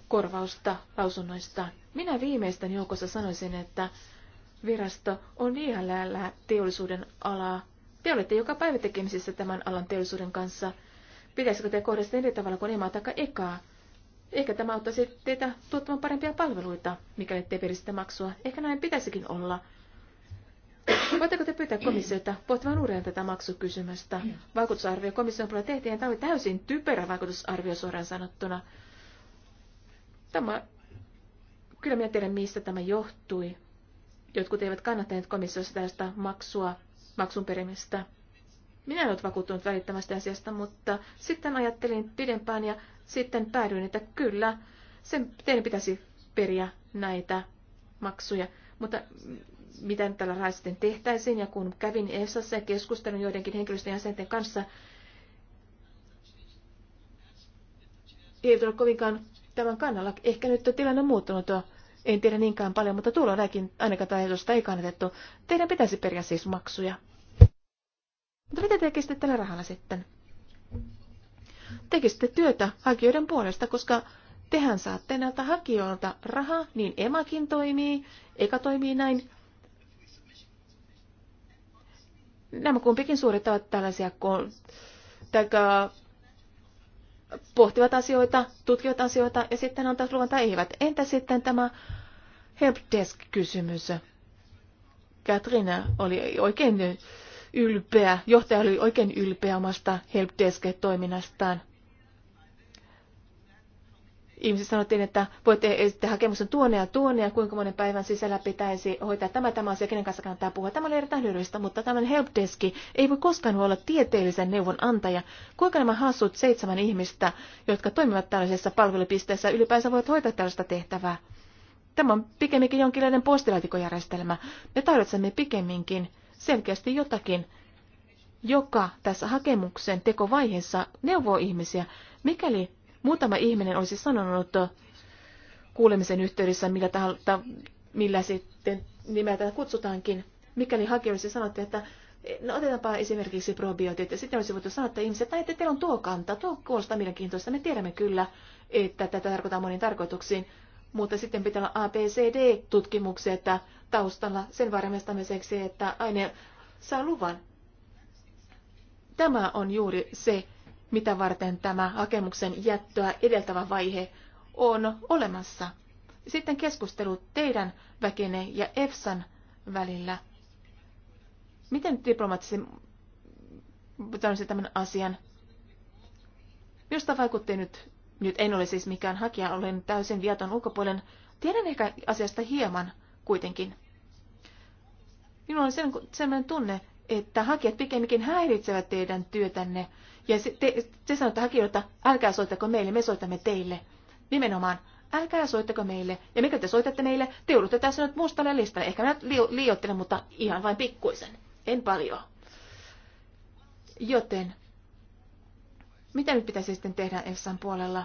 [SPEAKER 3] korvausta lausunnoista. Minä viimeisten joukossa sanoisin, että virasto on ihan lähellä teollisuuden alaa. Te olette joka päivä tekemisissä tämän alan teollisuuden kanssa. Pitäisikö te kohdistaa eri tavalla kuin emaa tai ekaa? Ehkä tämä auttaisi teitä tuottamaan parempia palveluita, mikäli te peristä maksua. Ehkä näin pitäisikin olla. Voitteko te pyytää komissiota pohtimaan uudelleen tätä maksukysymystä? Vaikutusarvio komission puolella tehtiin, tämä oli täysin typerä vaikutusarvio suoraan sanottuna. Tämä, kyllä minä tiedän, mistä tämä johtui. Jotkut eivät kannattaneet komissiossa tästä maksua, maksun perimistä. Minä en ollut vakuuttunut välittömästä asiasta, mutta sitten ajattelin pidempään ja sitten päädyin, että kyllä, sen, teidän pitäisi periä näitä maksuja. Mutta miten tällä rahalla sitten tehtäisiin, ja kun kävin ESAssa ja keskustelin joidenkin henkilöstön jäsenten kanssa, ei ole kovinkaan tämän kannalla. Ehkä nyt tilanne on muuttunut, en tiedä niinkään paljon, mutta tuolla näkin ainakaan tätä ei kannatettu. Teidän pitäisi periä siis maksuja. Mutta mitä tekisitte tällä rahalla sitten? Tekisitte työtä hakijoiden puolesta, koska tehän saatte näiltä hakijoilta rahaa, niin emakin toimii, eka toimii näin. Nämä kumpikin suorittavat tällaisia taikka pohtivat asioita, tutkivat asioita ja sitten antavat luvan tai eivät. Entä sitten tämä helpdesk-kysymys? Katrina oli oikein ylpeä, johtaja oli oikein ylpeä omasta helpdesk-toiminnastaan. Ihmiset sanottiin, että voitte esittää hakemuksen tuonne ja tuonne ja kuinka monen päivän sisällä pitäisi hoitaa tämä, tämä asia, kenen kanssa kannattaa puhua. Tämä oli erittäin hyödyllistä, mutta tämän helpdeski ei voi koskaan olla tieteellisen neuvon antaja. Kuinka nämä hassut seitsemän ihmistä, jotka toimivat tällaisessa palvelupisteessä, ylipäänsä voivat hoitaa tällaista tehtävää? Tämä on pikemminkin jonkinlainen postilaatikojärjestelmä. Me tarvitsemme pikemminkin selkeästi jotakin, joka tässä hakemuksen tekovaiheessa neuvoo ihmisiä. Mikäli muutama ihminen olisi sanonut kuulemisen yhteydessä, millä, tahalta, millä sitten nimeltä kutsutaankin, mikäli hakija olisi sanottu, että No otetaanpa esimerkiksi probiootit. Ja sitten olisi voitu sanoa, että ihmiset, että teillä on tuo kanta, tuo kuulostaa mielenkiintoista. Me tiedämme kyllä, että tätä tarkoittaa moniin tarkoituksiin, mutta sitten pitää olla abcd tutkimuksia että taustalla sen varmistamiseksi, että aine saa luvan. Tämä on juuri se, mitä varten tämä hakemuksen jättöä edeltävä vaihe on olemassa. Sitten keskustelu teidän väkene ja EFSAn välillä. Miten diplomaattisen tämän asian? Minusta vaikutti nyt, nyt en ole siis mikään hakija, olen täysin viaton ulkopuolen. Tiedän ehkä asiasta hieman, kuitenkin. Minulla on sellainen tunne, että hakijat pikemminkin häiritsevät teidän työtänne. Ja te, te sanotte hakijoilta, älkää soittako meille, me soitamme teille. Nimenomaan, älkää soittako meille. Ja mikä te soitatte meille, te joudutte tässä nyt mustalle listalle. Ehkä minä lio, liioittelen, mutta ihan vain pikkuisen. En paljon. Joten, mitä nyt pitäisi sitten tehdä Elsan puolella?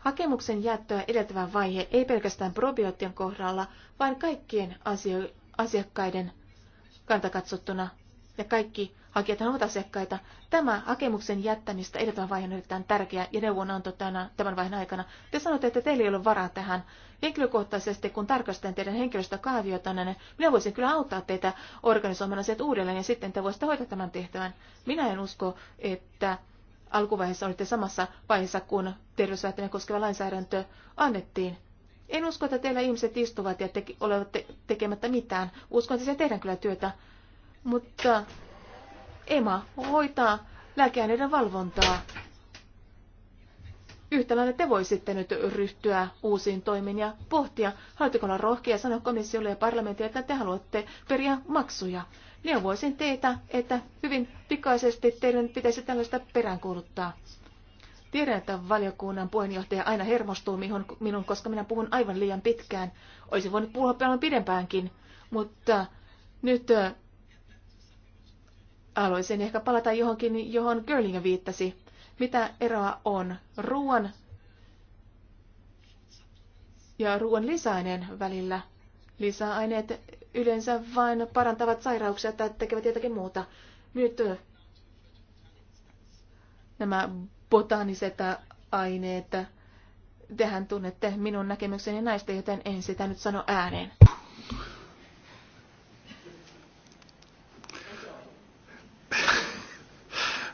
[SPEAKER 3] Hakemuksen jättöä edeltävä vaihe ei pelkästään probioottien kohdalla, vaan kaikkien asio- asiakkaiden kanta katsottuna. Ja kaikki hakijat ovat asiakkaita. Tämä hakemuksen jättämistä edeltävä vaihe on erittäin tärkeä ja neuvonanto tänä, tämän vaiheen aikana. Te sanotte, että teillä ei ole varaa tähän. Henkilökohtaisesti, kun tarkastan teidän niin minä voisin kyllä auttaa teitä organisoimaan asiat uudelleen ja sitten te voisitte hoitaa tämän tehtävän. Minä en usko, että alkuvaiheessa olitte samassa vaiheessa, kun terveysväittelyä koskeva lainsäädäntö annettiin. En usko, että teillä ihmiset istuvat ja te, te, tekemättä mitään. Uskon, että se tehdään kyllä työtä. Mutta EMA hoitaa lääkeaineiden valvontaa. Yhtälainen te voisitte nyt ryhtyä uusiin toimiin ja pohtia, haluatteko olla rohkea sanoa komissiolle ja parlamentille, että te haluatte periä maksuja. Neuvoisin teitä, että hyvin pikaisesti teidän pitäisi tällaista peräänkuuluttaa. Tiedän, että valiokunnan puheenjohtaja aina hermostuu minun, koska minä puhun aivan liian pitkään. Olisi voinut puhua paljon pidempäänkin, mutta nyt haluaisin ehkä palata johonkin, johon Görling viittasi. Mitä eroa on ruoan ja ruoan lisäaineen välillä? Lisäaineet yleensä vain parantavat sairauksia tai tekevät jotakin muuta. Nyt nämä botaaniset aineet, tehän tunnette minun näkemykseni näistä, joten en sitä nyt sano ääneen.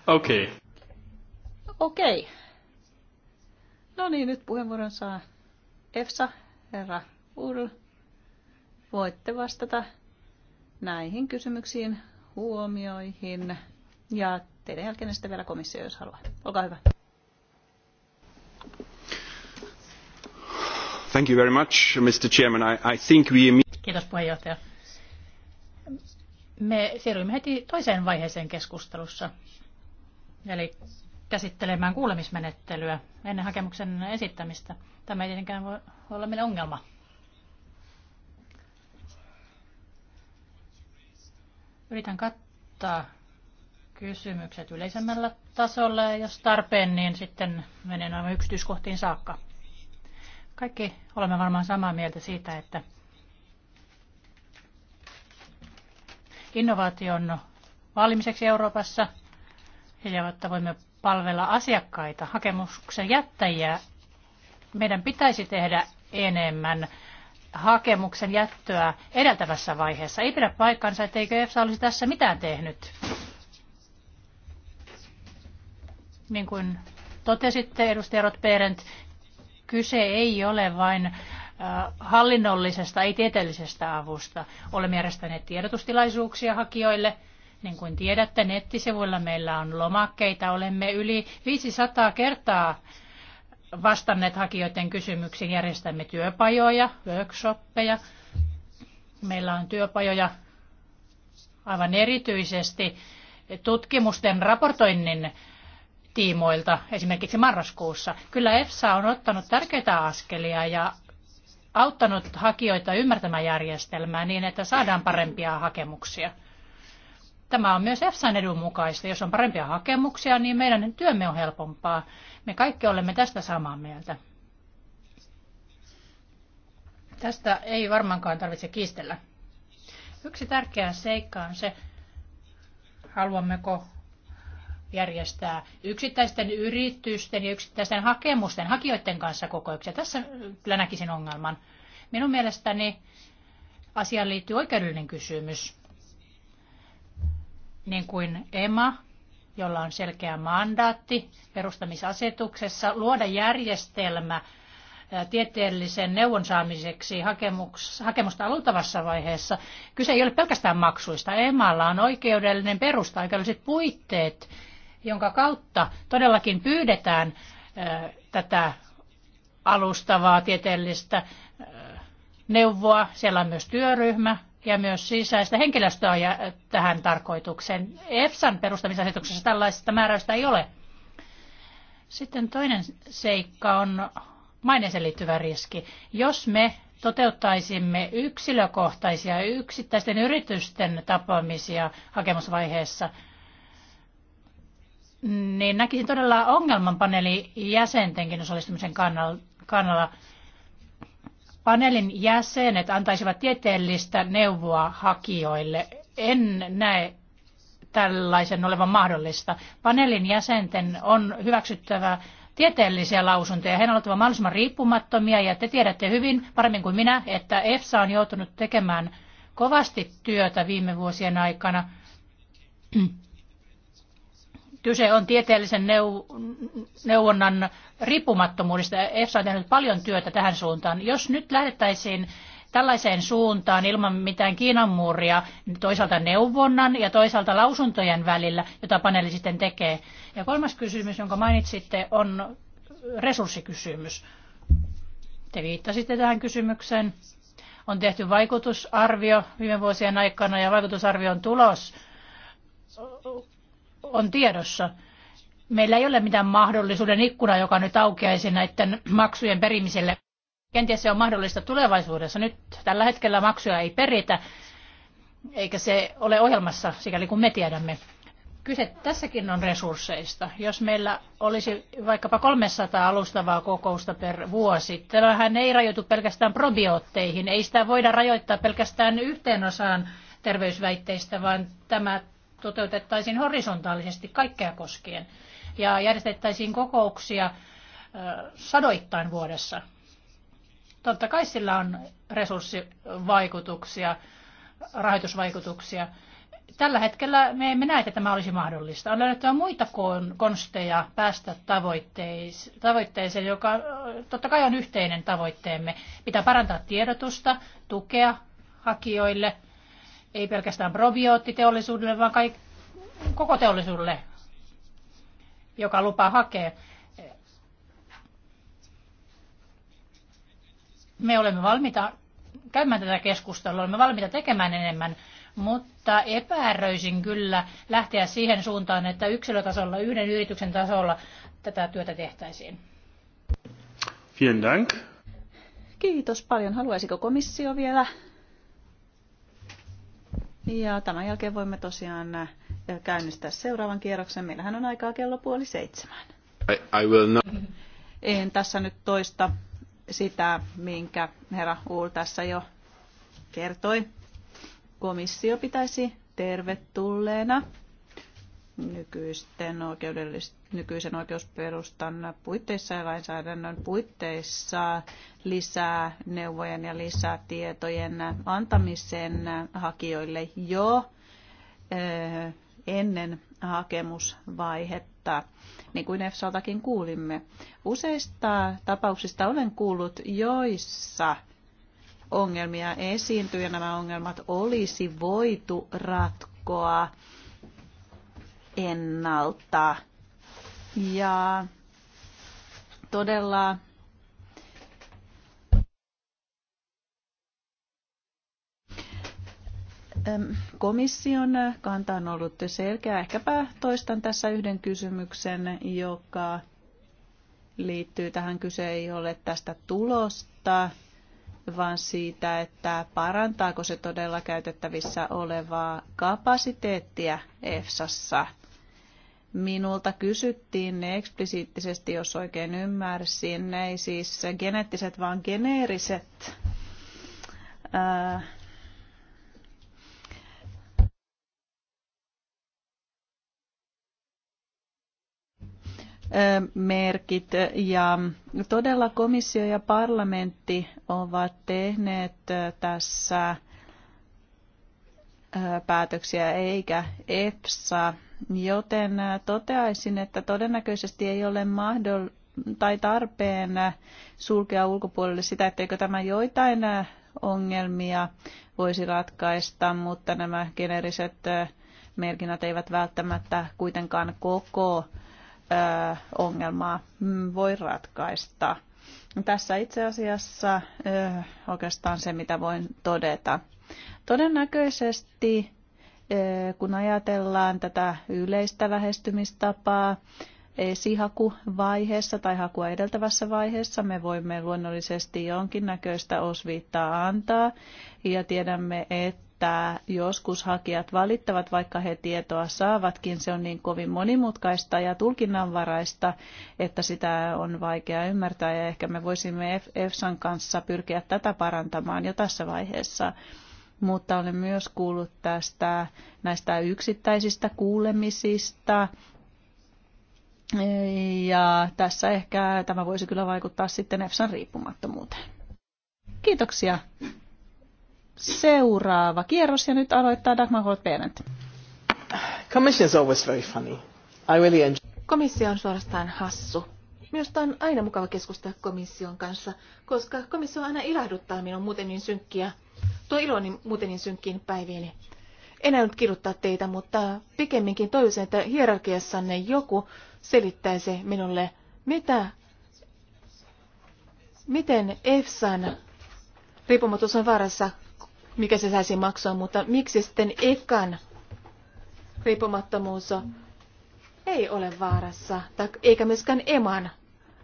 [SPEAKER 1] Okei. Okay.
[SPEAKER 2] Okei. Okay. No niin, nyt puheenvuoron saa EFSA, herra Url voitte vastata näihin kysymyksiin, huomioihin ja teidän jälkeen sitten vielä komissio, jos haluaa. Olkaa hyvä.
[SPEAKER 1] Thank you very much, Mr. Chairman. I, I think we...
[SPEAKER 2] Kiitos puheenjohtaja.
[SPEAKER 4] Me siirrymme heti toiseen vaiheeseen keskustelussa, eli käsittelemään kuulemismenettelyä ennen hakemuksen esittämistä. Tämä ei tietenkään voi olla meille ongelma. Yritän kattaa kysymykset yleisemmällä tasolla ja jos tarpeen, niin sitten menen aivan yksityiskohtiin saakka. Kaikki olemme varmaan samaa mieltä siitä, että innovaation valmiseksi Euroopassa ja että voimme palvella asiakkaita, hakemuksen jättäjiä, meidän pitäisi tehdä enemmän hakemuksen jättöä edeltävässä vaiheessa. Ei pidä paikkansa, etteikö EFSA olisi tässä mitään tehnyt. Niin kuin totesitte, edustaja Rotperent, kyse ei ole vain äh, hallinnollisesta, ei tieteellisestä avusta. Olemme järjestäneet tiedotustilaisuuksia hakijoille. Niin kuin tiedätte, nettisivuilla meillä on lomakkeita. Olemme yli 500 kertaa vastanneet hakijoiden kysymyksiin. Järjestämme työpajoja, workshoppeja. Meillä on työpajoja aivan erityisesti tutkimusten raportoinnin tiimoilta, esimerkiksi marraskuussa. Kyllä EFSA on ottanut tärkeitä askelia ja auttanut hakijoita ymmärtämään järjestelmää niin, että saadaan parempia hakemuksia. Tämä on myös EFSAn edun mukaista. Jos on parempia hakemuksia, niin meidän työmme on helpompaa. Me kaikki olemme tästä samaa mieltä. Tästä ei varmaankaan tarvitse kiistellä. Yksi tärkeä seikka on se, haluammeko järjestää yksittäisten yritysten ja yksittäisten hakemusten, hakijoiden kanssa kokouksia. Tässä kyllä näkisin ongelman. Minun mielestäni asiaan liittyy oikeudellinen kysymys niin kuin EMA, jolla on selkeä mandaatti perustamisasetuksessa, luoda järjestelmä tieteellisen neuvon saamiseksi hakemusta aloittavassa vaiheessa. Kyse ei ole pelkästään maksuista. EMAlla on oikeudellinen perusta, oikeudelliset puitteet, jonka kautta todellakin pyydetään tätä alustavaa tieteellistä neuvoa. Siellä on myös työryhmä, ja myös sisäistä henkilöstöä ja äh, tähän tarkoitukseen. EFSAn perustamisasetuksessa tällaista määräystä ei ole. Sitten toinen seikka on maineeseen liittyvä riski. Jos me toteuttaisimme yksilökohtaisia yksittäisten yritysten tapaamisia hakemusvaiheessa, niin näkisin todella ongelman paneeli jäsentenkin osallistumisen kannalla paneelin jäsenet antaisivat tieteellistä neuvoa hakijoille. En näe tällaisen olevan mahdollista. Paneelin jäsenten on hyväksyttävä tieteellisiä lausuntoja. Heidän on oltava mahdollisimman riippumattomia ja te tiedätte hyvin paremmin kuin minä, että EFSA on joutunut tekemään kovasti työtä viime vuosien aikana. Kyse on tieteellisen neu- neuvonnan riippumattomuudesta. EFSA on tehnyt paljon työtä tähän suuntaan. Jos nyt lähdettäisiin tällaiseen suuntaan ilman mitään Kiinan muuria niin toisaalta neuvonnan ja toisaalta lausuntojen välillä, jota paneeli sitten tekee. Ja kolmas kysymys, jonka mainitsitte, on resurssikysymys. Te viittasitte tähän kysymykseen. On tehty vaikutusarvio viime vuosien aikana ja vaikutusarvion tulos on tiedossa meillä ei ole mitään mahdollisuuden ikkuna, joka nyt aukeaisi näiden maksujen perimiselle. Kenties se on mahdollista tulevaisuudessa. Nyt tällä hetkellä maksuja ei peritä, eikä se ole ohjelmassa, sikäli kuin me tiedämme. Kyse tässäkin on resursseista. Jos meillä olisi vaikkapa 300 alustavaa kokousta per vuosi, tämähän ei rajoitu pelkästään probiootteihin. Ei sitä voida rajoittaa pelkästään yhteen osaan terveysväitteistä, vaan tämä toteutettaisiin horisontaalisesti kaikkea koskien ja järjestettäisiin kokouksia sadoittain vuodessa. Totta kai sillä on resurssivaikutuksia, rahoitusvaikutuksia. Tällä hetkellä me emme näe, että tämä olisi mahdollista. On löydettävä muita konsteja päästä tavoitteeseen, joka totta kai on yhteinen tavoitteemme. Pitää parantaa tiedotusta, tukea hakijoille, ei pelkästään probioottiteollisuudelle, vaan kaik- koko teollisuudelle joka lupaa hakee. Me olemme valmiita käymään tätä keskustelua, olemme valmiita tekemään enemmän, mutta epäröisin kyllä lähteä siihen suuntaan, että yksilötasolla, yhden yrityksen tasolla tätä työtä tehtäisiin.
[SPEAKER 1] Vielen Dank.
[SPEAKER 2] Kiitos paljon. Haluaisiko komissio vielä? Ja tämän jälkeen voimme tosiaan käynnistää seuraavan kierroksen. Meillähän on aikaa kello puoli seitsemän.
[SPEAKER 1] I, I will not.
[SPEAKER 2] En tässä nyt toista sitä, minkä herra Uul tässä jo kertoi. Komissio pitäisi tervetulleena nykyisten oikeudellis- nykyisen oikeusperustan puitteissa ja lainsäädännön puitteissa lisää neuvojen ja lisää tietojen antamisen hakijoille jo eh, ennen hakemusvaihetta, niin kuin EFSAltakin kuulimme. Useista tapauksista olen kuullut, joissa ongelmia esiintyi ja nämä ongelmat olisi voitu ratkoa ennalta. Ja todella Komission kanta on ollut selkeä. Ehkäpä toistan tässä yhden kysymyksen, joka liittyy tähän. Kyse ei ole tästä tulosta, vaan siitä, että parantaako se todella käytettävissä olevaa kapasiteettia EFSassa. Minulta kysyttiin ne eksplisiittisesti, jos oikein ymmärsin, ne ei siis geneettiset, vaan geneeriset merkit. Ja todella komissio ja parlamentti ovat tehneet tässä päätöksiä eikä EPSA, joten toteaisin, että todennäköisesti ei ole mahdollista tai tarpeen sulkea ulkopuolelle sitä, etteikö tämä joitain ongelmia voisi ratkaista, mutta nämä generiset merkinnät eivät välttämättä kuitenkaan koko ongelmaa voi ratkaista. Tässä itse asiassa oikeastaan se, mitä voin todeta. Todennäköisesti, kun ajatellaan tätä yleistä lähestymistapaa, esihakuvaiheessa tai hakua edeltävässä vaiheessa me voimme luonnollisesti jonkinnäköistä osviittaa antaa ja tiedämme, että että joskus hakijat valittavat, vaikka he tietoa saavatkin. Se on niin kovin monimutkaista ja tulkinnanvaraista, että sitä on vaikea ymmärtää ja ehkä me voisimme EFSAn kanssa pyrkiä tätä parantamaan jo tässä vaiheessa mutta olen myös kuullut tästä näistä yksittäisistä kuulemisista. Ja tässä ehkä tämä voisi kyllä vaikuttaa sitten EFSAn riippumattomuuteen. Kiitoksia seuraava kierros ja nyt aloittaa Dagmar Holt-Bennett.
[SPEAKER 1] Commission is always very funny. I really enjoy...
[SPEAKER 3] Komissio on suorastaan hassu. Minusta on aina mukava keskustella komission kanssa, koska komissio aina ilahduttaa minun muuten niin synkkiä, tuo iloni muuten niin synkkiin päiviini. En nyt kirjoittaa teitä, mutta pikemminkin toivoisin, että hierarkiassanne joku selittäisi minulle, mitä, miten EFSAn riippumattomuus on vaarassa, mikä se saisi maksua, mutta miksi sitten ekan riippumattomuus ei ole vaarassa, eikä myöskään eman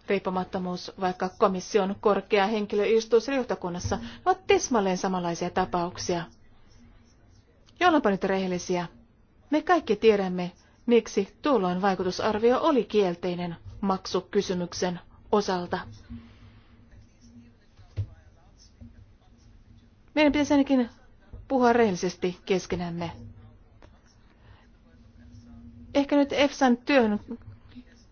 [SPEAKER 3] riippumattomuus, vaikka komission korkea henkilö istuisi johtokunnassa, ovat tismalleen samanlaisia tapauksia. Jollaanpa nyt rehellisiä. Me kaikki tiedämme, miksi tuolloin vaikutusarvio oli kielteinen maksukysymyksen osalta. Meidän pitäisi ainakin puhua rehellisesti keskenämme. Ehkä nyt EFSAn työhön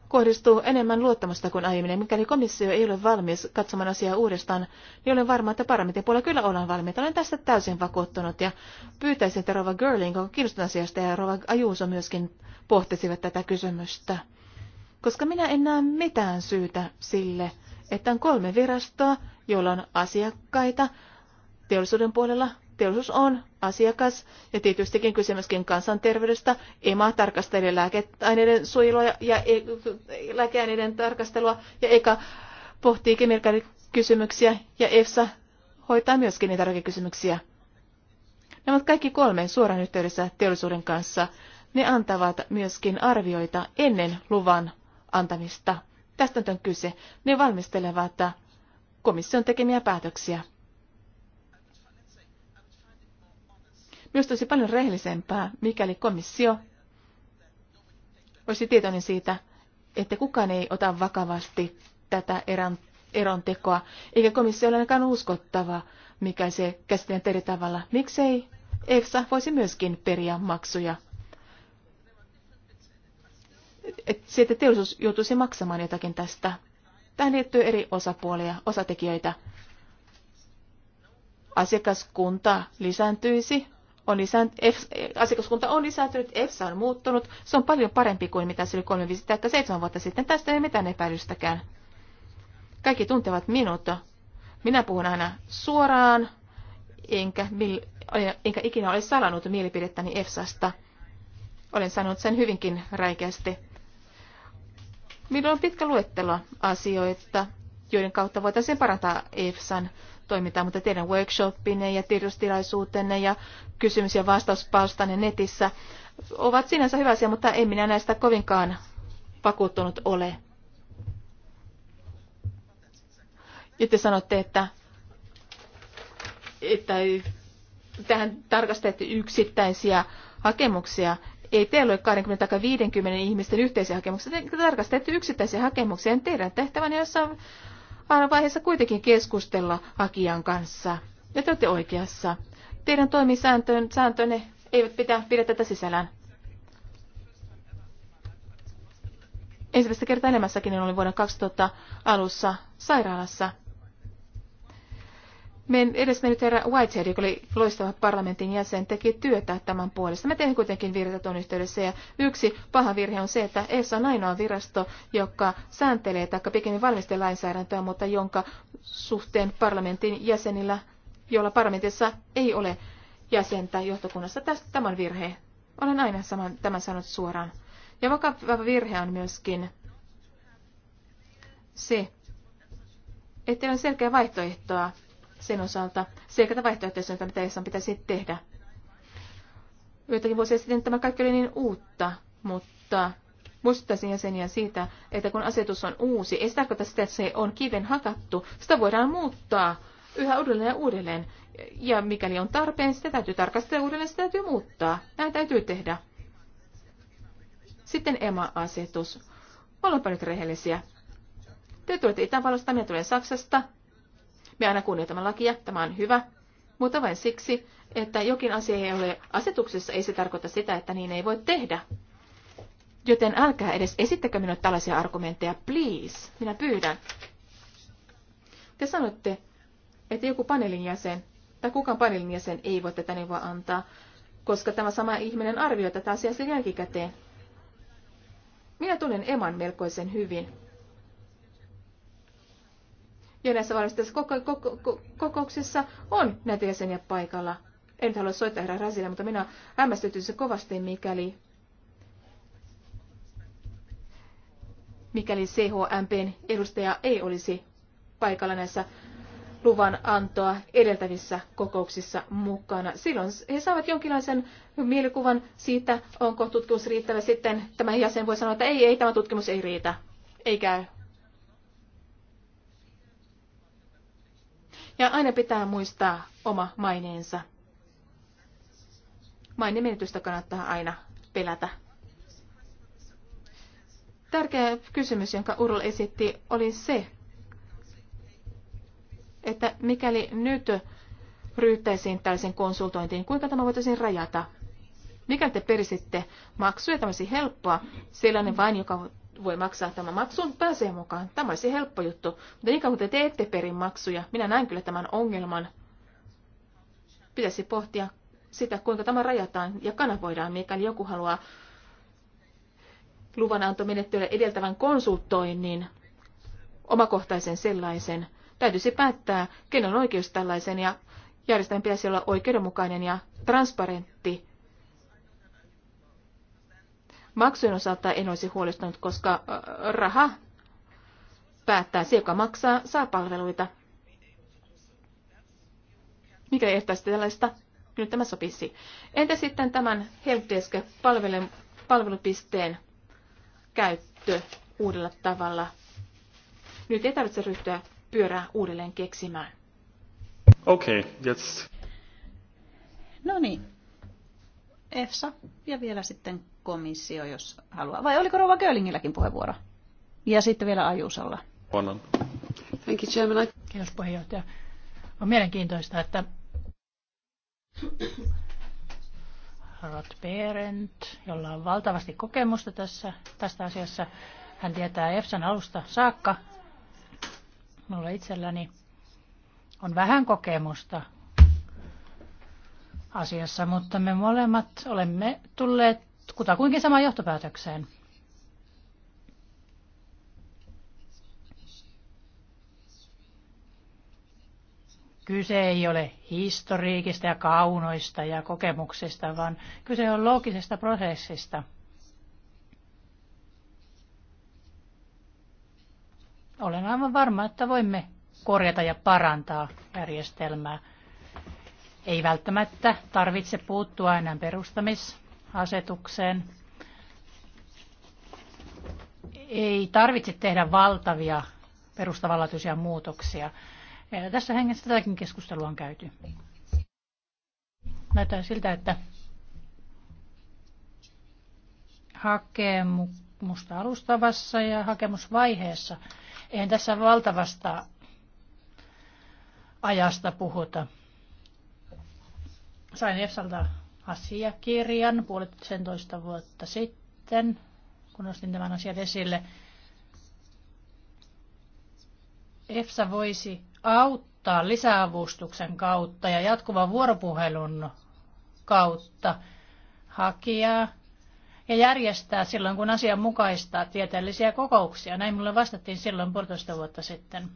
[SPEAKER 3] kohdistuu enemmän luottamusta kuin aiemmin. Mikäli komissio ei ole valmis katsomaan asiaa uudestaan, niin olen varma, että parlamentin puolella kyllä ollaan valmiita. Olen tästä täysin vakuuttunut ja pyytäisin, että Rova Girling on kiinnostunut asiasta ja Rova Ajuuso myöskin pohtisivat tätä kysymystä. Koska minä en näe mitään syytä sille, että on kolme virastoa, joilla on asiakkaita, Teollisuuden puolella teollisuus on asiakas ja tietystikin kyse myöskin kansanterveydestä. EMA tarkastelee lääkeaineiden suojelua ja e- lääkeaineiden tarkastelua ja EKA pohtii kemikaalikysymyksiä ja EFSA hoitaa myöskin niitä kysymyksiä. Nämä ovat kaikki kolme suoran yhteydessä teollisuuden kanssa. Ne antavat myöskin arvioita ennen luvan antamista. Tästä on kyse. Ne valmistelevat komission tekemiä päätöksiä. Minusta olisi paljon rehellisempää, mikäli komissio olisi tietoinen siitä, että kukaan ei ota vakavasti tätä eron, tekoa, eikä komissio ole ainakaan uskottava, mikä se käsitellään eri tavalla. Miksei EFSA voisi myöskin periä maksuja? Et se, että teollisuus joutuisi maksamaan jotakin tästä. Tähän liittyy eri osapuolia, osatekijöitä. Asiakaskunta lisääntyisi, on lisäänt- F- asiakaskunta on lisääntynyt, EFSA on muuttunut. Se on paljon parempi kuin mitä se oli 3, 7 vuotta sitten. Tästä ei mitään epäilystäkään. Kaikki tuntevat minut. Minä puhun aina suoraan, enkä, mil, enkä ikinä ole salannut mielipidettäni EFSAsta. Olen sanonut sen hyvinkin räikeästi. Minulla on pitkä luettelo asioita, joiden kautta voitaisiin parantaa EFSAn toimintaa, mutta teidän workshoppinne ja tiedostilaisuutenne ja kysymys- ja vastauspalstanne netissä ovat sinänsä hyvä asia, mutta en minä näistä kovinkaan vakuuttunut ole. Ja te sanotte, että, että tähän tarkastettiin yksittäisiä hakemuksia. Ei teillä ole 20 tai 50 ihmisten yhteisiä hakemuksia. Te tarkastelette yksittäisiä hakemuksia. Teidän tehtävänne, jossa aina vaiheessa kuitenkin keskustella hakijan kanssa. Ja te olette oikeassa. Teidän toimisääntönne eivät pitää, pidä tätä sisällään. Ensimmäistä kertaa elämässäkin olin vuoden 2000 alussa sairaalassa. Edes edesmennyt herra Whitehead, joka oli loistava parlamentin jäsen, teki työtä tämän puolesta. Mä tein kuitenkin virheton yhteydessä ja yksi paha virhe on se, että ESA on ainoa virasto, joka sääntelee tai pikemmin valmistelee lainsäädäntöä, mutta jonka suhteen parlamentin jäsenillä, jolla parlamentissa ei ole jäsentä johtokunnassa. Tästä tämän virhe. Olen aina saman, tämän sanonut suoraan. Ja vakava virhe on myöskin se, että ole selkeä vaihtoehtoa sen osalta selkeitä vaihtoehtoisuutta, mitä ESAn pitäisi tehdä. Joitakin vuosia sitten tämä kaikki oli niin uutta, mutta muistuttaisin jäseniä siitä, että kun asetus on uusi, ei se tarkoita sitä, että se on kiven hakattu. Sitä voidaan muuttaa yhä uudelleen ja uudelleen. Ja mikäli on tarpeen, sitä täytyy tarkastella uudelleen, sitä täytyy muuttaa. Näin täytyy tehdä. Sitten EMA-asetus. Ollaanpa nyt rehellisiä. Te tulette Itävallasta, minä tulen Saksasta. Me aina kunnioitamme lakia, tämä on hyvä, mutta vain siksi, että jokin asia ei ole asetuksessa, ei se tarkoita sitä, että niin ei voi tehdä. Joten älkää edes esittäkö minulle tällaisia argumentteja, please. Minä pyydän. Te sanotte, että joku paneelin jäsen tai kukaan paneelin jäsen ei voi tätä neuvoa antaa, koska tämä sama ihminen arvioi tätä asiaa sen jälkikäteen. Minä tunnen Eman melkoisen hyvin. Ja näissä koko, koko, koko, kokouksessa on näitä jäseniä paikalla. En nyt halua soittaa herra Rasille, mutta minä se kovasti, mikäli, mikäli CHMPn edustaja ei olisi paikalla näissä luvan antoa edeltävissä kokouksissa mukana. Silloin he saavat jonkinlaisen mielikuvan siitä, onko tutkimus riittävä sitten. Tämä jäsen voi sanoa, että ei, ei, tämä tutkimus ei riitä. Ei käy. Ja aina pitää muistaa oma maineensa. Mainen kannattaa aina pelätä. Tärkeä kysymys, jonka Url esitti, oli se, että mikäli nyt ryhtäisiin tällaisen konsultointiin, kuinka tämä voitaisiin rajata? Mikä te perisitte maksuja, tämä olisi helppoa, sellainen vain, joka voi maksaa tämän maksun, pääsee mukaan. Tämä olisi helppo juttu. Mutta niin kuin te teette perin maksuja, minä näen kyllä tämän ongelman. Pitäisi pohtia sitä, kuinka tämä rajataan ja kanavoidaan, mikäli joku haluaa luvanantomenettelyä edeltävän konsultoinnin, omakohtaisen sellaisen. Täytyisi päättää, kenen on oikeus tällaisen ja järjestelmän pitäisi olla oikeudenmukainen ja transparentti Maksujen osalta en olisi huolestunut, koska äh, raha päättää. Se, joka maksaa, saa palveluita. Mikä ehtäisi tällaista? Nyt tämä sopisi. Entä sitten tämän helpdesk-palvelupisteen käyttö uudella tavalla? Nyt ei tarvitse ryhtyä pyörää uudelleen keksimään.
[SPEAKER 1] Okei, okay, yes.
[SPEAKER 2] No niin, EFSA ja vielä sitten komissio, jos haluaa. Vai oliko Rova Göllingilläkin puheenvuoro? Ja sitten vielä ajusalla. Onnan. Thank you, Chairman. Kiitos puheenjohtaja.
[SPEAKER 4] On mielenkiintoista, että Rod Berent, jolla on valtavasti kokemusta tässä, tästä asiassa, hän tietää EFSAn alusta saakka. Minulla itselläni on vähän kokemusta asiassa, mutta me molemmat olemme tulleet kutakuinkin samaan johtopäätökseen. Kyse ei ole historiikista ja kaunoista ja kokemuksista, vaan kyse on loogisesta prosessista. Olen aivan varma, että voimme korjata ja parantaa järjestelmää ei välttämättä tarvitse puuttua enää perustamisasetukseen. Ei tarvitse tehdä valtavia perustavanlaatuisia muutoksia. Ja tässä hengessä tätäkin keskustelua on käyty. Näyttää siltä, että hakemusta alustavassa ja hakemusvaiheessa. Eihän tässä valtavasta ajasta puhuta. Sain EFSalta asiakirjan puolitoista vuotta sitten, kun nostin tämän asian esille. EFSA voisi auttaa lisäavustuksen kautta ja jatkuvan vuoropuhelun kautta hakijaa ja järjestää silloin, kun asianmukaista mukaista tieteellisiä kokouksia. Näin mulle vastattiin silloin puolitoista vuotta sitten.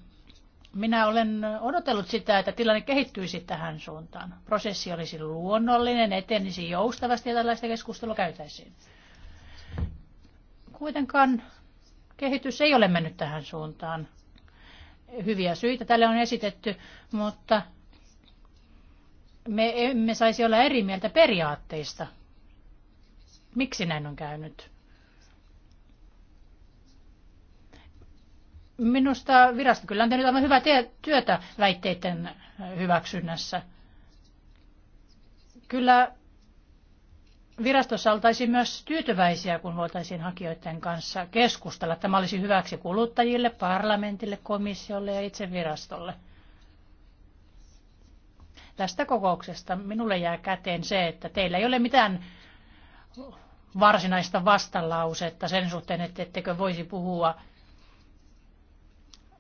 [SPEAKER 4] Minä olen odotellut sitä, että tilanne kehittyisi tähän suuntaan. Prosessi olisi luonnollinen, etenisi joustavasti ja tällaista keskustelua käytäisiin. Kuitenkaan kehitys ei ole mennyt tähän suuntaan. Hyviä syitä tälle on esitetty, mutta me emme saisi olla eri mieltä periaatteista. Miksi näin on käynyt? Minusta virasto kyllä on tehnyt aivan hyvää työtä väitteiden hyväksynnässä. Kyllä virastossa oltaisiin myös tyytyväisiä, kun voitaisiin hakijoiden kanssa keskustella. Tämä olisi hyväksi kuluttajille, parlamentille, komissiolle ja itse virastolle. Tästä kokouksesta minulle jää käteen se, että teillä ei ole mitään varsinaista vastalausetta sen suhteen, että ettekö voisi puhua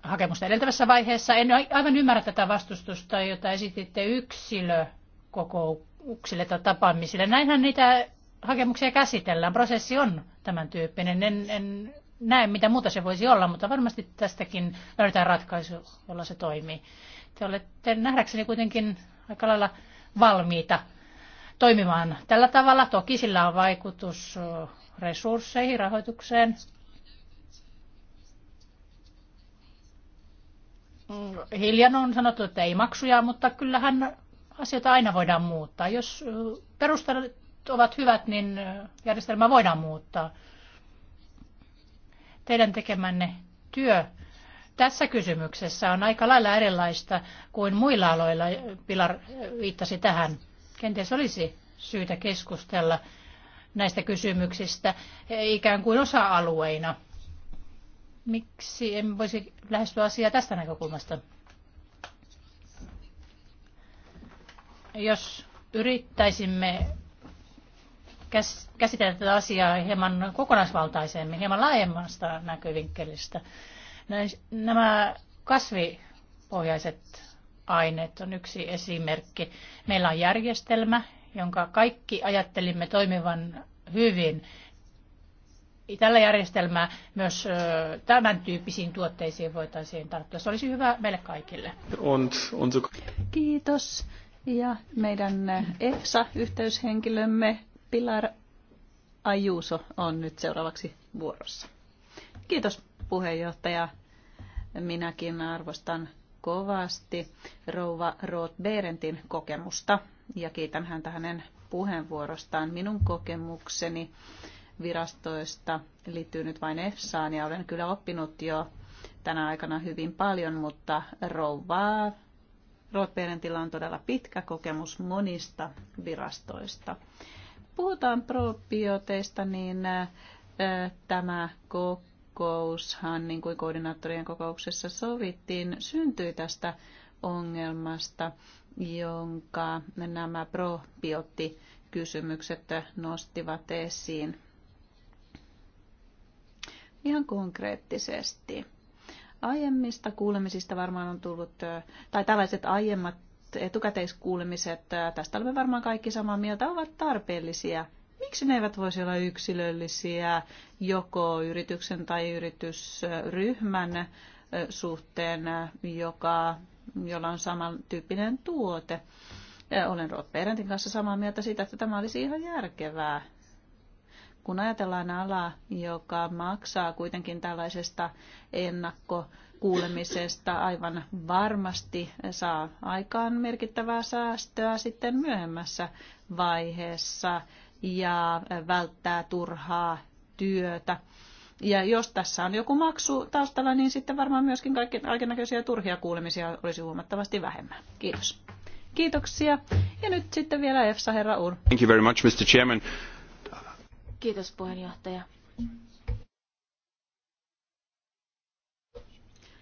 [SPEAKER 4] hakemusta edeltävässä vaiheessa. En aivan ymmärrä tätä vastustusta, jota esititte yksilökokouksille tai tapaamisille. Näinhän niitä hakemuksia käsitellään. Prosessi on tämän tyyppinen. En, en näe, mitä muuta se voisi olla, mutta varmasti tästäkin löydetään ratkaisu, jolla se toimii. Te olette nähdäkseni kuitenkin aika lailla valmiita toimimaan tällä tavalla. Toki sillä on vaikutus resursseihin, rahoitukseen, Mm, hiljan on sanottu, että ei maksuja, mutta kyllähän asioita aina voidaan muuttaa. Jos perustelut ovat hyvät, niin järjestelmä voidaan muuttaa. Teidän tekemänne työ tässä kysymyksessä on aika lailla erilaista kuin muilla aloilla. Pilar viittasi tähän. Kenties olisi syytä keskustella näistä kysymyksistä ikään kuin osa-alueina – Miksi en voisi lähestyä asiaa tästä näkökulmasta? Jos yrittäisimme käsitellä tätä asiaa hieman kokonaisvaltaisemmin, hieman laajemmasta näkövinkkelistä. Nämä kasvipohjaiset aineet on yksi esimerkki. Meillä on järjestelmä, jonka kaikki ajattelimme toimivan hyvin tällä järjestelmää myös tämän tyyppisiin tuotteisiin voitaisiin tarttua. Se olisi hyvä meille kaikille.
[SPEAKER 2] Kiitos. Ja meidän EFSA-yhteyshenkilömme Pilar Ajuso on nyt seuraavaksi vuorossa. Kiitos puheenjohtaja. Minäkin arvostan kovasti rouva Roth Berentin kokemusta ja kiitän häntä hänen puheenvuorostaan. Minun kokemukseni virastoista liittyy nyt vain EFSAan ja olen kyllä oppinut jo tänä aikana hyvin paljon, mutta rouvaa Rootperentillä on todella pitkä kokemus monista virastoista. Puhutaan probioteista, niin tämä kokoushan, niin kuin koordinaattorien kokouksessa sovittiin, syntyi tästä ongelmasta, jonka nämä kysymykset nostivat esiin ihan konkreettisesti. Aiemmista kuulemisista varmaan on tullut, tai tällaiset aiemmat etukäteiskuulemiset, tästä olemme varmaan kaikki samaa mieltä, ovat tarpeellisia. Miksi ne eivät voisi olla yksilöllisiä joko yrityksen tai yritysryhmän suhteen, joka, jolla on samantyyppinen tuote? Olen Rod Perentin kanssa samaa mieltä siitä, että tämä olisi ihan järkevää kun ajatellaan alaa, joka maksaa kuitenkin tällaisesta ennakkokuulemisesta aivan varmasti saa aikaan merkittävää säästöä sitten myöhemmässä vaiheessa ja välttää turhaa työtä. Ja jos tässä on joku maksu taustalla, niin sitten varmaan myöskin kaikenlaisia turhia kuulemisia olisi huomattavasti vähemmän. Kiitos. Kiitoksia. Ja nyt sitten vielä EFSA, herra Ur.
[SPEAKER 1] Thank you very much, Mr. Chairman.
[SPEAKER 3] Kiitos puheenjohtaja.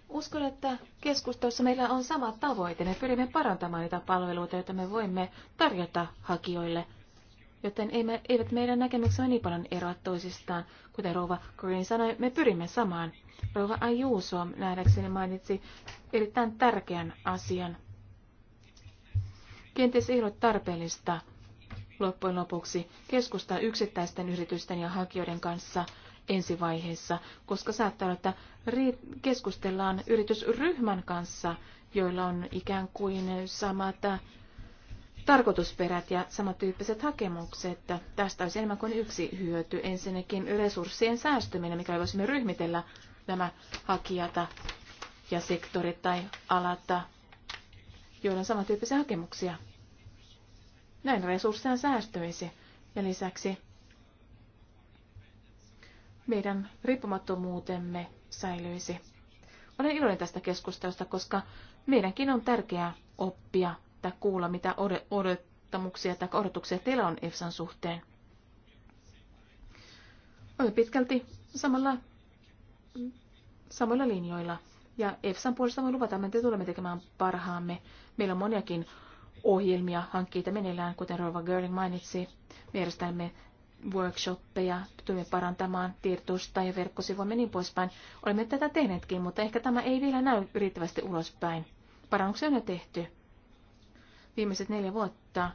[SPEAKER 3] Uskon, että keskustelussa meillä on sama tavoite. Me pyrimme parantamaan niitä palveluita, joita me voimme tarjota hakijoille. Joten eivät meidän näkemyksemme niin paljon eroa toisistaan. Kuten Rouva Green sanoi, me pyrimme samaan. Rouva Ajuuso nähdäkseni mainitsi erittäin tärkeän asian. Kenties ei ole tarpeellista loppujen lopuksi keskustaa yksittäisten yritysten ja hakijoiden kanssa ensi vaiheessa, koska saattaa olla, että keskustellaan yritysryhmän kanssa, joilla on ikään kuin samat äh, tarkoitusperät ja samantyyppiset hakemukset. Tästä olisi enemmän kuin yksi hyöty. Ensinnäkin resurssien säästyminen, mikä voisimme ryhmitellä nämä hakijat ja sektorit tai alat, joilla on samantyyppisiä hakemuksia. Näin resursseja säästyisi. Ja lisäksi meidän riippumattomuutemme säilyisi. Olen iloinen tästä keskustelusta, koska meidänkin on tärkeää oppia tai kuulla, mitä odottamuksia tai odotuksia teillä on EFSAn suhteen. Olen pitkälti samalla, samoilla linjoilla. Ja EFSAn puolesta voin luvata, että me tulemme tekemään parhaamme. Meillä on moniakin ohjelmia, hankkeita meneillään, kuten Rova Görling mainitsi. Mielestämme workshoppeja, pystymme parantamaan tietoista ja verkkosivuamme niin poispäin. Olemme tätä tehneetkin, mutta ehkä tämä ei vielä näy riittävästi ulospäin. Parannuksia on jo tehty. Viimeiset neljä vuotta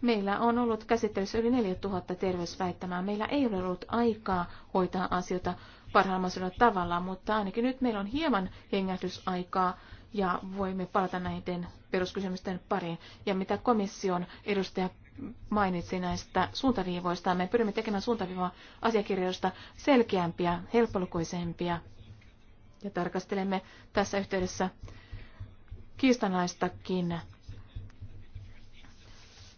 [SPEAKER 3] meillä on ollut käsittelyssä yli 4000 terveysväittämää. Meillä ei ole ollut aikaa hoitaa asioita parhaimmaisella tavalla, mutta ainakin nyt meillä on hieman hengähdysaikaa ja voimme palata näiden peruskysymysten pariin. Ja mitä komission edustaja mainitsi näistä suuntaviivoista, me pyrimme tekemään suuntaviivoja asiakirjoista selkeämpiä, helppolukuisempia. Ja tarkastelemme tässä yhteydessä kiistanaistakin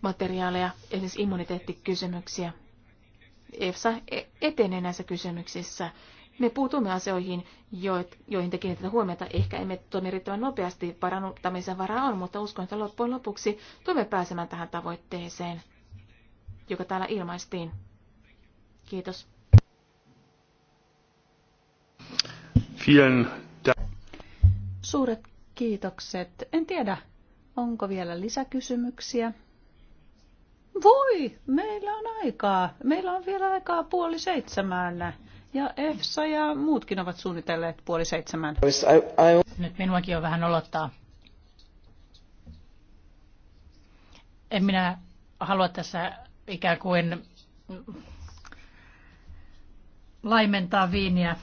[SPEAKER 3] materiaaleja, esimerkiksi immuniteettikysymyksiä. EFSA e- etenee näissä kysymyksissä me puutumme asioihin, joihin te kiinnitetään huomiota. Ehkä emme toimi riittävän nopeasti, parantamisen varaa on, mutta uskon, että loppujen lopuksi tulemme pääsemään tähän tavoitteeseen, joka täällä ilmaistiin. Kiitos. Suuret kiitokset. En
[SPEAKER 2] tiedä, onko vielä lisäkysymyksiä. Voi, meillä on aikaa. Meillä on vielä aikaa puoli seitsemään. Ja EFSA ja muutkin ovat suunnitelleet puoli seitsemän.
[SPEAKER 4] Nyt minuakin on vähän olottaa. En minä halua tässä ikään kuin laimentaa viiniä.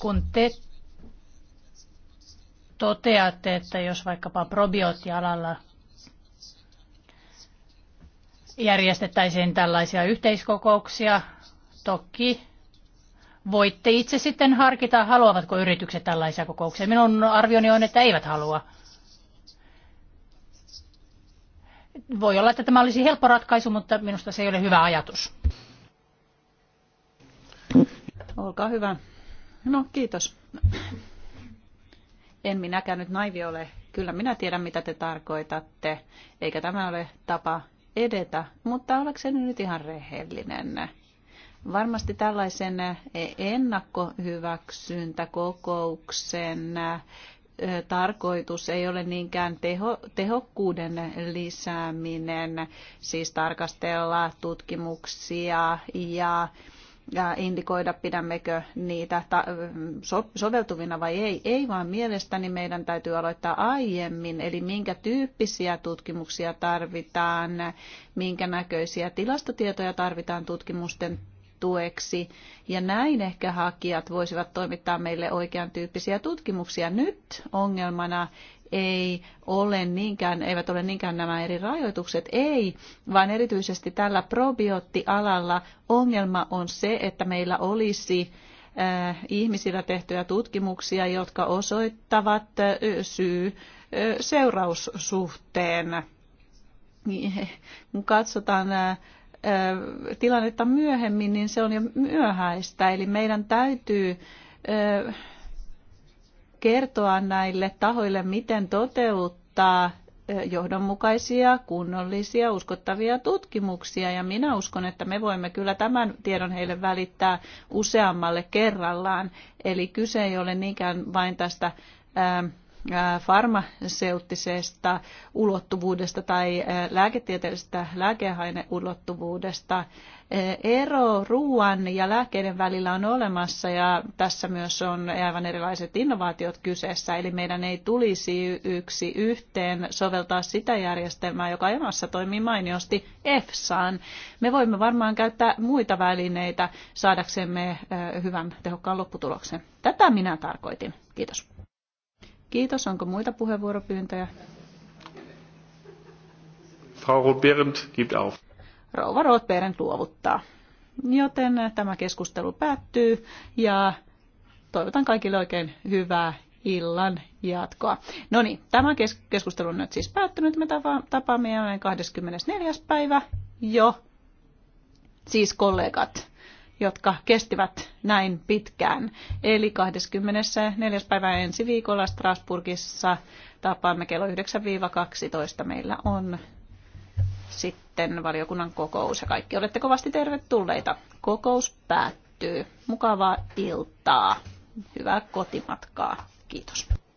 [SPEAKER 4] Kun te toteatte, että jos vaikkapa probioottialalla järjestettäisiin tällaisia yhteiskokouksia, toki voitte itse sitten harkita, haluavatko yritykset tällaisia kokouksia. Minun arvioni on, että eivät halua. Voi olla, että tämä olisi helppo ratkaisu, mutta minusta se ei ole hyvä ajatus.
[SPEAKER 2] Olkaa hyvä. No, kiitos. En minäkään nyt naivi ole. Kyllä minä tiedän, mitä te tarkoitatte, eikä tämä ole tapa edetä, mutta ollakseni nyt ihan rehellinen. Varmasti tällaisen eh, ennakkohyväksyntäkokouksen eh, tarkoitus ei ole niinkään teho, tehokkuuden lisääminen, siis tarkastella tutkimuksia ja ja indikoida, pidämmekö niitä soveltuvina vai ei. Ei vaan mielestäni meidän täytyy aloittaa aiemmin, eli minkä tyyppisiä tutkimuksia tarvitaan, minkä näköisiä tilastotietoja tarvitaan tutkimusten tueksi. Ja näin ehkä hakijat voisivat toimittaa meille oikean tyyppisiä tutkimuksia. Nyt ongelmana ei ole niinkään, eivät ole niinkään nämä eri rajoitukset, ei, vaan erityisesti tällä probioottialalla ongelma on se, että meillä olisi äh, ihmisillä tehtyjä tutkimuksia, jotka osoittavat äh, syy-seuraussuhteen. Äh, Kun katsotaan tilannetta myöhemmin, niin se on jo myöhäistä. Eli meidän täytyy kertoa näille tahoille, miten toteuttaa johdonmukaisia, kunnollisia, uskottavia tutkimuksia. Ja minä uskon, että me voimme kyllä tämän tiedon heille välittää useammalle kerrallaan. Eli kyse ei ole niinkään vain tästä farmaseuttisesta ulottuvuudesta tai lääketieteellisestä lääkeaineulottuvuudesta. Ero ruoan ja lääkkeiden välillä on olemassa ja tässä myös on aivan erilaiset innovaatiot kyseessä, eli meidän ei tulisi yksi yhteen soveltaa sitä järjestelmää, joka emassa toimii mainiosti EFSAan. Me voimme varmaan käyttää muita välineitä saadaksemme hyvän tehokkaan lopputuloksen. Tätä minä tarkoitin. Kiitos. Kiitos. Onko muita puheenvuoropyyntöjä?
[SPEAKER 1] Frau Rothbeerend gibt auf.
[SPEAKER 2] Rouva Rothbeerend luovuttaa. Joten tämä keskustelu päättyy ja toivotan kaikille oikein hyvää illan jatkoa. No niin, tämä keskustelu on nyt siis päättynyt. Me tapaamme jälleen 24. päivä jo, siis kollegat jotka kestivät näin pitkään. Eli 24. päivä ensi viikolla Strasburgissa tapaamme kello 9-12. Meillä on sitten valiokunnan kokous ja kaikki olette kovasti tervetulleita. Kokous päättyy. Mukavaa iltaa. Hyvää kotimatkaa. Kiitos.